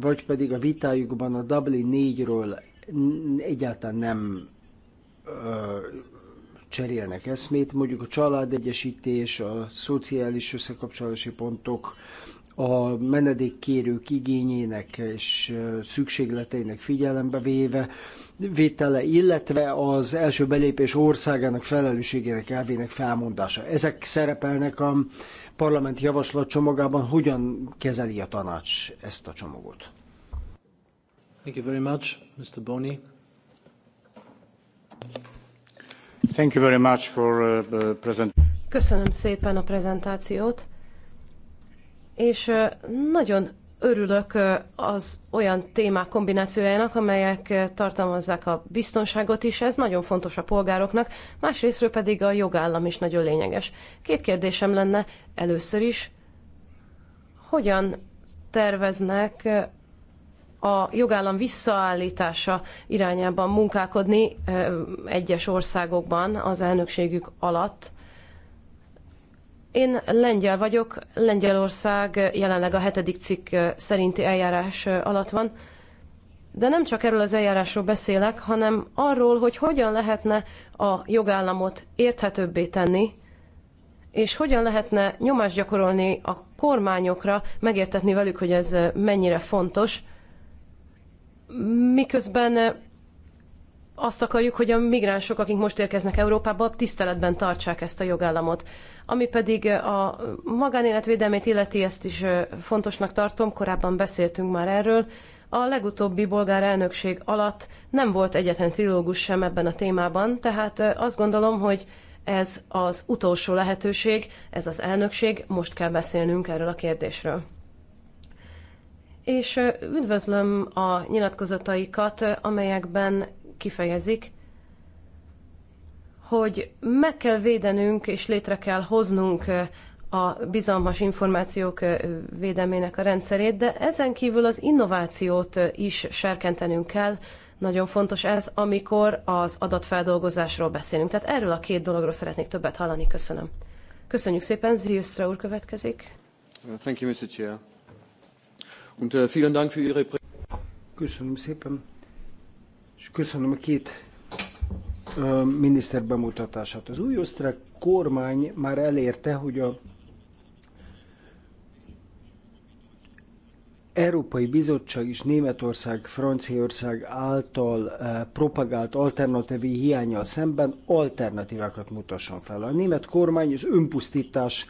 vagy pedig a vitájukban a Dublin 4-ről egyáltalán nem ö, cserélnek eszmét, mondjuk a családegyesítés, a szociális összekapcsolási pontok, a menedékkérők igényének és szükségleteinek figyelembe véve, vétele, illetve az első belépés országának felelősségének elvének felmondása. Ezek szerepelnek a parlament javaslat csomagában hogyan kezeli a tanács ezt a csomagot. Thank you very much, Mr. Boni. Thank you very much for uh, the present. Köszönöm szépen a prezentációt, és uh, nagyon örülök az olyan témák kombinációjának, amelyek tartalmazzák a biztonságot is, ez nagyon fontos a polgároknak, másrésztről pedig a jogállam is nagyon lényeges. Két kérdésem lenne először is, hogyan terveznek a jogállam visszaállítása irányában munkálkodni egyes országokban az elnökségük alatt, én lengyel vagyok, Lengyelország jelenleg a hetedik cikk szerinti eljárás alatt van, de nem csak erről az eljárásról beszélek, hanem arról, hogy hogyan lehetne a jogállamot érthetőbbé tenni, és hogyan lehetne nyomást gyakorolni a kormányokra, megértetni velük, hogy ez mennyire fontos, miközben azt akarjuk, hogy a migránsok, akik most érkeznek Európába, tiszteletben tartsák ezt a jogállamot. Ami pedig a magánéletvédelmét illeti, ezt is fontosnak tartom, korábban beszéltünk már erről. A legutóbbi bolgár elnökség alatt nem volt egyetlen trilógus sem ebben a témában, tehát azt gondolom, hogy ez az utolsó lehetőség, ez az elnökség, most kell beszélnünk erről a kérdésről. És üdvözlöm a nyilatkozataikat, amelyekben kifejezik, hogy meg kell védenünk és létre kell hoznunk a bizalmas információk védelmének a rendszerét, de ezen kívül az innovációt is serkentenünk kell. Nagyon fontos ez, amikor az adatfeldolgozásról beszélünk. Tehát erről a két dologról szeretnék többet hallani. Köszönöm. Köszönjük szépen. Zilstra úr következik. Thank you, Mr. Chair. Und, uh, vielen Dank für Ihre... Köszönöm szépen és köszönöm a két miniszter bemutatását. Az új osztrák kormány már elérte, hogy a Európai Bizottság és Németország, Franciaország által propagált alternatív hiányjal szemben alternatívákat mutasson fel. A német kormány az önpusztítás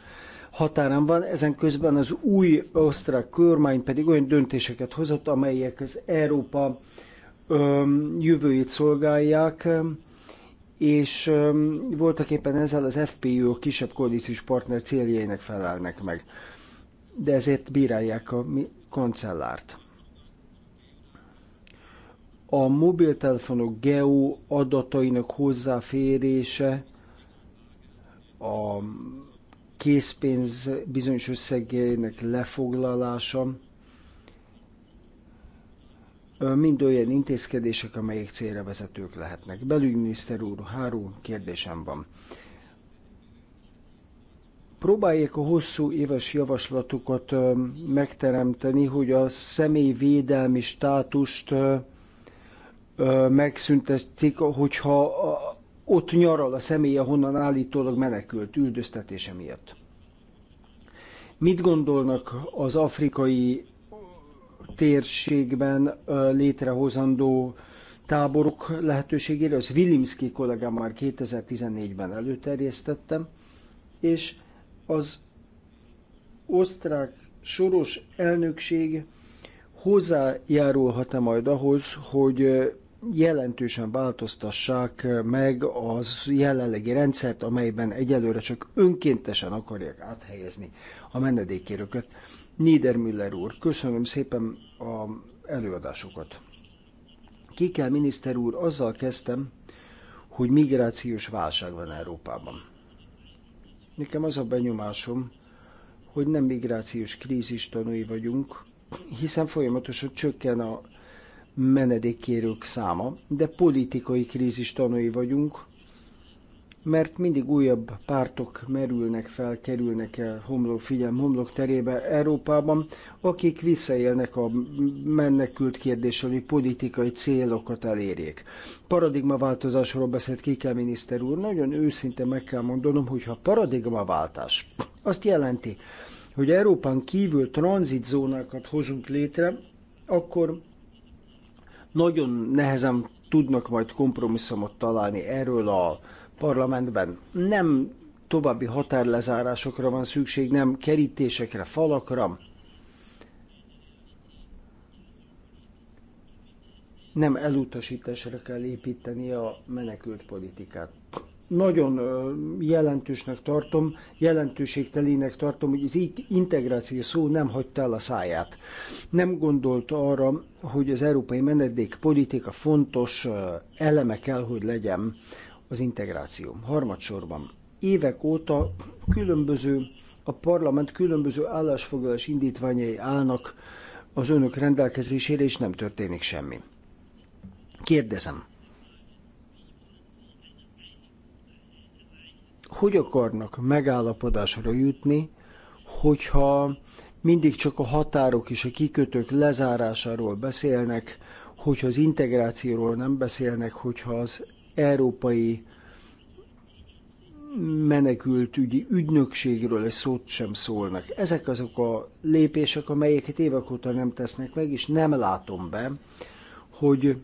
határán van, ezen közben az új osztrák kormány pedig olyan döntéseket hozott, amelyek az Európa jövőjét szolgálják, és voltak éppen ezzel az FPU a kisebb koalíciós partner céljainak felelnek meg. De ezért bírálják a kancellárt. A mobiltelefonok geo adatainak hozzáférése a készpénz bizonyos összegének lefoglalása, mind olyan intézkedések, amelyek célra vezetők lehetnek. Belügyminiszter úr, három kérdésem van. Próbálják a hosszú éves javaslatokat megteremteni, hogy a személyvédelmi státust megszüntetik, hogyha ott nyaral a személye, honnan állítólag menekült üldöztetése miatt. Mit gondolnak az afrikai térségben létrehozandó táborok lehetőségére, az Vilimszki kollégám már 2014-ben előterjesztettem, és az osztrák soros elnökség hozzájárulhat-e majd ahhoz, hogy jelentősen változtassák meg az jelenlegi rendszert, amelyben egyelőre csak önkéntesen akarják áthelyezni a menedékkérőket. Niedermüller úr, köszönöm szépen a előadásokat. Kikel miniszter úr, azzal kezdtem, hogy migrációs válság van Európában. Nekem az a benyomásom, hogy nem migrációs krízis tanúi vagyunk, hiszen folyamatosan csökken a menedékkérők száma, de politikai krízis tanúi vagyunk, mert mindig újabb pártok merülnek fel, kerülnek el homlok, figyelm, homlok terébe Európában, akik visszaélnek a menekült kérdéssel, hogy politikai célokat elérjék. Paradigmaváltozásról beszélt Kikel miniszter úr, nagyon őszinte meg kell mondanom, hogy ha paradigmaváltás azt jelenti, hogy Európán kívül tranzitzónákat hozunk létre, akkor nagyon nehezen tudnak majd kompromisszumot találni erről a parlamentben. Nem további határlezárásokra van szükség, nem kerítésekre, falakra, nem elutasításra kell építeni a menekült politikát. Nagyon jelentősnek tartom, jelentőségtelének tartom, hogy az integráció szó nem hagyta el a száját. Nem gondolt arra, hogy az európai menedék politika fontos eleme kell, hogy legyen az integráció. Harmadsorban évek óta különböző, a parlament különböző állásfoglalás indítványai állnak az önök rendelkezésére, és nem történik semmi. Kérdezem, hogy akarnak megállapodásra jutni, hogyha mindig csak a határok és a kikötők lezárásáról beszélnek, hogyha az integrációról nem beszélnek, hogyha az európai menekültügyi ügynökségről egy szót sem szólnak. Ezek azok a lépések, amelyeket évek óta nem tesznek meg, és nem látom be, hogy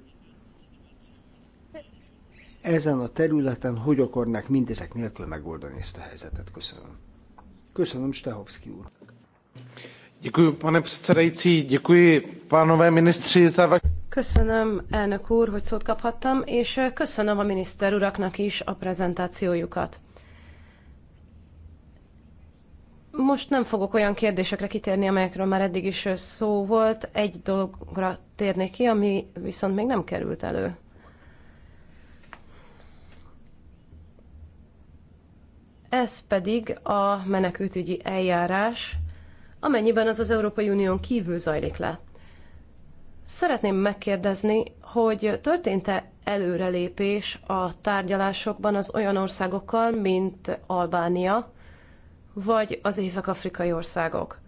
ezen a területen hogy akarnak mindezek nélkül megoldani ezt a helyzetet. Köszönöm. Köszönöm, Stehovski úr. Děkuji, pane předsedající, děkuji, pánové ministři, za vaši... Köszönöm, elnök úr, hogy szót kaphattam, és köszönöm a miniszter uraknak is a prezentációjukat. Most nem fogok olyan kérdésekre kitérni, amelyekről már eddig is szó volt. Egy dologra térnék ki, ami viszont még nem került elő. Ez pedig a menekültügyi eljárás, amennyiben az az Európai Unión kívül zajlik le. Szeretném megkérdezni, hogy történt-e előrelépés a tárgyalásokban az olyan országokkal, mint Albánia, vagy az észak-afrikai országok?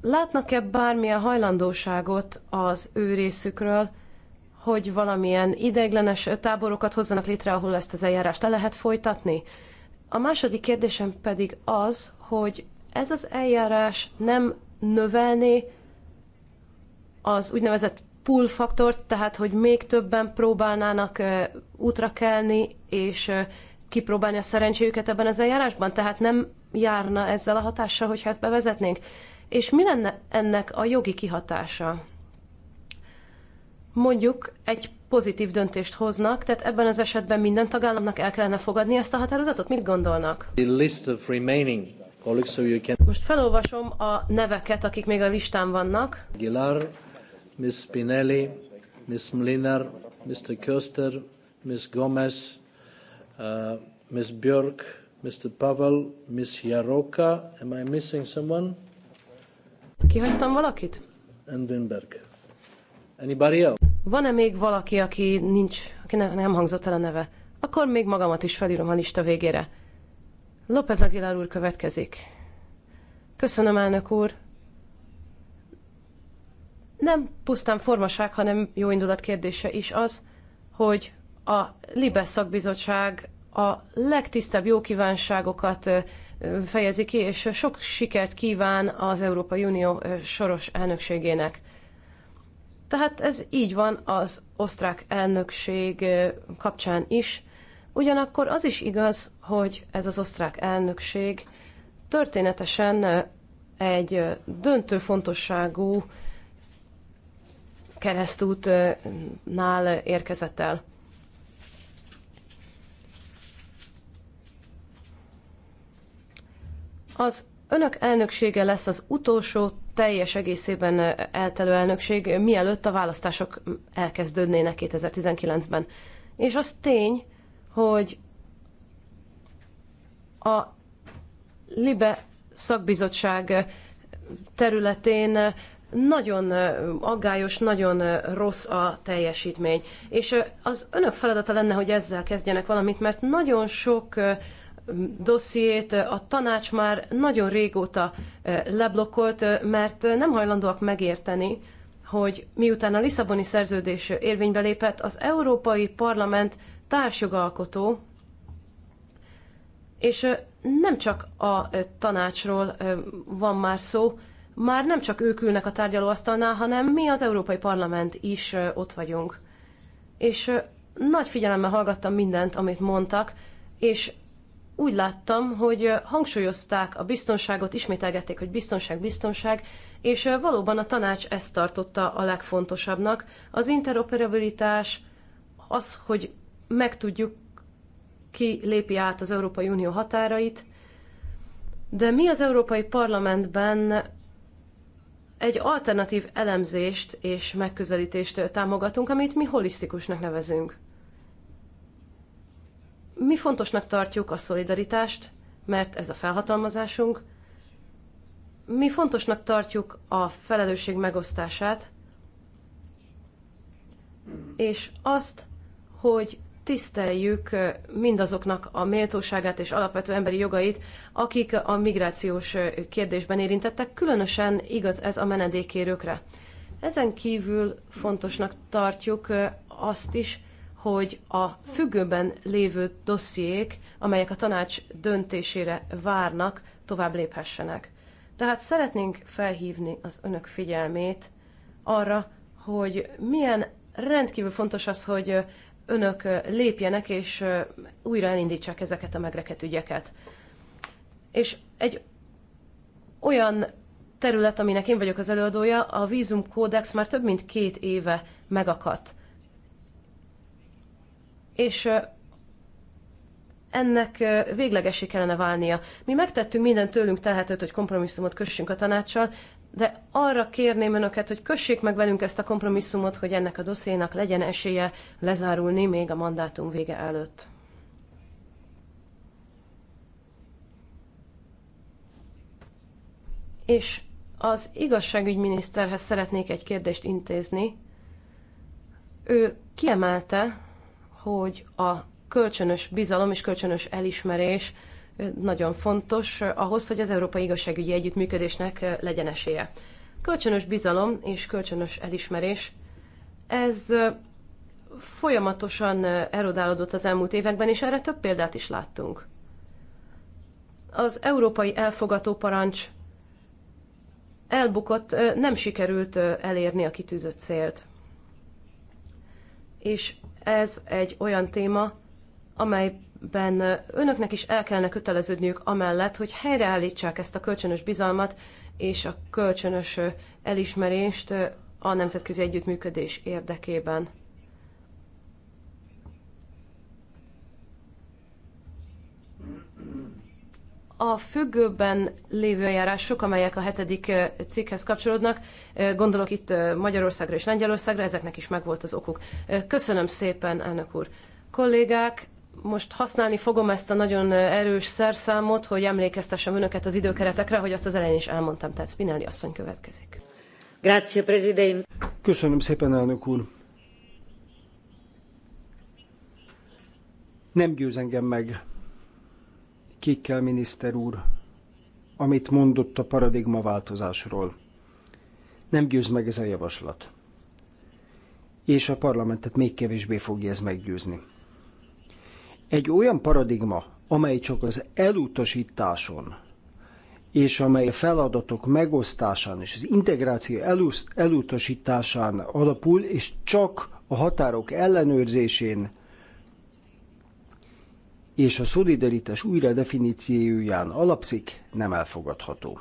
Látnak-e bármilyen hajlandóságot az ő részükről, hogy valamilyen ideiglenes táborokat hozzanak létre, ahol ezt az eljárást le lehet folytatni? A második kérdésem pedig az, hogy ez az eljárás nem növelné az úgynevezett pull faktort, tehát hogy még többen próbálnának útra kelni, és kipróbálni a szerencséjüket ebben az eljárásban, tehát nem járna ezzel a hatással, hogyha ezt bevezetnénk. És mi lenne ennek a jogi kihatása? Mondjuk egy pozitív döntést hoznak, tehát ebben az esetben minden tagállamnak el kellene fogadni ezt a határozatot? Mit gondolnak? Most felolvasom a neveket, akik még a listán vannak. Ms. Spinelli, Ms. Mlinar, Mr. Koester, Ms. Gomez, uh, Ms. Björk, Mr. Pavel, Ms. Jaroka. Am I missing someone? Kihagytam valakit? And Winberg. Anybody else? Van-e még valaki, aki nincs, aki ne, nem hangzott el a neve? Akkor még magamat is felírom a lista végére. López Aguilar úr következik. Köszönöm, elnök úr nem pusztán formaság, hanem jó indulat kérdése is az, hogy a Libe szakbizottság a legtisztább jó kívánságokat fejezi ki, és sok sikert kíván az Európai Unió soros elnökségének. Tehát ez így van az osztrák elnökség kapcsán is. Ugyanakkor az is igaz, hogy ez az osztrák elnökség történetesen egy döntő fontosságú keresztútnál érkezett el. Az önök elnöksége lesz az utolsó teljes egészében eltelő elnökség, mielőtt a választások elkezdődnének 2019-ben. És az tény, hogy a Libe szakbizottság területén nagyon aggályos, nagyon rossz a teljesítmény. És az önök feladata lenne, hogy ezzel kezdjenek valamit, mert nagyon sok dossziét a tanács már nagyon régóta leblokkolt, mert nem hajlandóak megérteni, hogy miután a Lisszaboni szerződés érvénybe lépett, az Európai Parlament társjogalkotó, és nem csak a tanácsról van már szó, már nem csak ők ülnek a tárgyalóasztalnál, hanem mi az Európai Parlament is ott vagyunk. És nagy figyelemmel hallgattam mindent, amit mondtak, és úgy láttam, hogy hangsúlyozták a biztonságot, ismételgették, hogy biztonság, biztonság, és valóban a tanács ezt tartotta a legfontosabbnak. Az interoperabilitás, az, hogy megtudjuk, ki lépi át az Európai Unió határait, de mi az Európai Parlamentben egy alternatív elemzést és megközelítést támogatunk, amit mi holisztikusnak nevezünk. Mi fontosnak tartjuk a szolidaritást, mert ez a felhatalmazásunk. Mi fontosnak tartjuk a felelősség megosztását, és azt, hogy tiszteljük mindazoknak a méltóságát és alapvető emberi jogait, akik a migrációs kérdésben érintettek, különösen igaz ez a menedékérőkre. Ezen kívül fontosnak tartjuk azt is, hogy a függőben lévő dossziék, amelyek a tanács döntésére várnak, tovább léphessenek. Tehát szeretnénk felhívni az önök figyelmét arra, hogy milyen rendkívül fontos az, hogy önök lépjenek és újra elindítsák ezeket a megreket ügyeket. És egy olyan terület, aminek én vagyok az előadója, a vízumkódex már több mint két éve megakadt. És ennek véglegesé kellene válnia. Mi megtettünk minden tőlünk telhetőt, hogy kompromisszumot kössünk a tanácssal, de arra kérném önöket, hogy kössék meg velünk ezt a kompromisszumot, hogy ennek a doszénak legyen esélye lezárulni még a mandátum vége előtt. És az igazságügyminiszterhez szeretnék egy kérdést intézni. Ő kiemelte, hogy a kölcsönös bizalom és kölcsönös elismerés nagyon fontos ahhoz, hogy az európai igazságügyi együttműködésnek legyen esélye. Kölcsönös bizalom és kölcsönös elismerés, ez folyamatosan erodálódott az elmúlt években, és erre több példát is láttunk. Az európai elfogató parancs elbukott, nem sikerült elérni a kitűzött célt. És ez egy olyan téma, amely ben önöknek is el kellene köteleződniük amellett, hogy helyreállítsák ezt a kölcsönös bizalmat és a kölcsönös elismerést a nemzetközi együttműködés érdekében. A függőben lévő eljárások, amelyek a hetedik cikkhez kapcsolódnak, gondolok itt Magyarországra és Lengyelországra, ezeknek is megvolt az okuk. Köszönöm szépen, elnök úr. Kollégák, most használni fogom ezt a nagyon erős szerszámot, hogy emlékeztessem önöket az időkeretekre, hogy azt az elején is elmondtam, tehát Spinelli asszony következik. Grazie, President. Köszönöm szépen, elnök úr. Nem győz engem meg, Kikkel miniszter úr, amit mondott a paradigma változásról. Nem győz meg ez a javaslat. És a parlamentet még kevésbé fogja ez meggyőzni. Egy olyan paradigma, amely csak az elutasításon és amely a feladatok megosztásán és az integráció elutasításán alapul, és csak a határok ellenőrzésén és a szolidaritás újra definícióján alapszik, nem elfogadható.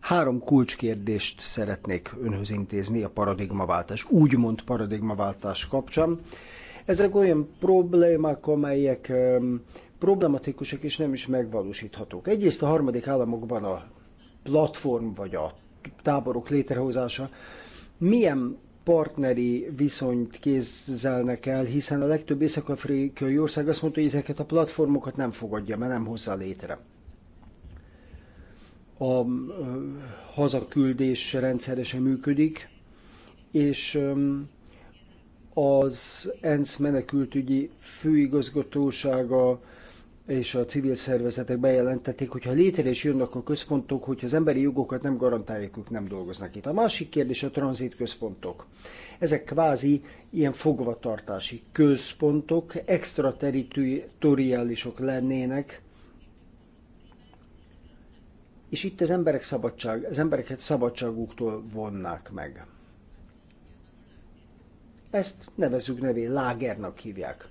Három kulcskérdést szeretnék önhöz intézni a paradigmaváltás, úgymond paradigmaváltás kapcsán. Ezek olyan problémák, amelyek problematikusak és nem is megvalósíthatók. Egyrészt a harmadik államokban a platform vagy a táborok létrehozása milyen partneri viszonyt kézzelnek el, hiszen a legtöbb észak-afrikai ország azt mondta, hogy ezeket a platformokat nem fogadja, mert nem hozza létre. A hazaküldés rendszeresen működik, és az ENSZ menekültügyi főigazgatósága és a civil szervezetek bejelentették, hogy ha létre is jönnek a központok, hogy az emberi jogokat nem garantálják, ők nem dolgoznak itt. A másik kérdés a tranzit központok. Ezek kvázi ilyen fogvatartási központok, extraterritoriálisok lennének, és itt az emberek szabadság, az embereket szabadságuktól vonnák meg. Ezt nevezük nevén lágernak hívják.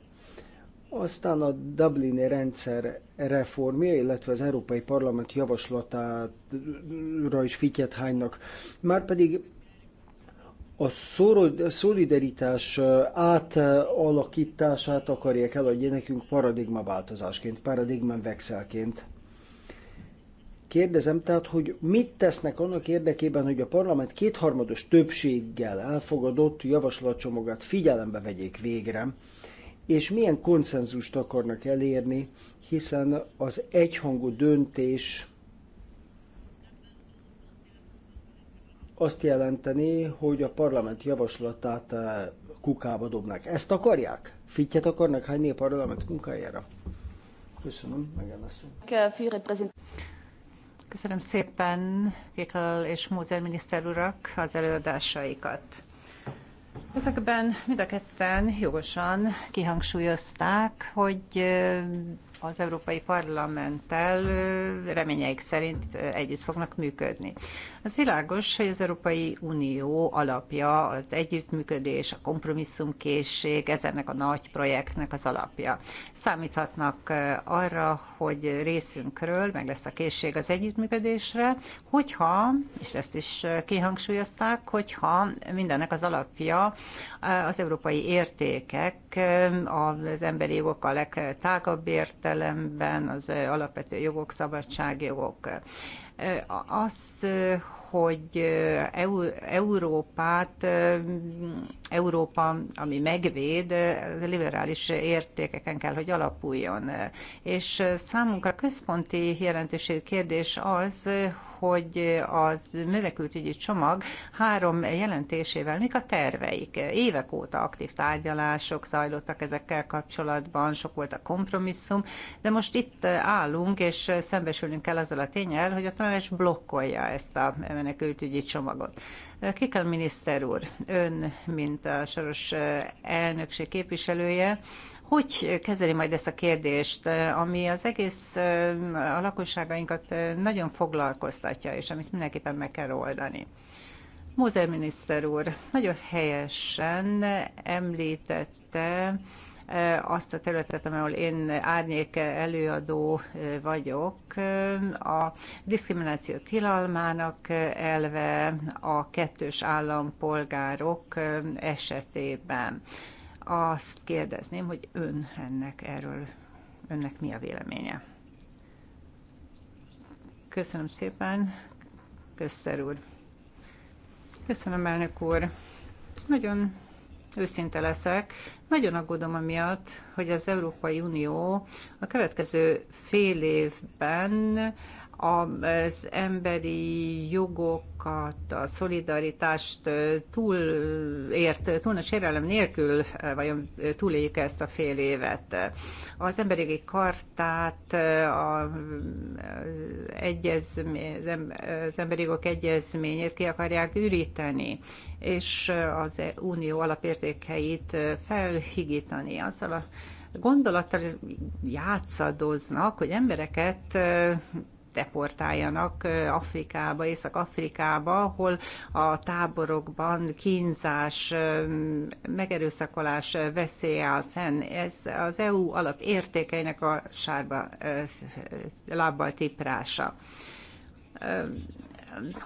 Aztán a Dublini rendszer reformja, illetve az Európai Parlament javaslatára is fityet hánynak. Márpedig a szolidaritás átalakítását akarják eladni nekünk paradigmaváltozásként, vexelként Kérdezem tehát, hogy mit tesznek annak érdekében, hogy a parlament kétharmados többséggel elfogadott javaslatcsomagát figyelembe vegyék végre, és milyen konszenzust akarnak elérni, hiszen az egyhangú döntés azt jelenteni, hogy a parlament javaslatát eh, kukába dobnak. Ezt akarják? Fittyet akarnak hányni a parlament munkájára? Köszönöm, megállásunk. Köszönöm szépen Kékel és Mózer miniszter urak az előadásaikat. Ezekben mind a ketten jogosan kihangsúlyozták, hogy az Európai Parlamenttel reményeik szerint együtt fognak működni. Az világos, hogy az Európai Unió alapja az együttműködés, a kompromisszumkészség, ez ennek a nagy projektnek az alapja. Számíthatnak arra, hogy részünkről meg lesz a készség az együttműködésre, hogyha, és ezt is kihangsúlyozták, hogyha mindennek az alapja az európai értékek, az emberi jogok a legtágabb értékek, értelemben, az alapvető jogok, szabadságjogok. Az, hogy Európát, Európa, ami megvéd, liberális értékeken kell, hogy alapuljon. És számunkra központi jelentőségű kérdés az, hogy az növekültügyi csomag három jelentésével mik a terveik. Évek óta aktív tárgyalások zajlottak ezekkel kapcsolatban, sok volt a kompromisszum, de most itt állunk, és szembesülünk kell azzal a tényel, hogy a tanács blokkolja ezt a menekültügyi csomagot. Kikel miniszter úr, ön, mint a soros elnökség képviselője, hogy kezeli majd ezt a kérdést, ami az egész a lakosságainkat nagyon foglalkoztatja, és amit mindenképpen meg kell oldani. Mózer miniszter úr nagyon helyesen említette azt a területet, ahol én árnyék előadó vagyok, a diszkrimináció tilalmának elve a kettős állampolgárok esetében. Azt kérdezném, hogy ön ennek erről, önnek mi a véleménye? Köszönöm szépen, Köszter úr. Köszönöm, elnök úr. Nagyon őszinte leszek, nagyon aggódom amiatt, hogy az Európai Unió a következő fél évben az emberi jogokat, a szolidaritást túlért, túl nagy sérelem nélkül vajon túléljük -e ezt a fél évet. Az emberi jogi kartát, a, egyezmény, az emberi jogok egyezményét ki akarják üríteni, és az unió alapértékeit felhigítani. Azzal a gondolattal játszadoznak, hogy embereket deportáljanak Afrikába, Észak-Afrikába, ahol a táborokban kínzás, megerőszakolás veszély áll fenn. Ez az EU alap értékeinek a sárba lábbal tiprása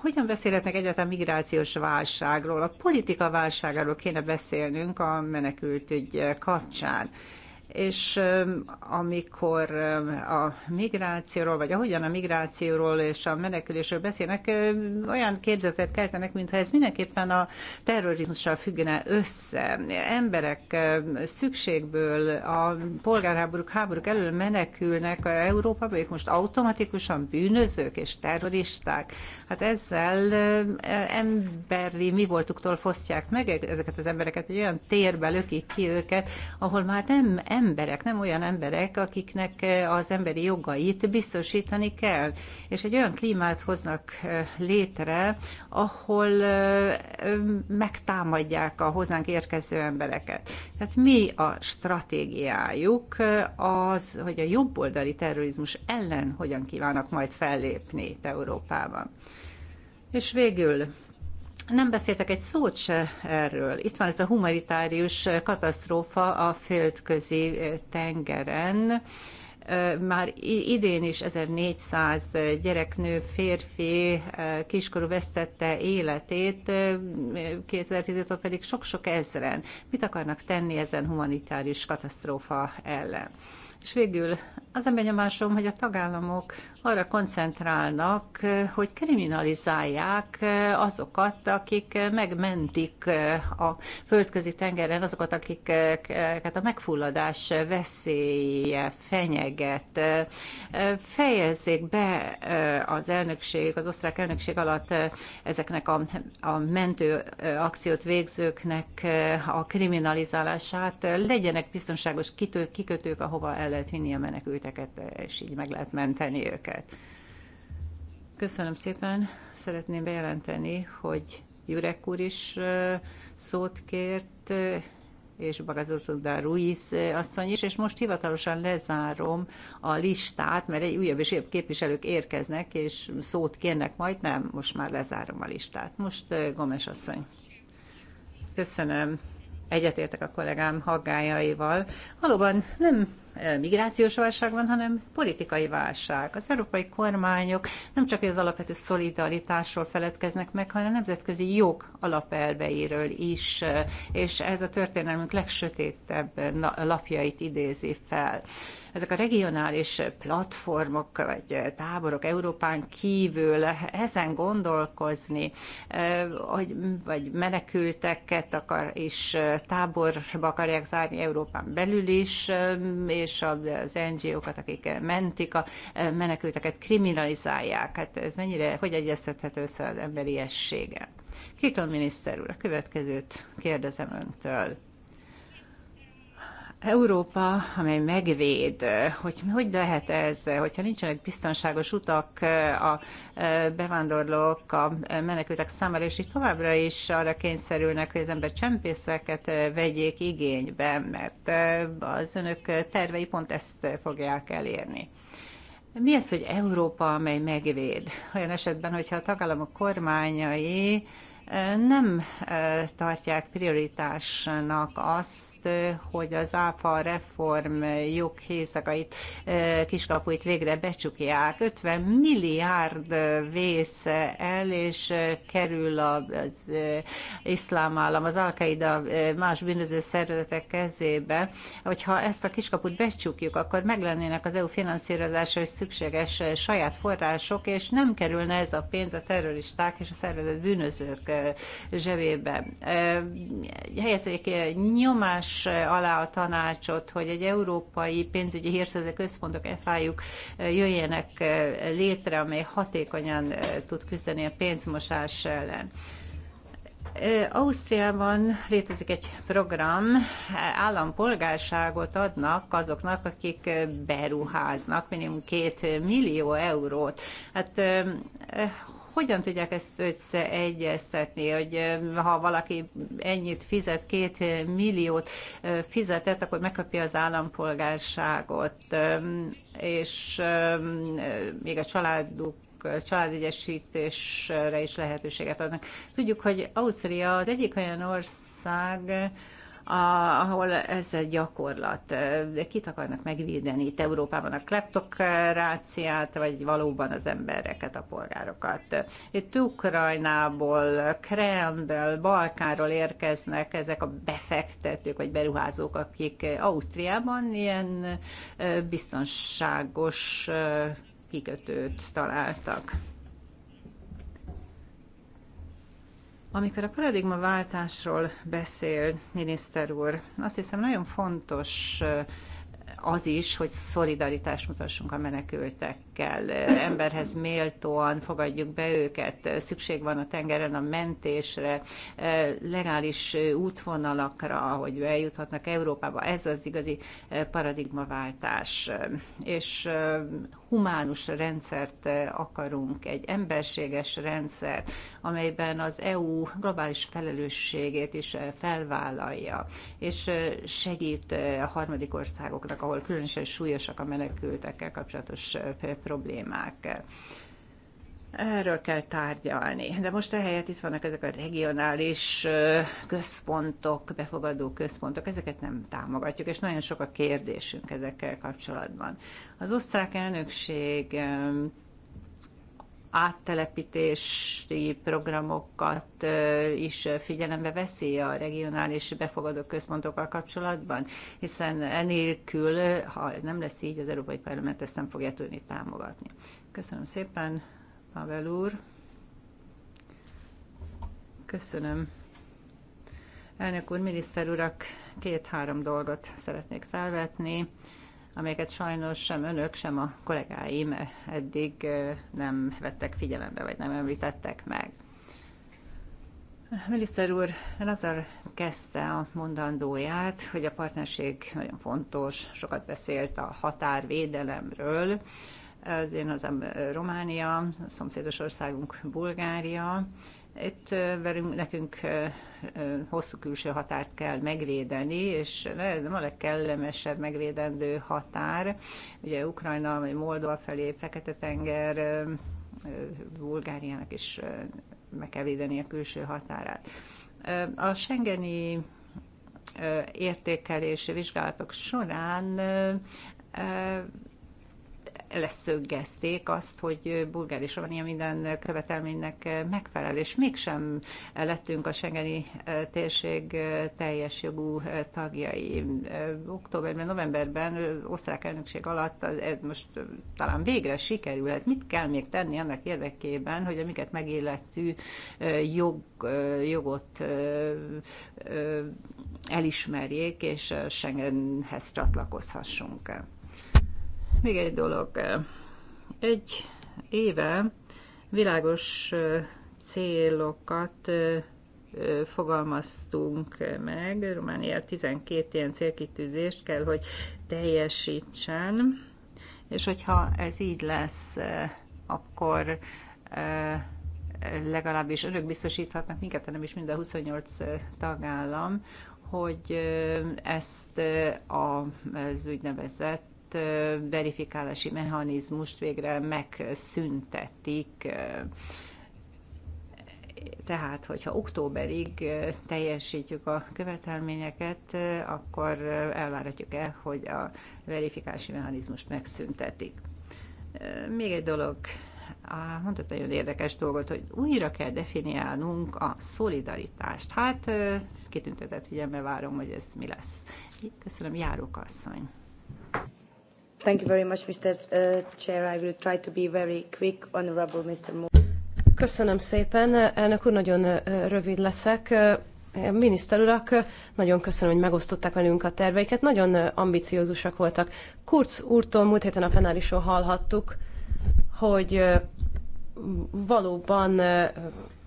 hogyan beszélhetnek egyáltalán migrációs válságról? A politika válságáról kéne beszélnünk a menekültügy kapcsán és amikor a migrációról, vagy ahogyan a migrációról és a menekülésről beszélnek, olyan képzetet keltenek, mintha ez mindenképpen a terrorizmussal függene össze. Emberek szükségből a polgárháborúk, háborúk elől menekülnek a Európába, ők most automatikusan bűnözők és terroristák. Hát ezzel emberi mi voltuktól fosztják meg ezeket az embereket, hogy olyan térbe lökik ki őket, ahol már nem emberek, nem olyan emberek, akiknek eh, az emberi jogait biztosítani kell. És egy olyan klímát hoznak eh, létre, ahol eh, megtámadják a hozzánk érkező embereket. Tehát mi a stratégiájuk az, hogy a jobboldali terrorizmus ellen hogyan kívánnak majd fellépni itt Európában. És végül nem beszéltek egy szót se erről. Itt van ez a humanitárius katasztrófa a földközi tengeren. Már idén is 1400 gyereknő, férfi, kiskorú vesztette életét, 2010-től pedig sok-sok ezren. Mit akarnak tenni ezen humanitárius katasztrófa ellen? És végül az a benyomásom, hogy a tagállamok arra koncentrálnak, hogy kriminalizálják azokat, akik megmentik a földközi tengeren, azokat, akiket a megfulladás veszélye fenyeget. Fejezzék be az elnökség, az osztrák elnökség alatt ezeknek a, a mentő akciót végzőknek a kriminalizálását, legyenek biztonságos kitő, kikötők, ahova el lehet vinni a menekült menekülteket, és így meg lehet menteni őket. Köszönöm szépen. Szeretném bejelenteni, hogy Jurek úr is szót kért, és Bagazurtunda Ruiz asszony is, és most hivatalosan lezárom a listát, mert egy újabb és újabb képviselők érkeznek, és szót kérnek majd, nem, most már lezárom a listát. Most Gomes asszony. Köszönöm. Egyetértek a kollégám haggájaival. Valóban nem migrációs válság van, hanem politikai válság. Az európai kormányok nem csak az alapvető szolidaritásról feledkeznek meg, hanem a nemzetközi jog alapelveiről is, és ez a történelmünk legsötétebb lapjait idézi fel ezek a regionális platformok vagy táborok Európán kívül ezen gondolkozni, hogy, vagy menekülteket akar, és táborba akarják zárni Európán belül is, és az NGO-kat, akik mentik a e, menekülteket, kriminalizálják. Hát ez mennyire, hogy egyeztethető össze az emberiességgel? Kikon miniszter úr, a következőt kérdezem öntől. Európa, amely megvéd, hogy hogy lehet ez, hogyha nincsenek biztonságos utak a bevándorlók, a menekültek számára, és így továbbra is arra kényszerülnek, hogy az ember csempészeket vegyék igénybe, mert az önök tervei pont ezt fogják elérni. Mi az, hogy Európa, amely megvéd? Olyan esetben, hogyha a tagállamok kormányai nem tartják prioritásnak azt, azt, hogy az ÁFA reform joghészakait, kiskapuit végre becsukják. 50 milliárd vész el, és kerül az iszlám állam, az al más bűnöző szervezetek kezébe. Hogyha ezt a kiskaput becsukjuk, akkor meglennének az EU finanszírozásra és szükséges saját források, és nem kerülne ez a pénz a terroristák és a szervezet bűnözők zsebébe. Helyezzék nyomás írás alá a tanácsot, hogy egy európai pénzügyi hírszerzők központok FI-juk jöjjenek eh, létre, amely hatékonyan eh, tud küzdeni a pénzmosás ellen. Eh, Ausztriában létezik egy program, állampolgárságot adnak azoknak, akik beruháznak minimum két millió eurót. Hát hogyan tudják ezt összeegyeztetni, hogy ha valaki ennyit fizet, két milliót fizetett, akkor megkapja az állampolgárságot, és még a családuk családegyesítésre is lehetőséget adnak. Tudjuk, hogy Ausztria az egyik olyan ország, ahol ez egy gyakorlat. De kit akarnak megvédeni itt Európában a kleptokráciát, vagy valóban az embereket, a polgárokat? Itt Ukrajnából, Kremből, Balkánról érkeznek ezek a befektetők, vagy beruházók, akik Ausztriában ilyen biztonságos kikötőt találtak. Amikor a paradigmaváltásról beszél miniszter úr, azt hiszem nagyon fontos az is, hogy szolidaritást mutassunk a menekültekkel, emberhez méltóan fogadjuk be őket, szükség van a tengeren a mentésre, legális útvonalakra, hogy eljuthatnak Európába. Ez az igazi paradigmaváltás. És humánus rendszert eh, akarunk, egy emberséges rendszert, amelyben az EU globális felelősségét is eh, felvállalja, és eh, segít a harmadik országoknak, ahol különösen súlyosak a menekültekkel kapcsolatos problémák. Erről kell tárgyalni. De most a helyet itt vannak ezek a regionális központok, befogadó központok, ezeket nem támogatjuk, és nagyon sok a kérdésünk ezekkel kapcsolatban. Az osztrák elnökség áttelepítési programokat is figyelembe veszi a regionális befogadó központokkal kapcsolatban, hiszen enélkül, ha ez nem lesz így, az Európai Parlament ezt nem fogja tudni támogatni. Köszönöm szépen! Pavel úr. Köszönöm. Elnök úr, miniszter urak, két-három dolgot szeretnék felvetni, amelyeket sajnos sem önök, sem a kollégáim eddig eh, nem vettek figyelembe, vagy nem említettek meg. Miniszter úr, ön azzal kezdte a mondandóját, hogy a partnerség nagyon fontos, sokat beszélt a határvédelemről, az én az Románia, szomszédos országunk Bulgária. Itt velünk, nekünk hosszú külső határt kell megvédeni, és nem a legkellemesebb megvédendő határ. Ugye Ukrajna vagy Moldova felé, Fekete-tenger, Bulgáriának is meg kell védeni a külső határát. A Schengeni értékelési vizsgálatok során leszöggezték azt, hogy Bulgár és Románia minden követelménynek megfelel, és mégsem lettünk a Schengeni eh, térség eh, teljes jogú eh, tagjai. Októberben, novemberben osztrák elnökség alatt ez most talán végre sikerülhet. Mit kell még tenni annak érdekében, hogy amiket megillető jog, jogot elismerjék, és Schengenhez csatlakozhassunk? Még egy dolog. Egy éve világos célokat fogalmaztunk meg. Románia 12 ilyen célkitűzést kell, hogy teljesítsen, és hogyha ez így lesz, akkor legalábbis önök biztosíthatnak minket, hanem is mind a 28 tagállam, hogy ezt az úgynevezett ezt verifikálási mechanizmust végre megszüntetik. Tehát, hogyha októberig teljesítjük a követelményeket, akkor elvárhatjuk el, hogy a verifikálási mechanizmust megszüntetik. Még egy dolog, mondott nagyon érdekes dolgot, hogy újra kell definiálnunk a szolidaritást. Hát kitüntetett figyelme várom, hogy ez mi lesz. Köszönöm, Járók asszony. Thank you very much, Mr. Uh, Chair. I will try to be very quick, Honorable Mr. Moore. Köszönöm szépen. Elnök úr, nagyon rövid leszek. Miniszter urak, nagyon köszönöm, hogy megosztották velünk a terveiket. Nagyon ambiciózusak voltak. Kurz úrtól múlt héten a plenárison hallhattuk, hogy valóban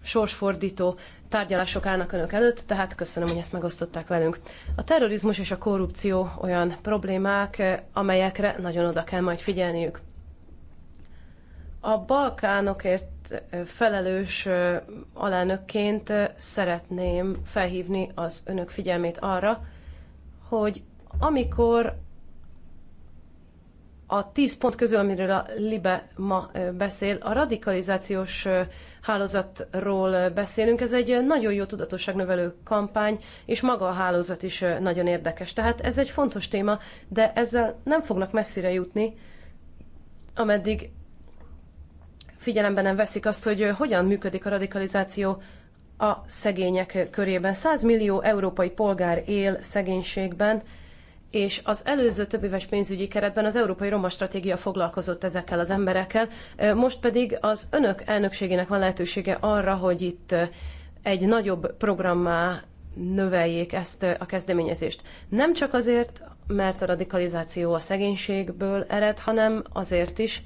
sorsfordító tárgyalások állnak önök előtt, tehát köszönöm, hogy ezt megosztották velünk. A terrorizmus és a korrupció olyan problémák, amelyekre nagyon oda kell majd figyelniük. A Balkánokért felelős alelnökként szeretném felhívni az önök figyelmét arra, hogy amikor a tíz pont közül, amiről a Libe ma beszél, a radikalizációs hálózatról beszélünk. Ez egy nagyon jó tudatosságnövelő kampány, és maga a hálózat is nagyon érdekes. Tehát ez egy fontos téma, de ezzel nem fognak messzire jutni, ameddig figyelembe nem veszik azt, hogy hogyan működik a radikalizáció a szegények körében. 100 millió európai polgár él szegénységben, és az előző több éves pénzügyi keretben az Európai Roma Stratégia foglalkozott ezekkel az emberekkel, most pedig az önök elnökségének van lehetősége arra, hogy itt egy nagyobb programmá növeljék ezt a kezdeményezést. Nem csak azért, mert a radikalizáció a szegénységből ered, hanem azért is,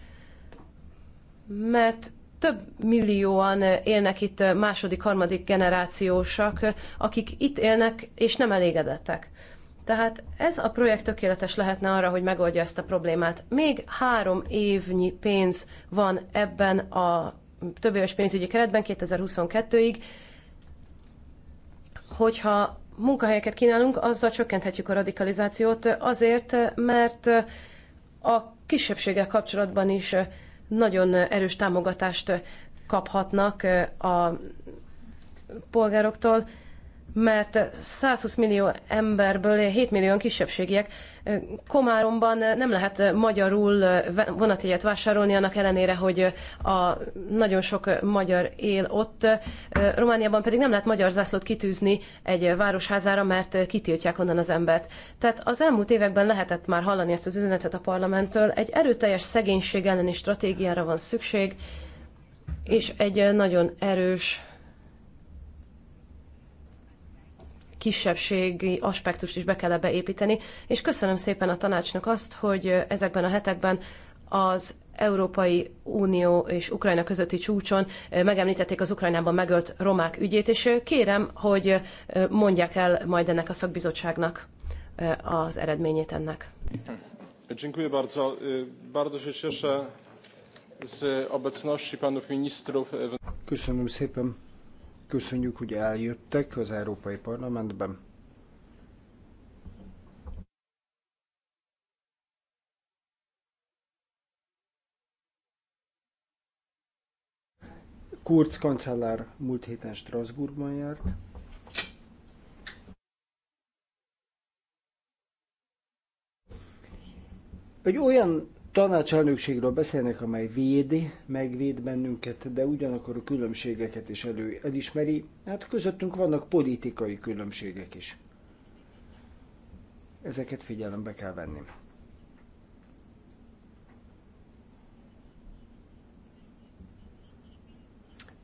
mert több millióan élnek itt második, harmadik generációsak, akik itt élnek és nem elégedettek. Tehát ez a projekt tökéletes lehetne arra, hogy megoldja ezt a problémát. Még három évnyi pénz van ebben a többéves pénzügyi keretben 2022-ig, hogyha munkahelyeket kínálunk, azzal csökkenthetjük a radikalizációt azért, mert a kisebbséggel kapcsolatban is nagyon erős támogatást kaphatnak a polgároktól, mert 120 millió emberből 7 millióan kisebbségiek. Komáromban nem lehet magyarul vonatjegyet vásárolni, annak ellenére, hogy a nagyon sok magyar él ott. Romániában pedig nem lehet magyar zászlót kitűzni egy városházára, mert kitiltják onnan az embert. Tehát az elmúlt években lehetett már hallani ezt az üzenetet a parlamenttől. Egy erőteljes szegénység elleni stratégiára van szükség, és egy nagyon erős kisebbségi aspektust is be kell ebbe építeni, és köszönöm szépen a tanácsnak azt, hogy ezekben a hetekben az Európai Unió és Ukrajna közötti csúcson megemlítették az Ukrajnában megölt romák ügyét, és kérem, hogy mondják el majd ennek a szakbizottságnak az eredményét ennek. Dziękuję bardzo. Bardzo się cieszę z obecności panów ministrów. E, köszönöm szépen. Köszönjük, hogy eljöttek az Európai Parlamentben. Kurz kancellár múlt héten Strasbourgban járt. Egy olyan tanácselnökségről beszélnek, amely védi, megvéd bennünket, de ugyanakkor a különbségeket is elő elismeri. Hát közöttünk vannak politikai különbségek is. Ezeket figyelembe kell venni.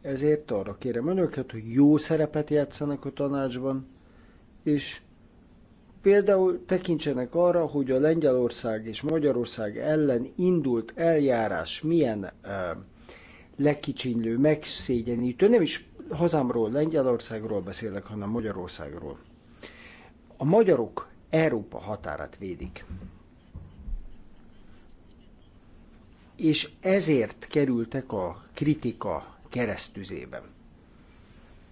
Ezért arra kérem önöket, hogy jó szerepet játszanak a tanácsban, és Például tekintsenek arra, hogy a Lengyelország és Magyarország ellen indult eljárás milyen ö, lekicsinlő, megszégyenítő, nem is hazámról, Lengyelországról beszélek, hanem Magyarországról. A magyarok Európa határát védik. És ezért kerültek a kritika keresztüzében.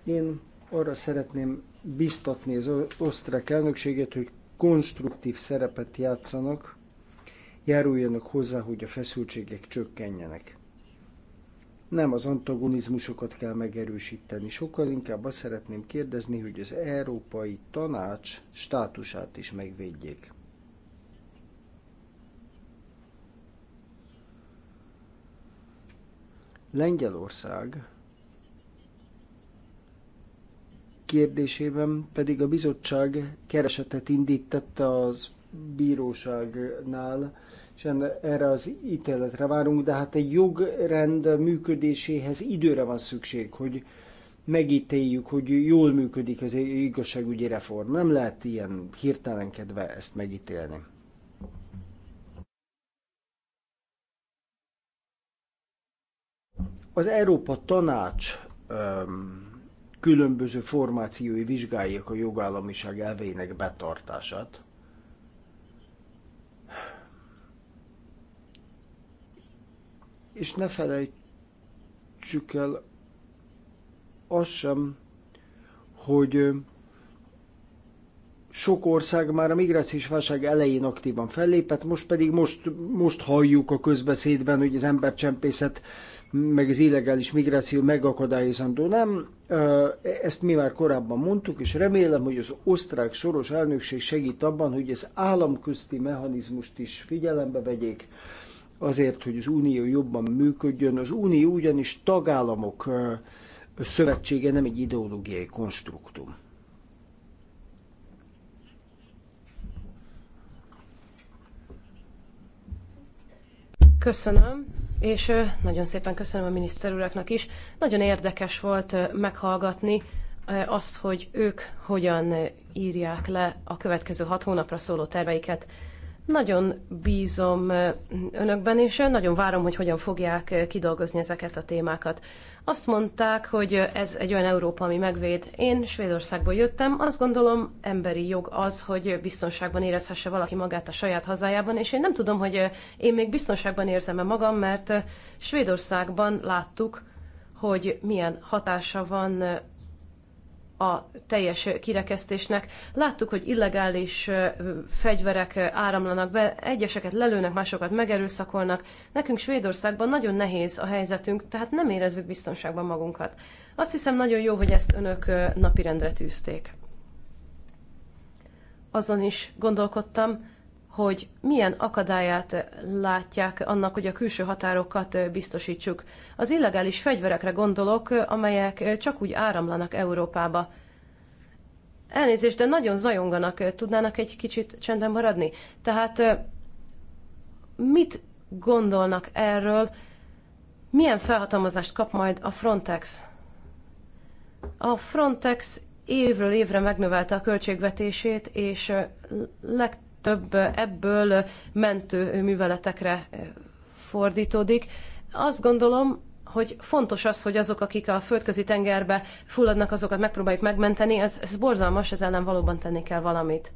Én arra szeretném biztatni az osztrák elnökséget, hogy konstruktív szerepet játszanak, járuljanak hozzá, hogy a feszültségek csökkenjenek. Nem az antagonizmusokat kell megerősíteni, sokkal inkább azt szeretném kérdezni, hogy az Európai Tanács státusát is megvédjék. Lengyelország kérdésében pedig a bizottság keresetet indített az bíróságnál, és erre az ítéletre várunk, de hát egy jogrend működéséhez időre van szükség, hogy megítéljük, hogy jól működik az igazságügyi reform. Nem lehet ilyen hirtelenkedve ezt megítélni. Az Európa Tanács különböző formációi vizsgálják a jogállamiság elveinek betartását. És ne felejtsük el azt sem, hogy sok ország már a migrációs válság elején aktívan fellépett, most pedig most, most halljuk a közbeszédben, hogy az embercsempészet meg az illegális migráció megakadályozandó. Nem, ezt mi már korábban mondtuk, és remélem, hogy az osztrák soros elnökség segít abban, hogy az államközti mechanizmust is figyelembe vegyék, azért, hogy az Unió jobban működjön. Az Unió ugyanis tagállamok szövetsége, nem egy ideológiai konstruktum. Köszönöm és nagyon szépen köszönöm a miniszter uraknak is. Nagyon érdekes volt meghallgatni azt, hogy ők hogyan írják le a következő hat hónapra szóló terveiket. Nagyon bízom önökben, és nagyon várom, hogy hogyan fogják kidolgozni ezeket a témákat. Azt mondták, hogy ez egy olyan Európa, ami megvéd. Én Svédországból jöttem, azt gondolom emberi jog az, hogy biztonságban érezhesse valaki magát a saját hazájában, és én nem tudom, hogy eh, én még biztonságban érzem-e magam, mert eh, Svédországban láttuk, hogy milyen hatása van eh, a teljes kirekesztésnek. Láttuk, hogy illegális fegyverek áramlanak be, egyeseket lelőnek, másokat megerőszakolnak. Nekünk Svédországban nagyon nehéz a helyzetünk, tehát nem érezzük biztonságban magunkat. Azt hiszem nagyon jó, hogy ezt önök napirendre tűzték. Azon is gondolkodtam, hogy milyen akadályát eh, látják annak, hogy a külső határokat eh, biztosítsuk. Az illegális fegyverekre gondolok, eh, amelyek csak úgy áramlanak Európába. Elnézést, de nagyon zajonganak. Tudnának egy kicsit csendben maradni? Tehát mit gondolnak erről? Milyen felhatalmazást kap majd a Frontex? A Frontex évről évre megnövelte a költségvetését, és legtöbb több ebből mentő műveletekre eh, fordítódik. Azt gondolom, hogy fontos az, hogy azok, akik a földközi tengerbe fulladnak, azokat megpróbáljuk megmenteni, ez, ez borzalmas, ez ellen valóban tenni kell valamit.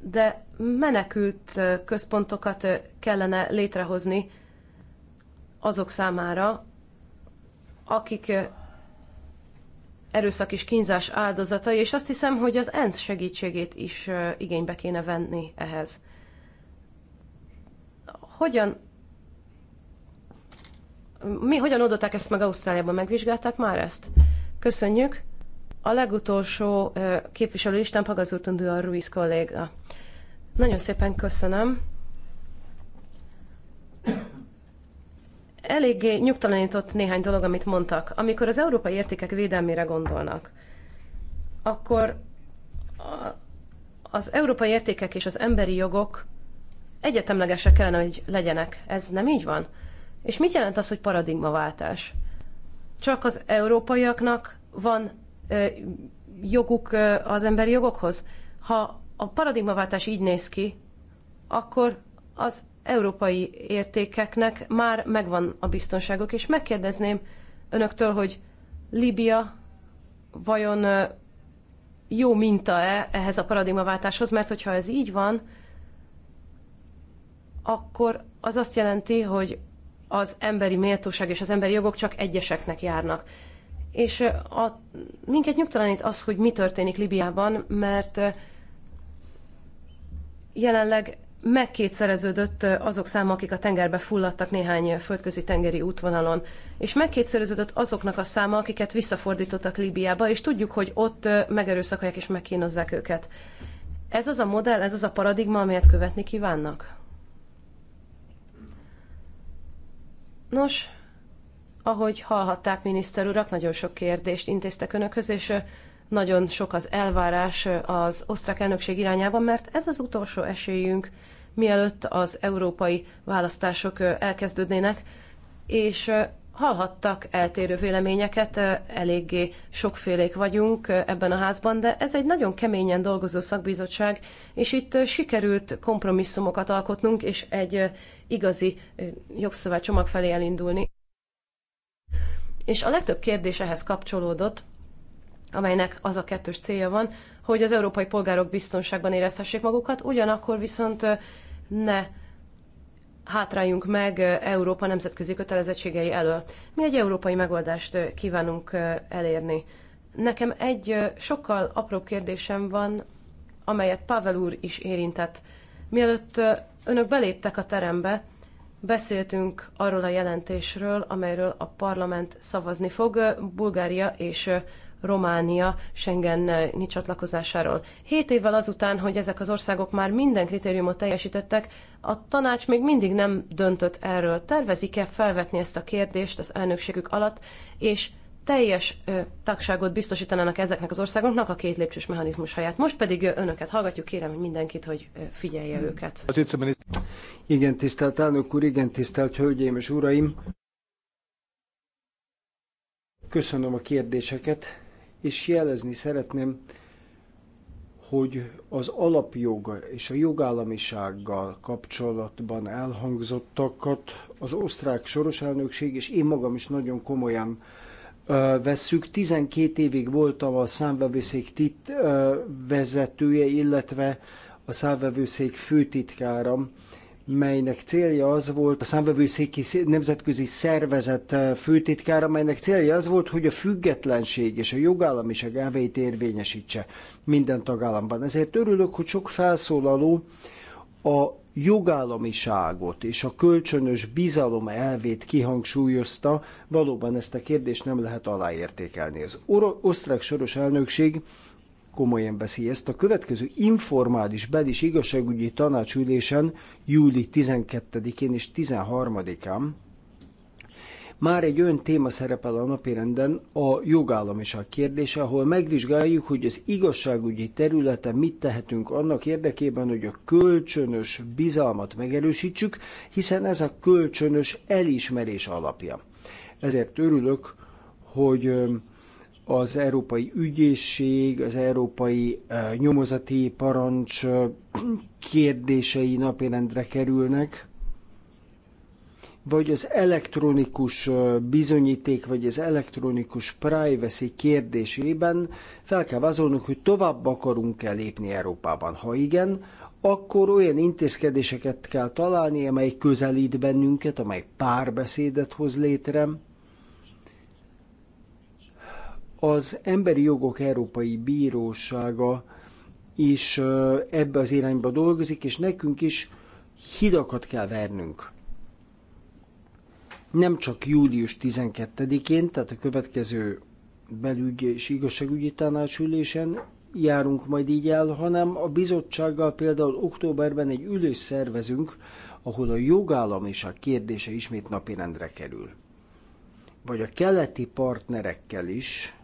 De menekült eh, központokat eh, kellene létrehozni azok számára, akik erőszak és kínzás áldozatai, és azt hiszem, hogy az ENSZ segítségét is igénybe kéne venni ehhez. Hogyan mi hogyan oldották ezt meg Ausztráliában? Megvizsgálták már ezt? Köszönjük. A legutolsó képviselő Isten Pagazurtundú a Ruiz kolléga. Nagyon szépen köszönöm eléggé nyugtalanított néhány dolog, amit mondtak. Amikor az európai értékek védelmére gondolnak, akkor az európai értékek és az emberi jogok egyetemlegesek kellene, hogy legyenek. Ez nem így van? És mit jelent az, hogy paradigmaváltás? Csak az európaiaknak van ö, joguk ö, az emberi jogokhoz? Ha a paradigmaváltás így néz ki, akkor az európai értékeknek már megvan a biztonságok, és megkérdezném önöktől, hogy Líbia vajon jó minta-e ehhez a paradigmaváltáshoz, mert hogyha ez így van, akkor az azt jelenti, hogy az emberi méltóság és az emberi jogok csak egyeseknek járnak. És a, minket nyugtalanít az, hogy mi történik Libiában, mert jelenleg megkétszereződött azok száma, akik a tengerbe fulladtak néhány földközi tengeri útvonalon, és megkétszereződött azoknak a száma, akiket visszafordítottak Líbiába, és tudjuk, hogy ott megerőszakolják és megkínozzák őket. Ez az a modell, ez az a paradigma, amelyet követni kívánnak? Nos, ahogy hallhatták, miniszter urak, nagyon sok kérdést intéztek önökhöz, és nagyon sok az elvárás az osztrák elnökség irányában, mert ez az utolsó esélyünk mielőtt az európai választások elkezdődnének, és hallhattak eltérő véleményeket, eléggé sokfélék vagyunk ebben a házban, de ez egy nagyon keményen dolgozó szakbizottság, és itt sikerült kompromisszumokat alkotnunk, és egy igazi jogszövetcsomag felé elindulni. És a legtöbb kérdés ehhez kapcsolódott, amelynek az a kettős célja van, hogy az európai polgárok biztonságban érezhessék magukat, ugyanakkor viszont ne hátráljunk meg Európa nemzetközi kötelezettségei elől. Mi egy európai megoldást kívánunk elérni. Nekem egy sokkal apróbb kérdésem van, amelyet Pavel úr is érintett. Mielőtt önök beléptek a terembe, beszéltünk arról a jelentésről, amelyről a parlament szavazni fog Bulgária és Románia Schengen eh, csatlakozásáról. Hét évvel azután, hogy ezek az országok már minden kritériumot teljesítettek, a tanács még mindig nem döntött erről. Tervezik-e felvetni ezt a kérdést az elnökségük alatt, és teljes ö, tagságot biztosítanának ezeknek az országoknak a két lépcsős mechanizmus helyett. Most pedig ö, önöket hallgatjuk, kérem hogy mindenkit, hogy ö, figyelje őket. Igen, tisztelt elnök úr, igen, tisztelt hölgyeim és uraim! Köszönöm a kérdéseket és jelezni szeretném, hogy az alapjog és a jogállamisággal kapcsolatban elhangzottakat az osztrák soros elnökség és én magam is nagyon komolyan veszük. 12 évig voltam a számvevőszék tit vezetője, illetve a számvevőszék főtitkára melynek célja az volt, a számbevőszéki nemzetközi szervezet eh, főtitkára, melynek célja az volt, hogy a függetlenség és a jogállamiság elveit érvényesítse minden tagállamban. Ezért örülök, hogy sok felszólaló a jogállamiságot és a kölcsönös bizalom elvét kihangsúlyozta, valóban ezt a kérdést nem lehet aláértékelni. Az osztrák soros elnökség komolyan veszi ezt. A következő informális bel- és igazságügyi tanácsülésen júli 12-én és 13-án már egy olyan téma szerepel a napirenden, a jogállamiság kérdése, ahol megvizsgáljuk, hogy az igazságügyi területen mit tehetünk annak érdekében, hogy a kölcsönös bizalmat megerősítsük, hiszen ez a kölcsönös elismerés alapja. Ezért örülök, hogy az Európai Ügyészség, az Európai Nyomozati Parancs kérdései napirendre kerülnek, vagy az elektronikus bizonyíték, vagy az elektronikus privacy kérdésében fel kell vázolnunk, hogy tovább akarunk-e lépni Európában. Ha igen, akkor olyan intézkedéseket kell találni, amely közelít bennünket, amely párbeszédet hoz létre, az Emberi Jogok Európai Bírósága is ebbe az irányba dolgozik, és nekünk is hidakat kell vernünk. Nem csak július 12-én, tehát a következő belügy és igazságügyi tanácsülésen járunk majd így el, hanem a bizottsággal például októberben egy ülés szervezünk, ahol a jogállamiság kérdése ismét napirendre kerül. Vagy a keleti partnerekkel is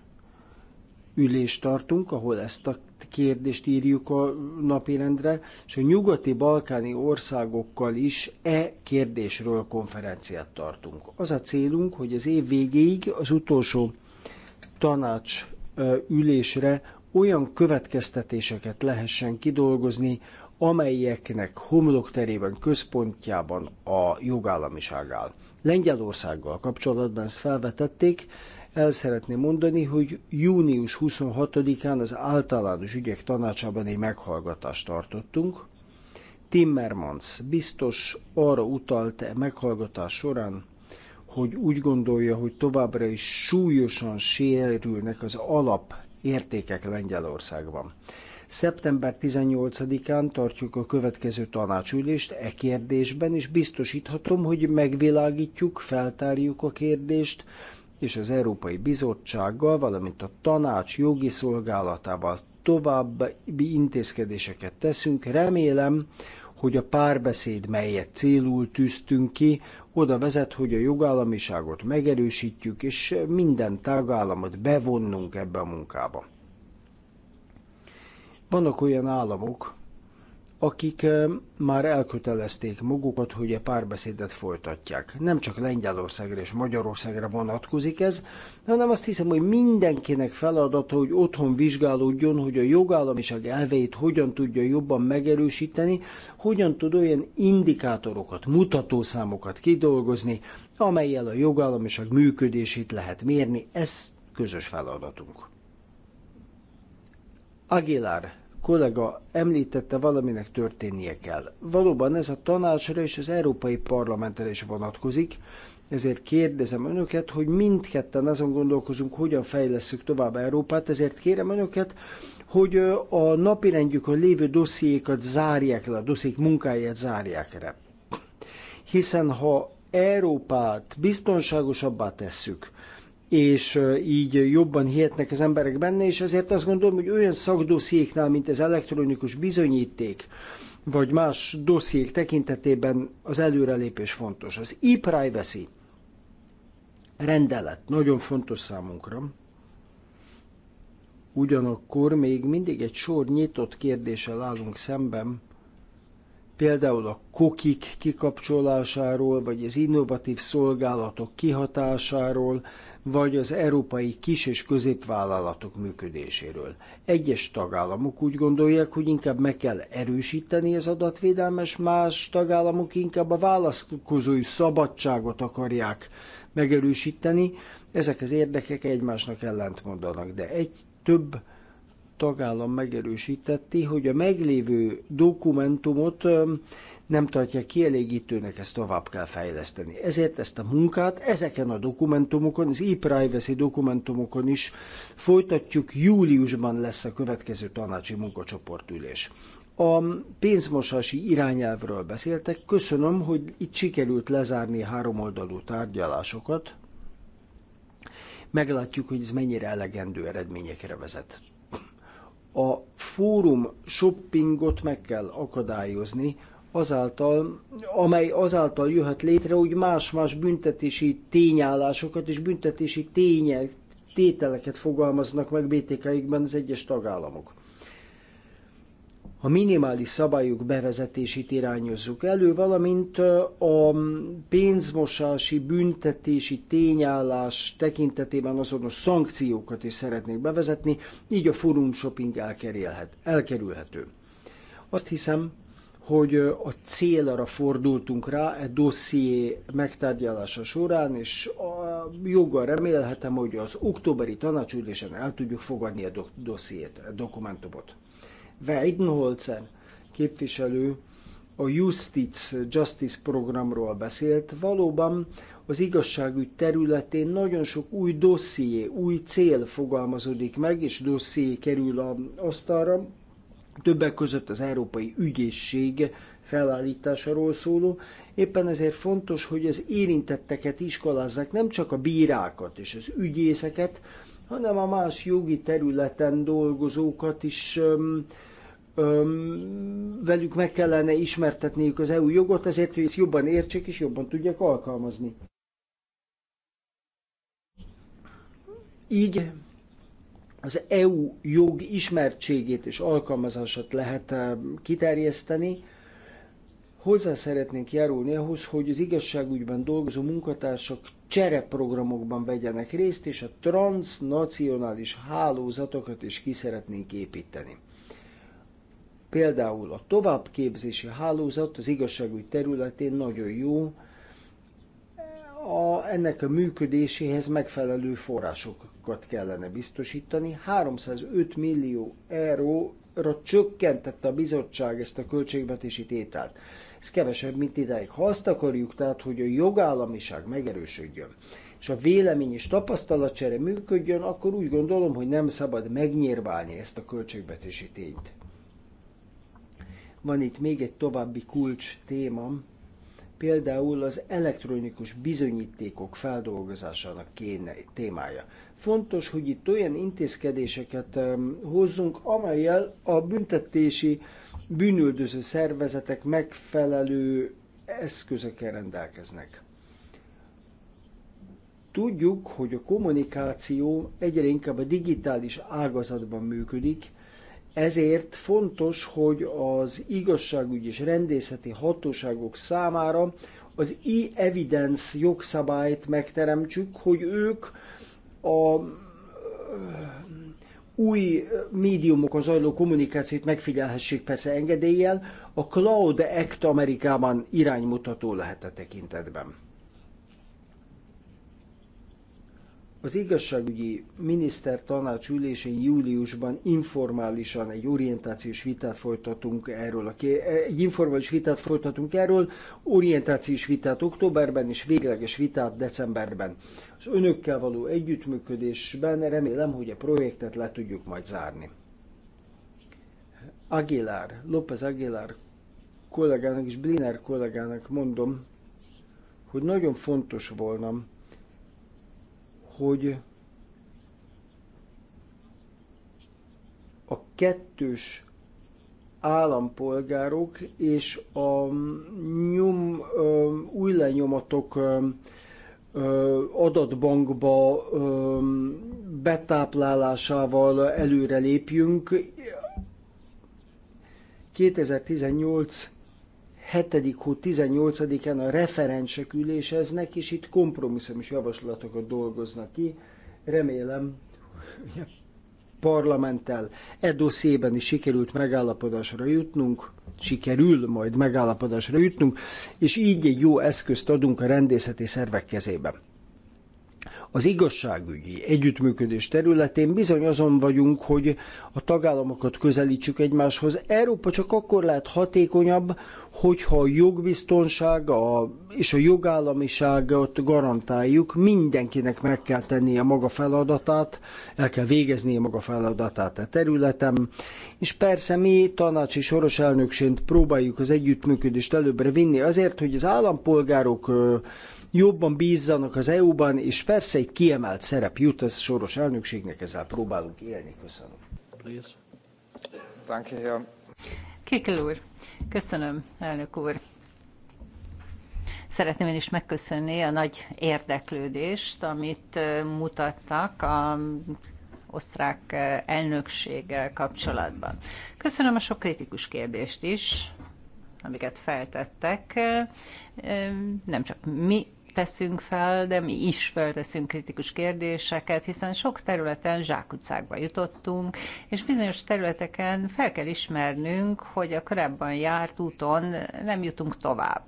ülést tartunk, ahol ezt a kérdést írjuk a napirendre, és a nyugati-balkáni országokkal is e kérdésről konferenciát tartunk. Az a célunk, hogy az év végéig az utolsó tanács ülésre olyan következtetéseket lehessen kidolgozni, amelyeknek homlokterében, központjában a jogállamiság áll. Lengyelországgal kapcsolatban ezt felvetették, el szeretném mondani, hogy június 26-án az általános ügyek tanácsában egy meghallgatást tartottunk. Timmermans biztos arra utalt -e meghallgatás során, hogy úgy gondolja, hogy továbbra is súlyosan sérülnek az alap értékek Lengyelországban. Szeptember 18-án tartjuk a következő tanácsülést e kérdésben, és biztosíthatom, hogy megvilágítjuk, feltárjuk a kérdést, és az Európai Bizottsággal, valamint a tanács jogi szolgálatával további intézkedéseket teszünk. Remélem, hogy a párbeszéd, melyet célul tűztünk ki, oda vezet, hogy a jogállamiságot megerősítjük, és minden tagállamot bevonnunk ebbe a munkába. Vannak olyan államok, akik már elkötelezték magukat, hogy a párbeszédet folytatják. Nem csak Lengyelországra és Magyarországra vonatkozik ez, hanem azt hiszem, hogy mindenkinek feladata, hogy otthon vizsgálódjon, hogy a jogállamiság elveit hogyan tudja jobban megerősíteni, hogyan tud olyan indikátorokat, mutatószámokat kidolgozni, amelyel a jogállamiság működését lehet mérni. Ez közös feladatunk. Aguilar kollega említette, valaminek történnie kell. Valóban ez a tanácsra és az Európai Parlamentre is vonatkozik, ezért kérdezem önöket, hogy mindketten azon gondolkozunk, hogyan fejlesszük tovább Európát, ezért kérem önöket, hogy a napirendjükön lévő dossziékat zárják le, a dossziék munkáját zárják le. Hiszen ha Európát biztonságosabbá tesszük, és így jobban hihetnek az emberek benne, és ezért azt gondolom, hogy olyan szakdosszéknál, mint az elektronikus bizonyíték, vagy más dossziék tekintetében az előrelépés fontos. Az e-privacy rendelet nagyon fontos számunkra, ugyanakkor még mindig egy sor nyitott kérdéssel állunk szemben, például a kokik kikapcsolásáról, vagy az innovatív szolgálatok kihatásáról, vagy az európai kis- és középvállalatok működéséről. Egyes tagállamok úgy gondolják, hogy inkább meg kell erősíteni az adatvédelmes, más tagállamok inkább a vállalkozói szabadságot akarják megerősíteni. Ezek az érdekek egymásnak ellentmondanak, de egy több tagállam megerősítette, hogy a meglévő dokumentumot nem tartja kielégítőnek, ezt tovább kell fejleszteni. Ezért ezt a munkát ezeken a dokumentumokon, az e-privacy dokumentumokon is folytatjuk. Júliusban lesz a következő tanácsi munkacsoportülés. A pénzmosási irányelvről beszéltek. Köszönöm, hogy itt sikerült lezárni háromoldalú tárgyalásokat. Meglátjuk, hogy ez mennyire elegendő eredményekre vezet a fórum shoppingot meg kell akadályozni, azáltal, amely azáltal jöhet létre, hogy más-más büntetési tényállásokat és büntetési tények, tételeket fogalmaznak meg BTK-ikben az egyes tagállamok a minimális szabályok bevezetését irányozzuk elő, valamint a pénzmosási büntetési tényállás tekintetében azonos szankciókat is szeretnék bevezetni, így a forum shopping elkerülhet, elkerülhető. Azt hiszem, hogy a célra fordultunk rá e dosszié megtárgyalása során, és a joggal remélhetem, hogy az októberi tanácsülésen el tudjuk fogadni a dossziét, a dokumentumot. Weidenholzer képviselő a Justice, Justice programról beszélt. Valóban az igazságügy területén nagyon sok új dosszié, új cél fogalmazódik meg, és dosszié kerül a asztalra, többek között az Európai Ügyészség felállításáról szóló. Éppen ezért fontos, hogy az érintetteket iskolázzák, nem csak a bírákat és az ügyészeket, hanem a más jogi területen dolgozókat is velük meg kellene ismertetniük az EU jogot, ezért, hogy ezt jobban értsék és jobban tudják alkalmazni. Így az EU jog ismertségét és alkalmazását lehet kiterjeszteni. Hozzá szeretnénk járulni ahhoz, hogy az igazságügyben dolgozó munkatársak csereprogramokban vegyenek részt, és a transnacionális hálózatokat is ki szeretnénk építeni. Például a továbbképzési hálózat az igazságügy területén nagyon jó, a, ennek a működéséhez megfelelő forrásokat kellene biztosítani. 305 millió euróra csökkentette a bizottság ezt a költségvetési tételt. Ez kevesebb, mint ideig. Ha azt akarjuk, tehát, hogy a jogállamiság megerősödjön, és a vélemény és tapasztalatcsere működjön, akkor úgy gondolom, hogy nem szabad megnyírválni ezt a költségvetési tényt. Van itt még egy további kulcs téma, például az elektronikus bizonyítékok feldolgozásának kéne, témája. Fontos, hogy itt olyan intézkedéseket hozzunk, amelyel a büntetési bűnüldöző szervezetek megfelelő eszközökkel rendelkeznek. Tudjuk, hogy a kommunikáció egyre inkább a digitális ágazatban működik, ezért fontos, hogy az igazságügyi és rendészeti hatóságok számára az e-evidence jogszabályt megteremtsük, hogy ők a új médiumokon zajló kommunikációt megfigyelhessék persze engedéllyel, a Cloud Act Amerikában iránymutató lehet a tekintetben. Az igazságügyi miniszter tanács ülésén júliusban informálisan egy orientációs vitát folytatunk erről. Egy informális vitát folytatunk erről, orientációs vitát októberben és végleges vitát decemberben. Az önökkel való együttműködésben remélem, hogy a projektet le tudjuk majd zárni. Aguilar, López Aguilar kollégának és Bliner kollégának mondom, hogy nagyon fontos volna, hogy a kettős állampolgárok és a nyom, új lenyomatok adatbankba betáplálásával előre lépjünk. 2018 7. hó 18-án a referensek üléseznek, és itt kompromisszumos javaslatokat dolgoznak ki. Remélem, hogy a parlamenttel e is sikerült megállapodásra jutnunk, sikerül majd megállapodásra jutnunk, és így egy jó eszközt adunk a rendészeti szervek kezébe. Az igazságügyi együttműködés területén bizony azon vagyunk, hogy a tagállamokat közelítsük egymáshoz. Európa csak akkor lehet hatékonyabb, hogyha a jogbiztonság a, és a jogállamiságot garantáljuk, mindenkinek meg kell tennie a maga feladatát, el kell végeznie maga feladatát a területen, és persze mi tanácsi soros elnökként próbáljuk az együttműködést előbbre vinni azért, hogy az állampolgárok jobban bízzanak az EU-ban, és persze egy kiemelt szerep jut ez soros elnökségnek, ezzel próbálunk élni. Köszönöm. Kikel úr, köszönöm, elnök úr. Szeretném én is megköszönni a nagy érdeklődést, amit mutattak a osztrák elnökséggel kapcsolatban. Köszönöm a sok kritikus kérdést is, amiket feltettek. Nem csak mi teszünk fel, de mi is felteszünk kritikus kérdéseket, hiszen sok területen zsákutcákba jutottunk, és bizonyos területeken fel kell ismernünk, hogy a korábban járt úton nem jutunk tovább.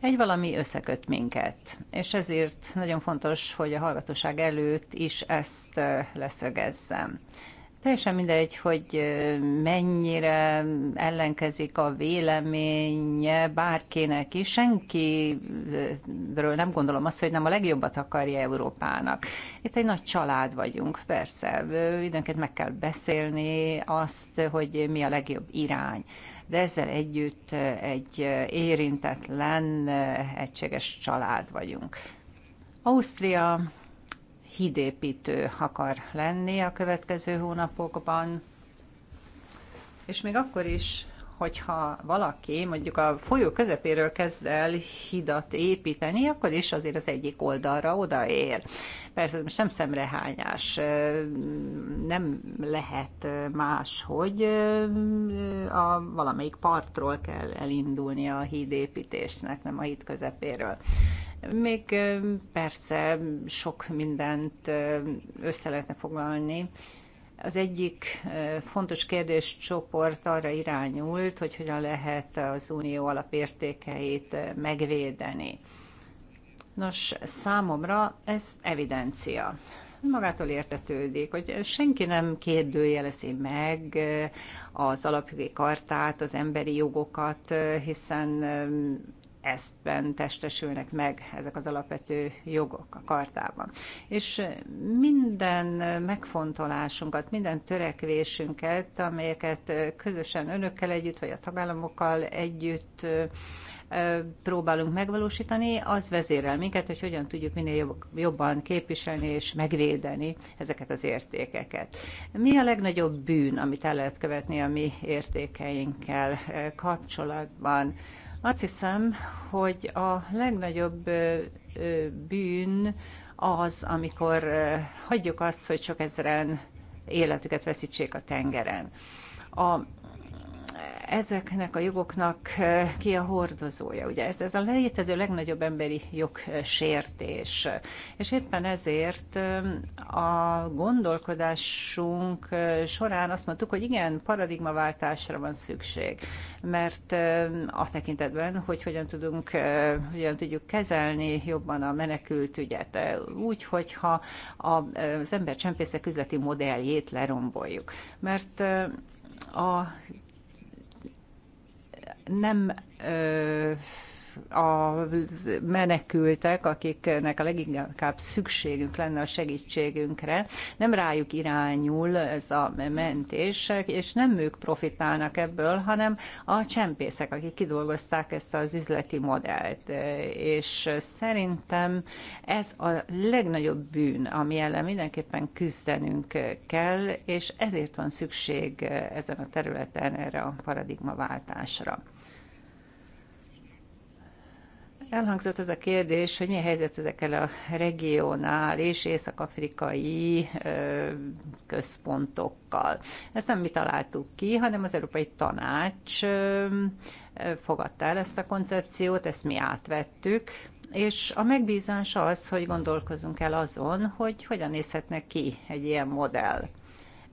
Egy valami összeköt minket, és ezért nagyon fontos, hogy a hallgatóság előtt is ezt eh, leszögezzem. Teljesen mindegy, hogy mennyire ellenkezik a véleménye bárkinek is, senkiről nem gondolom azt, hogy nem a legjobbat akarja Európának. Itt egy nagy család vagyunk, persze, időnként meg kell beszélni azt, hogy mi a legjobb irány de ezzel együtt egy érintetlen, egységes család vagyunk. Ausztria hídépítő akar lenni a következő hónapokban. És még akkor is, hogyha valaki mondjuk a folyó közepéről kezd el hidat építeni, akkor is azért az egyik oldalra odaér. Persze most nem szemrehányás, nem lehet más, hogy a valamelyik partról kell elindulni a hídépítésnek, nem a híd közepéről. Még persze sok mindent össze lehetne foglalni. Az egyik fontos kérdéscsoport arra irányult, hogy hogyan lehet az unió alapértékeit megvédeni. Nos, számomra ez evidencia. Magától értetődik, hogy senki nem kérdőjelezi meg az alapjogi kartát, az emberi jogokat, hiszen Ezben testesülnek meg ezek az alapvető jogok a kartában. És minden megfontolásunkat, minden törekvésünket, amelyeket közösen önökkel együtt, vagy a tagállamokkal együtt próbálunk megvalósítani, az vezérel minket, hogy hogyan tudjuk minél jobban képviselni és megvédeni ezeket az értékeket. Mi a legnagyobb bűn, amit el lehet követni a mi értékeinkkel kapcsolatban? Azt hiszem, hogy a legnagyobb bűn az, amikor hagyjuk azt, hogy sok ezeren életüket veszítsék a tengeren. A ezeknek a jogoknak eh, ki a hordozója. Ugye ez, ez a létező legnagyobb emberi jogsértés. És éppen ezért eh, a gondolkodásunk eh, során azt mondtuk, hogy igen, paradigmaváltásra van szükség, mert a tekintetben, hogy hogyan tudunk, hogyan tudjuk kezelni jobban a menekült ügyet, úgy, hogyha az ember csempészek üzleti modelljét leromboljuk. Mert a nem a menekültek, akiknek a leginkább szükségünk lenne a segítségünkre, nem rájuk irányul ez a mentés, és nem ők profitálnak ebből, hanem a csempészek, akik kidolgozták ezt az üzleti modellt. És szerintem ez a legnagyobb bűn, ami ellen mindenképpen küzdenünk kell, és ezért van szükség ezen a területen erre a paradigmaváltásra. Elhangzott az a kérdés, hogy milyen helyzet ezekkel a regionális észak-afrikai központokkal. Ezt nem mi találtuk ki, hanem az Európai Tanács fogadta el ezt a koncepciót, ezt mi átvettük, és a megbízás az, hogy gondolkozunk el azon, hogy hogyan nézhetne ki egy ilyen modell.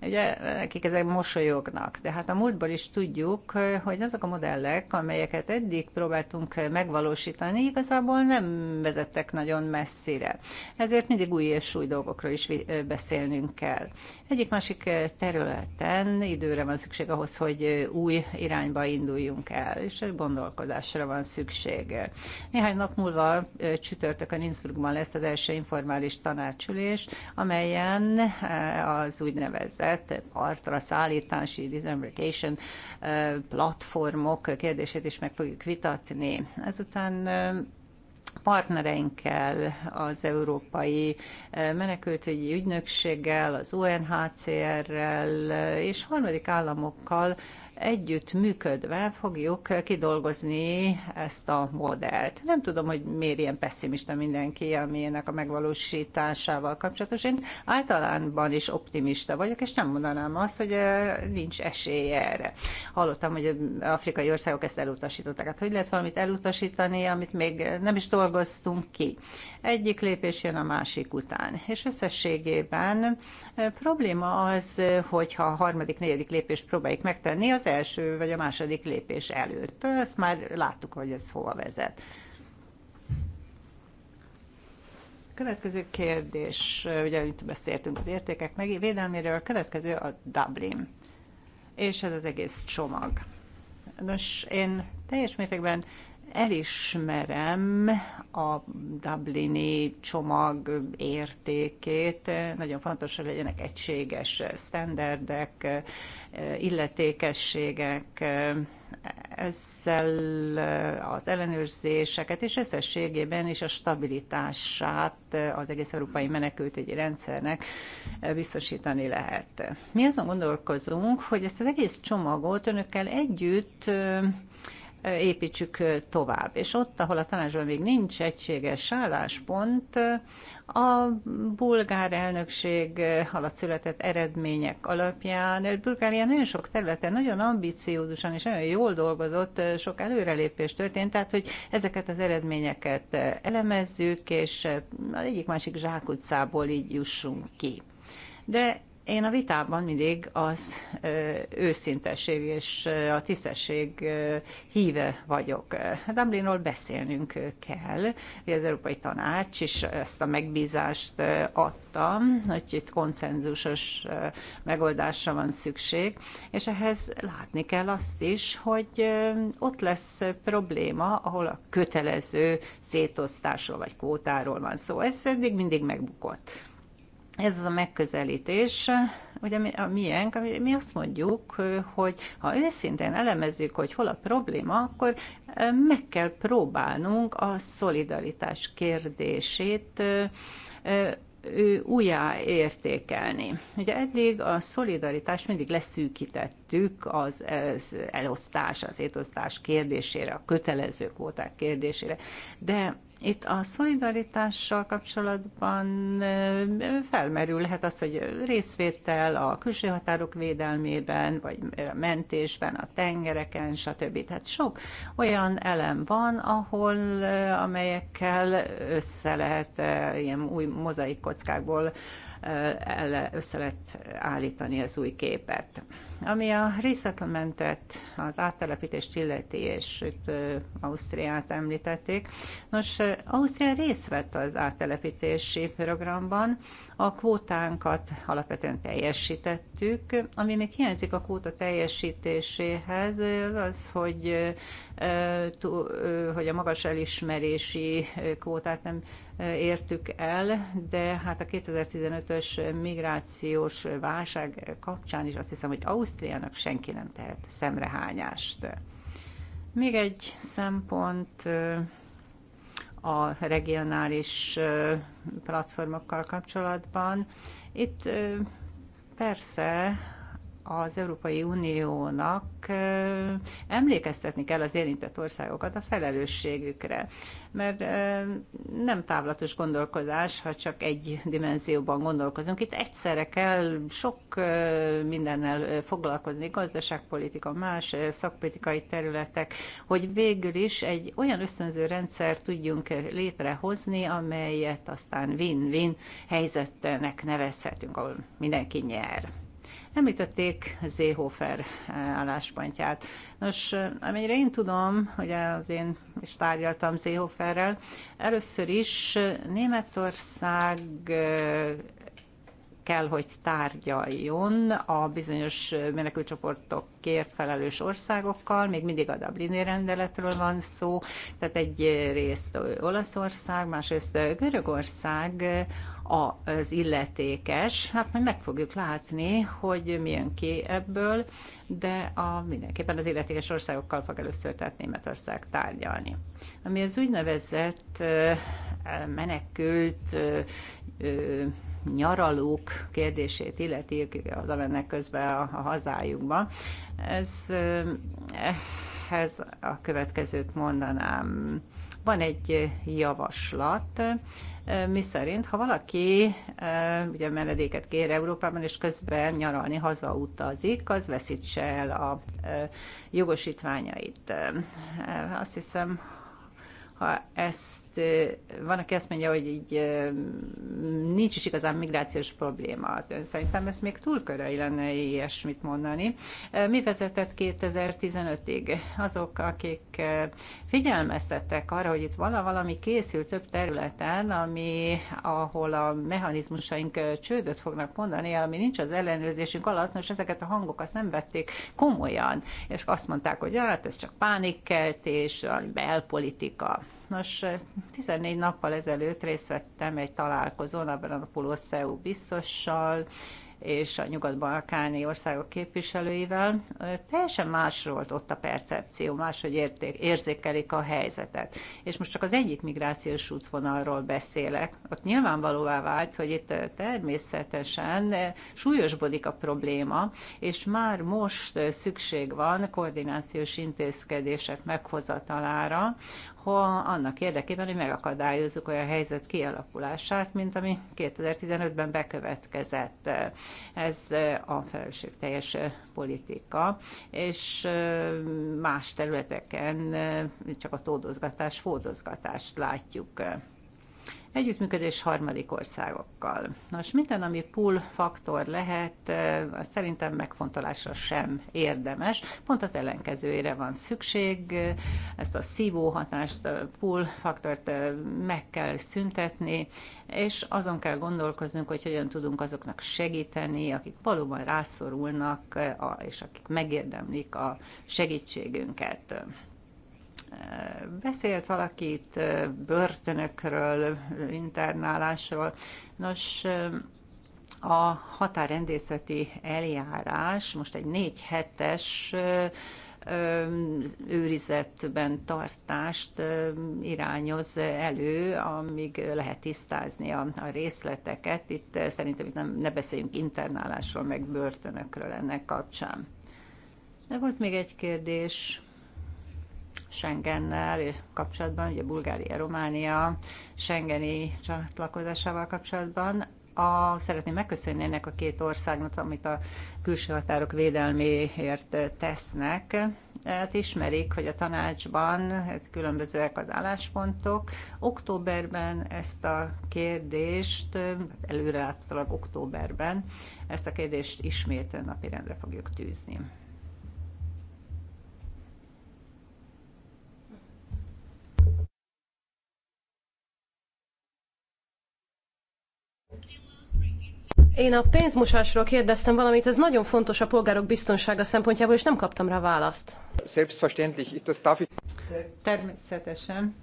Ugye nekik ezek mosolyognak, de hát a múltból is tudjuk, hogy azok a modellek, amelyeket eddig próbáltunk megvalósítani, igazából nem vezettek nagyon messzire. Ezért mindig új és új dolgokról is beszélnünk kell. Egyik másik területen időre van szükség ahhoz, hogy új irányba induljunk el, és gondolkodásra van szükség. Néhány nap múlva csütörtökön Innsbruckban lesz az első informális tanácsülés, amelyen az úgynevezett úgynevezett partra szállítási disembarkation platformok kérdését is meg fogjuk vitatni. Ezután partnereinkkel, az Európai Menekültügyi Ügynökséggel, az UNHCR-rel és harmadik államokkal együtt működve fogjuk kidolgozni ezt a modellt. Nem tudom, hogy miért ilyen pessimista mindenki, ami ennek a megvalósításával kapcsolatos. Én általánban is optimista vagyok, és nem mondanám azt, hogy nincs esélye erre. Hallottam, hogy afrikai országok ezt elutasították. Hát hogy lehet valamit elutasítani, amit még nem is dolgoztunk ki? Egyik lépés jön a másik után. És összességében probléma az, hogyha a harmadik, negyedik lépést próbáljuk megtenni az első vagy a második lépés előtt. Ezt már láttuk, hogy ez hova vezet. Következő kérdés, ugye itt beszéltünk az értékek meg, védelméről, következő a Dublin, és ez az egész csomag. Nos, én teljes mértékben elismerem a Dublini csomag értékét. Nagyon fontos, hogy legyenek egységes sztenderdek, illetékességek, ezzel az ellenőrzéseket és összességében is a stabilitását az egész európai menekültügyi rendszernek biztosítani lehet. Mi azon gondolkozunk, hogy ezt az egész csomagot önökkel együtt építsük tovább. És ott, ahol a tanácsban még nincs egységes álláspont, a bulgár elnökség alatt született eredmények alapján Bulgária nagyon sok területen nagyon ambiciózusan és nagyon jól dolgozott, sok előrelépés történt, tehát hogy ezeket az eredményeket elemezzük, és az egyik-másik zsákutcából így jussunk ki. De én a vitában mindig az őszintesség és a tisztesség híve vagyok. Dublinról beszélnünk kell, hogy az Európai Tanács is ezt a megbízást adtam, hogy itt koncenzusos megoldásra van szükség, és ehhez látni kell azt is, hogy ott lesz probléma, ahol a kötelező szétosztásról vagy kvótáról van szó. Ez eddig mindig megbukott ez az a megközelítés, ugye mi, a miénk, mi azt mondjuk, hogy ha őszintén elemezzük, hogy hol a probléma, akkor meg kell próbálnunk a szolidaritás kérdését újjá értékelni. Ugye eddig a szolidaritást mindig leszűkítettük az, az elosztás, az étosztás kérdésére, a kötelező kvóták kérdésére, de itt a szolidaritással kapcsolatban felmerülhet az, hogy részvétel a külső határok védelmében, vagy mentésben, a tengereken, stb. Tehát sok olyan elem van, ahol, amelyekkel össze lehet ilyen új mozaik kockákból össze lehet állítani az új képet. Ami a resettlementet, az áttelepítést illeti, és itt Ausztriát említették. Nos, Ausztria részt vett az áttelepítési programban, a kvótánkat alapvetően teljesítettük. Ami még hiányzik a kvóta teljesítéséhez, az az, hogy, hogy a magas elismerési kvótát nem értük el, de hát a 2015-ös migrációs válság kapcsán is azt hiszem, hogy Ausztriának senki nem tehet szemrehányást. Még egy szempont a regionális platformokkal kapcsolatban. Itt persze az Európai Uniónak emlékeztetni kell az érintett országokat a felelősségükre, mert nem távlatos gondolkodás, ha csak egy dimenzióban gondolkozunk. Itt egyszerre kell sok mindennel foglalkozni, gazdaságpolitika, más szakpolitikai területek, hogy végül is egy olyan ösztönző rendszer tudjunk létrehozni, amelyet aztán win-win helyzetnek nevezhetünk, ahol mindenki nyer. Említették Zéhofer eh, álláspontját. Nos, eh, amennyire én tudom, hogy az én is tárgyaltam Zéhoferrel, először is eh, Németország kell, hogy tárgyaljon a bizonyos menekülcsoportokért felelős országokkal, még mindig a Dublini rendeletről van szó, tehát egy részt Olaszország, másrészt Görögország az illetékes. Hát majd meg fogjuk látni, hogy mi jön ki ebből, de a, mindenképpen az illetékes országokkal fog először, tehát Németország tárgyalni. Ami az úgynevezett menekült nyaralók kérdését illeti, az mennek közben a, a hazájukba. Ez ehhez a következőt mondanám van egy javaslat, mi szerint, ha valaki ugye menedéket kér Európában, és közben nyaralni hazautazik, az veszítse el a jogosítványait. Azt hiszem, ha ezt itt van, aki azt mondja, hogy így nincs is igazán migrációs probléma. Hát szerintem ez még túl körai lenne ilyesmit mondani. Mi vezetett 2015-ig? Azok, akik figyelmeztettek arra, hogy itt vala valami készül több területen, ami, ahol a mechanizmusaink csődöt fognak mondani, ami nincs az ellenőrzésünk alatt, és ezeket a hangokat nem vették komolyan, és azt mondták, hogy hát ez csak pánikkeltés, belpolitika. Nos, 14 nappal ezelőtt részt vettem egy találkozón a Branopoulos biztossal, és a nyugat-balkáni országok képviselőivel. Teljesen más volt ott a percepció, máshogy érték, érzékelik a helyzetet. És most csak az egyik migrációs útvonalról beszélek. Ott nyilvánvalóvá vált, hogy itt természetesen súlyosbodik a probléma, és már most szükség van koordinációs intézkedések meghozatalára, ha annak érdekében, hogy megakadályozzuk olyan helyzet kialakulását, mint ami 2015-ben bekövetkezett. Ez a felelősségteljes politika, és más területeken csak a tódozgatás, fódozgatást látjuk. Együttműködés harmadik országokkal. Nos, minden, ami pull faktor lehet, az szerintem megfontolásra sem érdemes. Pont az ellenkezőjére van szükség. Ezt a szívó hatást, a pull faktort meg kell szüntetni, és azon kell gondolkoznunk, hogy hogyan tudunk azoknak segíteni, akik valóban rászorulnak, és akik megérdemlik a segítségünket. Beszélt valakit börtönökről, internálásról. Nos, a határrendészeti eljárás most egy négy hetes őrizetben tartást irányoz elő, amíg lehet tisztázni a, a részleteket. Itt szerintem itt nem, ne beszéljünk internálásról, meg börtönökről ennek kapcsán. De volt még egy kérdés. Schengennel kapcsolatban, ugye Bulgária, Románia Schengeni csatlakozásával kapcsolatban. A, szeretném megköszönni ennek a két országnak, amit a külső határok védelméért tesznek. Hát ismerik, hogy a tanácsban hát különbözőek az álláspontok. Októberben ezt a kérdést, előrelátólag októberben ezt a kérdést ismét napirendre fogjuk tűzni. Én a pénzmosásról kérdeztem valamit, ez nagyon fontos a polgárok biztonsága szempontjából, és nem kaptam rá választ. Selbstverständlich, das darf ich... Természetesen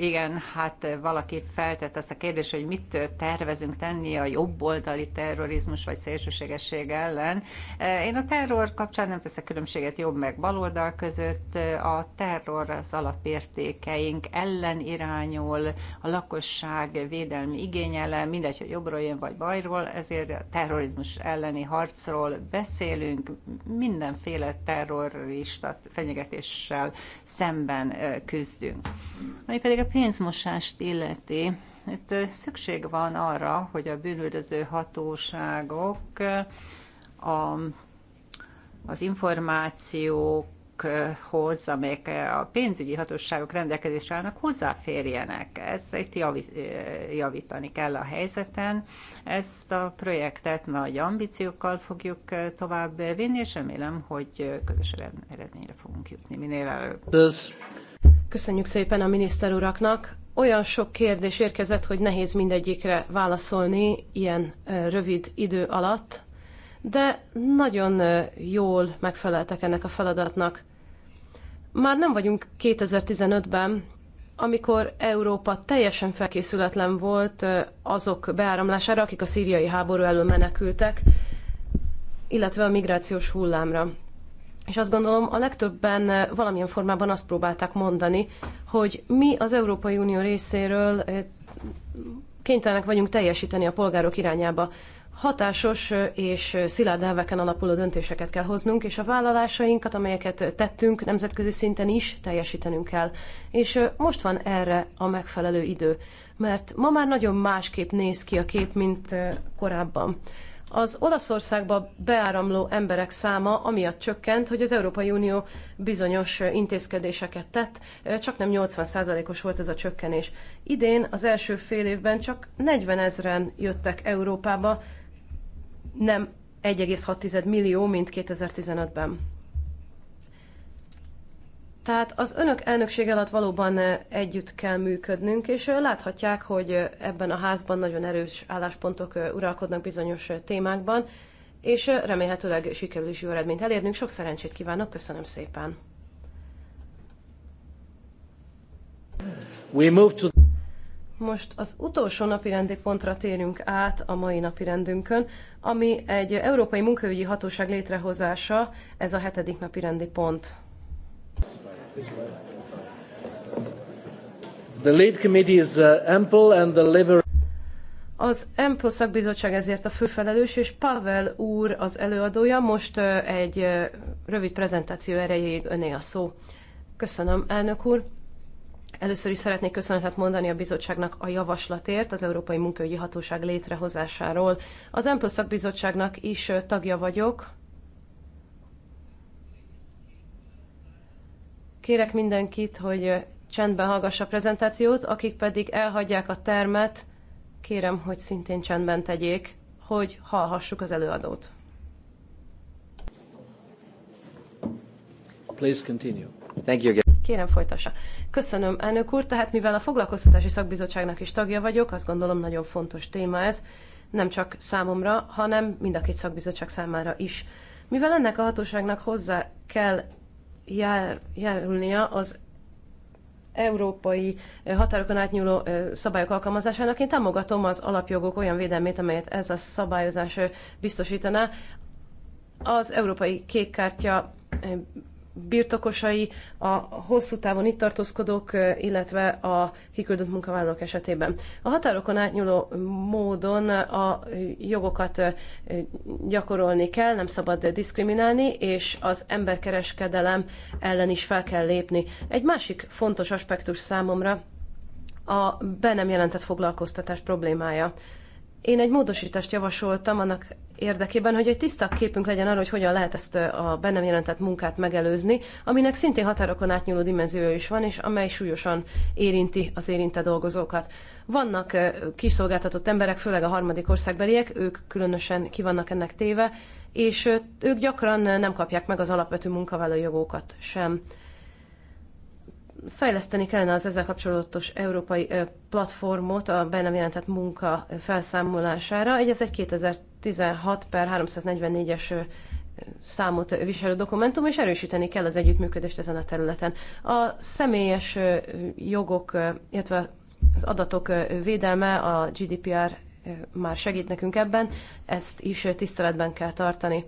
igen, hát valaki feltett azt a kérdést, hogy mit tervezünk tenni a jobboldali terrorizmus vagy szélsőségesség ellen. Én a terror kapcsán nem teszek különbséget jobb meg baloldal között. A terror az alapértékeink ellen irányul, a lakosság védelmi igényele, mindegy, hogy jobbról jön vagy bajról, ezért a terrorizmus elleni harcról beszélünk, mindenféle terrorista fenyegetéssel szemben küzdünk. Ami pedig a pénzmosást illeti, itt szükség van arra, hogy a bűnüldöző hatóságok a, az információk hoz, amelyek a pénzügyi hatóságok rendelkezésre állnak, hozzáférjenek. Ezt itt javítani kell a helyzeten. Ezt a projektet nagy ambíciókkal fogjuk tovább vinni, és remélem, hogy közös eredményre fogunk jutni minél előbb. Köszönjük szépen a miniszter uraknak. Olyan sok kérdés érkezett, hogy nehéz mindegyikre válaszolni ilyen rövid idő alatt, de nagyon jól megfeleltek ennek a feladatnak. Már nem vagyunk 2015-ben, amikor Európa teljesen felkészületlen volt azok beáramlására, akik a szíriai háború elől menekültek, illetve a migrációs hullámra. És azt gondolom, a legtöbben eh, valamilyen formában azt próbálták mondani, hogy mi az Európai Unió részéről eh, kénytelenek vagyunk teljesíteni a polgárok irányába. Hatásos eh, és szilárd elveken alapuló döntéseket kell hoznunk, és a vállalásainkat, amelyeket tettünk nemzetközi szinten is, teljesítenünk kell. És most van erre a megfelelő idő, mert ma már nagyon másképp néz ki a kép, mint korábban. Az Olaszországba beáramló emberek száma amiatt csökkent, hogy az Európai Unió bizonyos intézkedéseket tett, csak nem 80%-os volt ez a csökkenés. Idén az első fél évben csak 40 ezeren jöttek Európába, nem 1,6 millió, mint 2015-ben. Tehát az önök elnökség alatt valóban együtt kell működnünk, és láthatják, hogy ebben a házban nagyon erős álláspontok uralkodnak bizonyos témákban, és remélhetőleg sikerül is jó eredményt elérnünk. Sok szerencsét kívánok, köszönöm szépen! We move to... Most az utolsó napirendi pontra térünk át a mai napirendünkön, ami egy Európai Munkaügyi Hatóság létrehozása, ez a hetedik napirendi pont. The lead committee is uh, ample and the liberal... Az EMPO szakbizottság ezért a főfelelős, és Pavel úr az előadója. Most uh, egy uh, rövid prezentáció erejéig öné a szó. Köszönöm, elnök úr. Először is szeretnék köszönetet mondani a bizottságnak a javaslatért az Európai Munkaügyi Hatóság létrehozásáról. Az EMPO szakbizottságnak is tagja vagyok, Kérek mindenkit, hogy csendben hallgassa a prezentációt, akik pedig elhagyják a termet, kérem, hogy szintén csendben tegyék, hogy hallhassuk az előadót. Please continue. Thank you again. Kérem, folytassa. Köszönöm, elnök úr. Tehát mivel a foglalkoztatási szakbizottságnak is tagja vagyok, azt gondolom nagyon fontos téma ez, nem csak számomra, hanem mind a két szakbizottság számára is. Mivel ennek a hatóságnak hozzá kell jár, járulnia az európai eh, határokon átnyúló eh, szabályok alkalmazásának. Én támogatom az alapjogok olyan védelmét, amelyet ez a szabályozás eh, biztosítaná. Az európai kártya birtokosai, a hosszú távon itt tartózkodók, illetve a kiküldött munkavállalók esetében. A határokon átnyúló módon a jogokat gyakorolni kell, nem szabad diszkriminálni, és az emberkereskedelem ellen is fel kell lépni. Egy másik fontos aspektus számomra a be nem jelentett foglalkoztatás problémája. Én egy módosítást javasoltam annak érdekében, hogy egy tiszta képünk legyen arról, hogy hogyan lehet ezt a bennem jelentett munkát megelőzni, aminek szintén határokon átnyúló dimenziója is van, és amely súlyosan érinti az érintett dolgozókat. Vannak kiszolgáltatott emberek, főleg a harmadik országbeliek, ők különösen ki vannak ennek téve, és ők gyakran nem kapják meg az alapvető munkavállalói jogokat sem fejleszteni kellene az ezzel kapcsolatos európai platformot a bennem jelentett munka felszámolására. Egy, ez egy 2016 per 344-es számot viselő dokumentum, és erősíteni kell az együttműködést ezen a területen. A személyes jogok, illetve az adatok védelme, a GDPR már segít nekünk ebben, ezt is tiszteletben kell tartani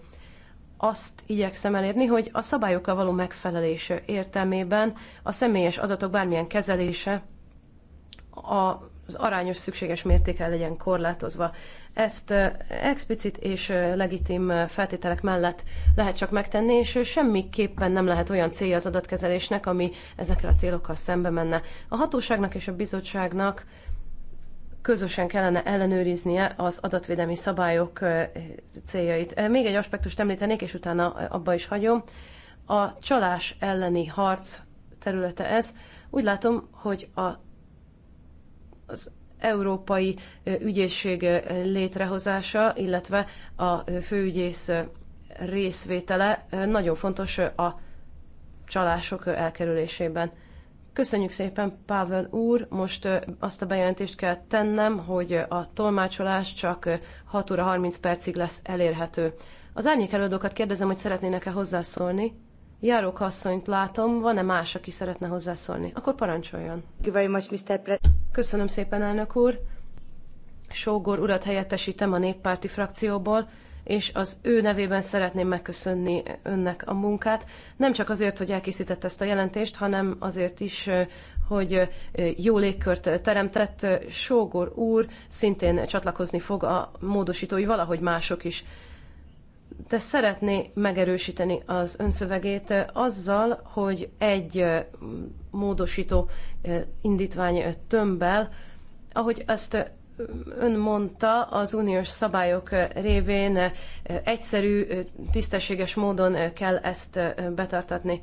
azt igyekszem elérni, hogy a szabályokkal való megfelelés értelmében a személyes adatok bármilyen kezelése az arányos szükséges mértékkel legyen korlátozva. Ezt explicit és legitim feltételek mellett lehet csak megtenni, és semmiképpen nem lehet olyan célja az adatkezelésnek, ami ezekkel a célokkal szembe menne. A hatóságnak és a bizottságnak közösen kellene ellenőriznie az adatvédelmi szabályok céljait. Még egy aspektust említenék, és utána abba is hagyom. A csalás elleni harc területe ez. Úgy látom, hogy a, az európai ügyészség létrehozása, illetve a főügyész részvétele nagyon fontos a csalások elkerülésében. Köszönjük szépen, Pável úr. Most azt a bejelentést kell tennem, hogy a tolmácsolás csak 6 óra 30 percig lesz elérhető. Az árnyék előadókat kérdezem, hogy szeretnének-e hozzászólni. Járók asszonyt látom, van-e más, aki szeretne hozzászólni? Akkor parancsoljon. Köszönöm szépen, elnök úr. Sógor urat helyettesítem a néppárti frakcióból, és az ő nevében szeretném megköszönni önnek a munkát, nem csak azért, hogy elkészített ezt a jelentést, hanem azért is, hogy jó légkört teremtett. Sógor úr szintén csatlakozni fog a módosítói, valahogy mások is. De szeretné megerősíteni az önszövegét azzal, hogy egy módosító indítvány tömbbel, ahogy ezt ön mondta, az uniós szabályok révén eh, egyszerű, eh, tisztességes módon eh, kell ezt betartatni.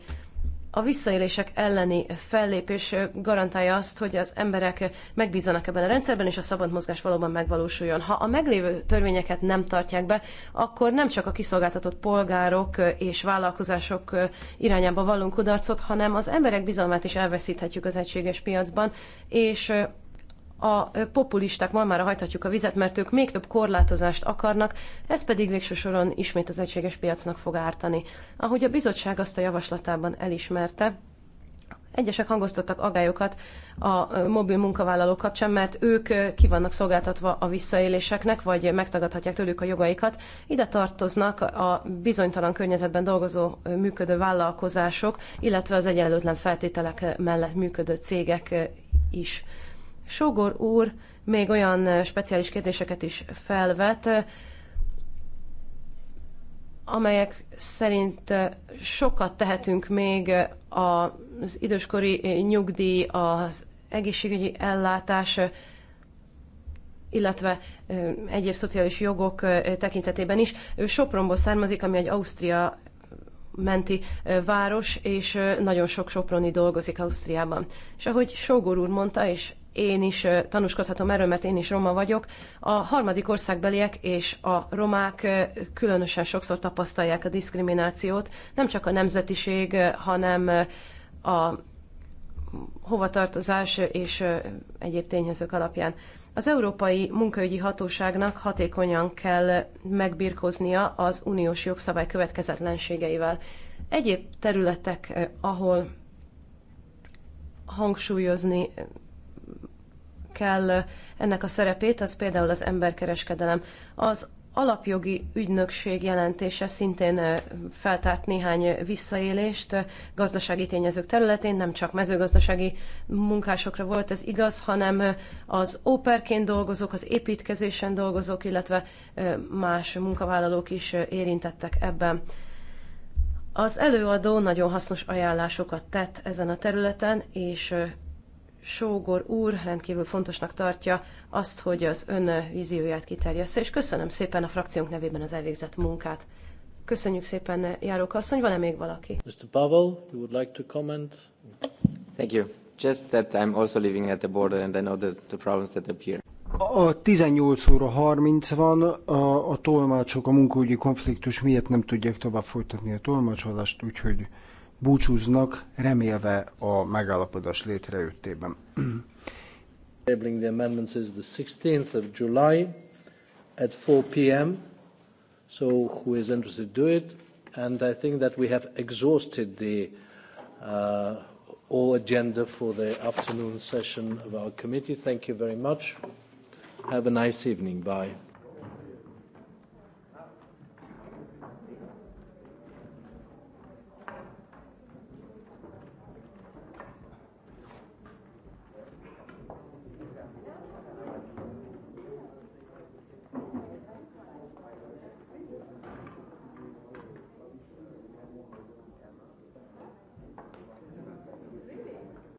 A visszaélések elleni fellépés garantálja azt, hogy az emberek megbízanak ebben a rendszerben, és a szabad mozgás valóban megvalósuljon. Ha a meglévő törvényeket nem tartják be, akkor nem csak a kiszolgáltatott polgárok és vállalkozások irányába vallunk kudarcot, hanem az emberek bizalmát is elveszíthetjük az egységes piacban, és a populisták malmára hajthatjuk a vizet, mert ők még több korlátozást akarnak, ez pedig végső soron ismét az egységes piacnak fog ártani. Ahogy a bizottság azt a javaslatában elismerte, Egyesek hangoztattak agályokat a mobil munkavállalók kapcsán, mert ők ki vannak szolgáltatva a visszaéléseknek, vagy megtagadhatják tőlük a jogaikat. Ide tartoznak a bizonytalan környezetben dolgozó működő vállalkozások, illetve az egyenlőtlen feltételek mellett működő cégek is. Sogor úr még olyan speciális kérdéseket is felvet, amelyek szerint sokat tehetünk még az időskori nyugdíj, az egészségügyi ellátás, illetve egyéb szociális jogok tekintetében is. Ő Sopronból származik, ami egy Ausztria menti város, és nagyon sok soproni dolgozik Ausztriában. És ahogy Sógor úr mondta, és én is tanúskodhatom erről, mert én is roma vagyok. A harmadik országbeliek és a romák különösen sokszor tapasztalják a diszkriminációt, nem csak a nemzetiség, hanem a hovatartozás és egyéb tényezők alapján. Az Európai Munkaügyi Hatóságnak hatékonyan kell megbirkóznia az uniós jogszabály következetlenségeivel. Egyéb területek, ahol hangsúlyozni kell ennek a szerepét, az például az emberkereskedelem. Az alapjogi ügynökség jelentése szintén feltárt néhány visszaélést gazdasági tényezők területén, nem csak mezőgazdasági munkásokra volt ez igaz, hanem az óperként dolgozók, az építkezésen dolgozók, illetve más munkavállalók is érintettek ebben. Az előadó nagyon hasznos ajánlásokat tett ezen a területen, és Sógor úr rendkívül fontosnak tartja azt, hogy az ön vízióját kiterjessze, és köszönöm szépen a frakciónk nevében az elvégzett munkát. Köszönjük szépen, Járók asszony, van-e még valaki? Mr. Pavel, you would like to comment? Thank you. Just that I'm also living at the border and I know the, the problems that appear. A 18 óra 30 van, a, a tolmácsok a munkaügyi konfliktus miatt nem tudják tovább folytatni a tolmácsolást, úgyhogy búcsúznak, remélve a megállapodás létrejöttében. Tabling the amendments is the 16th of July at 4 p.m. So who is interested, do it. And I think that we have exhausted the uh, all agenda for the afternoon session of our committee. Thank you very much. Have a nice evening. Bye.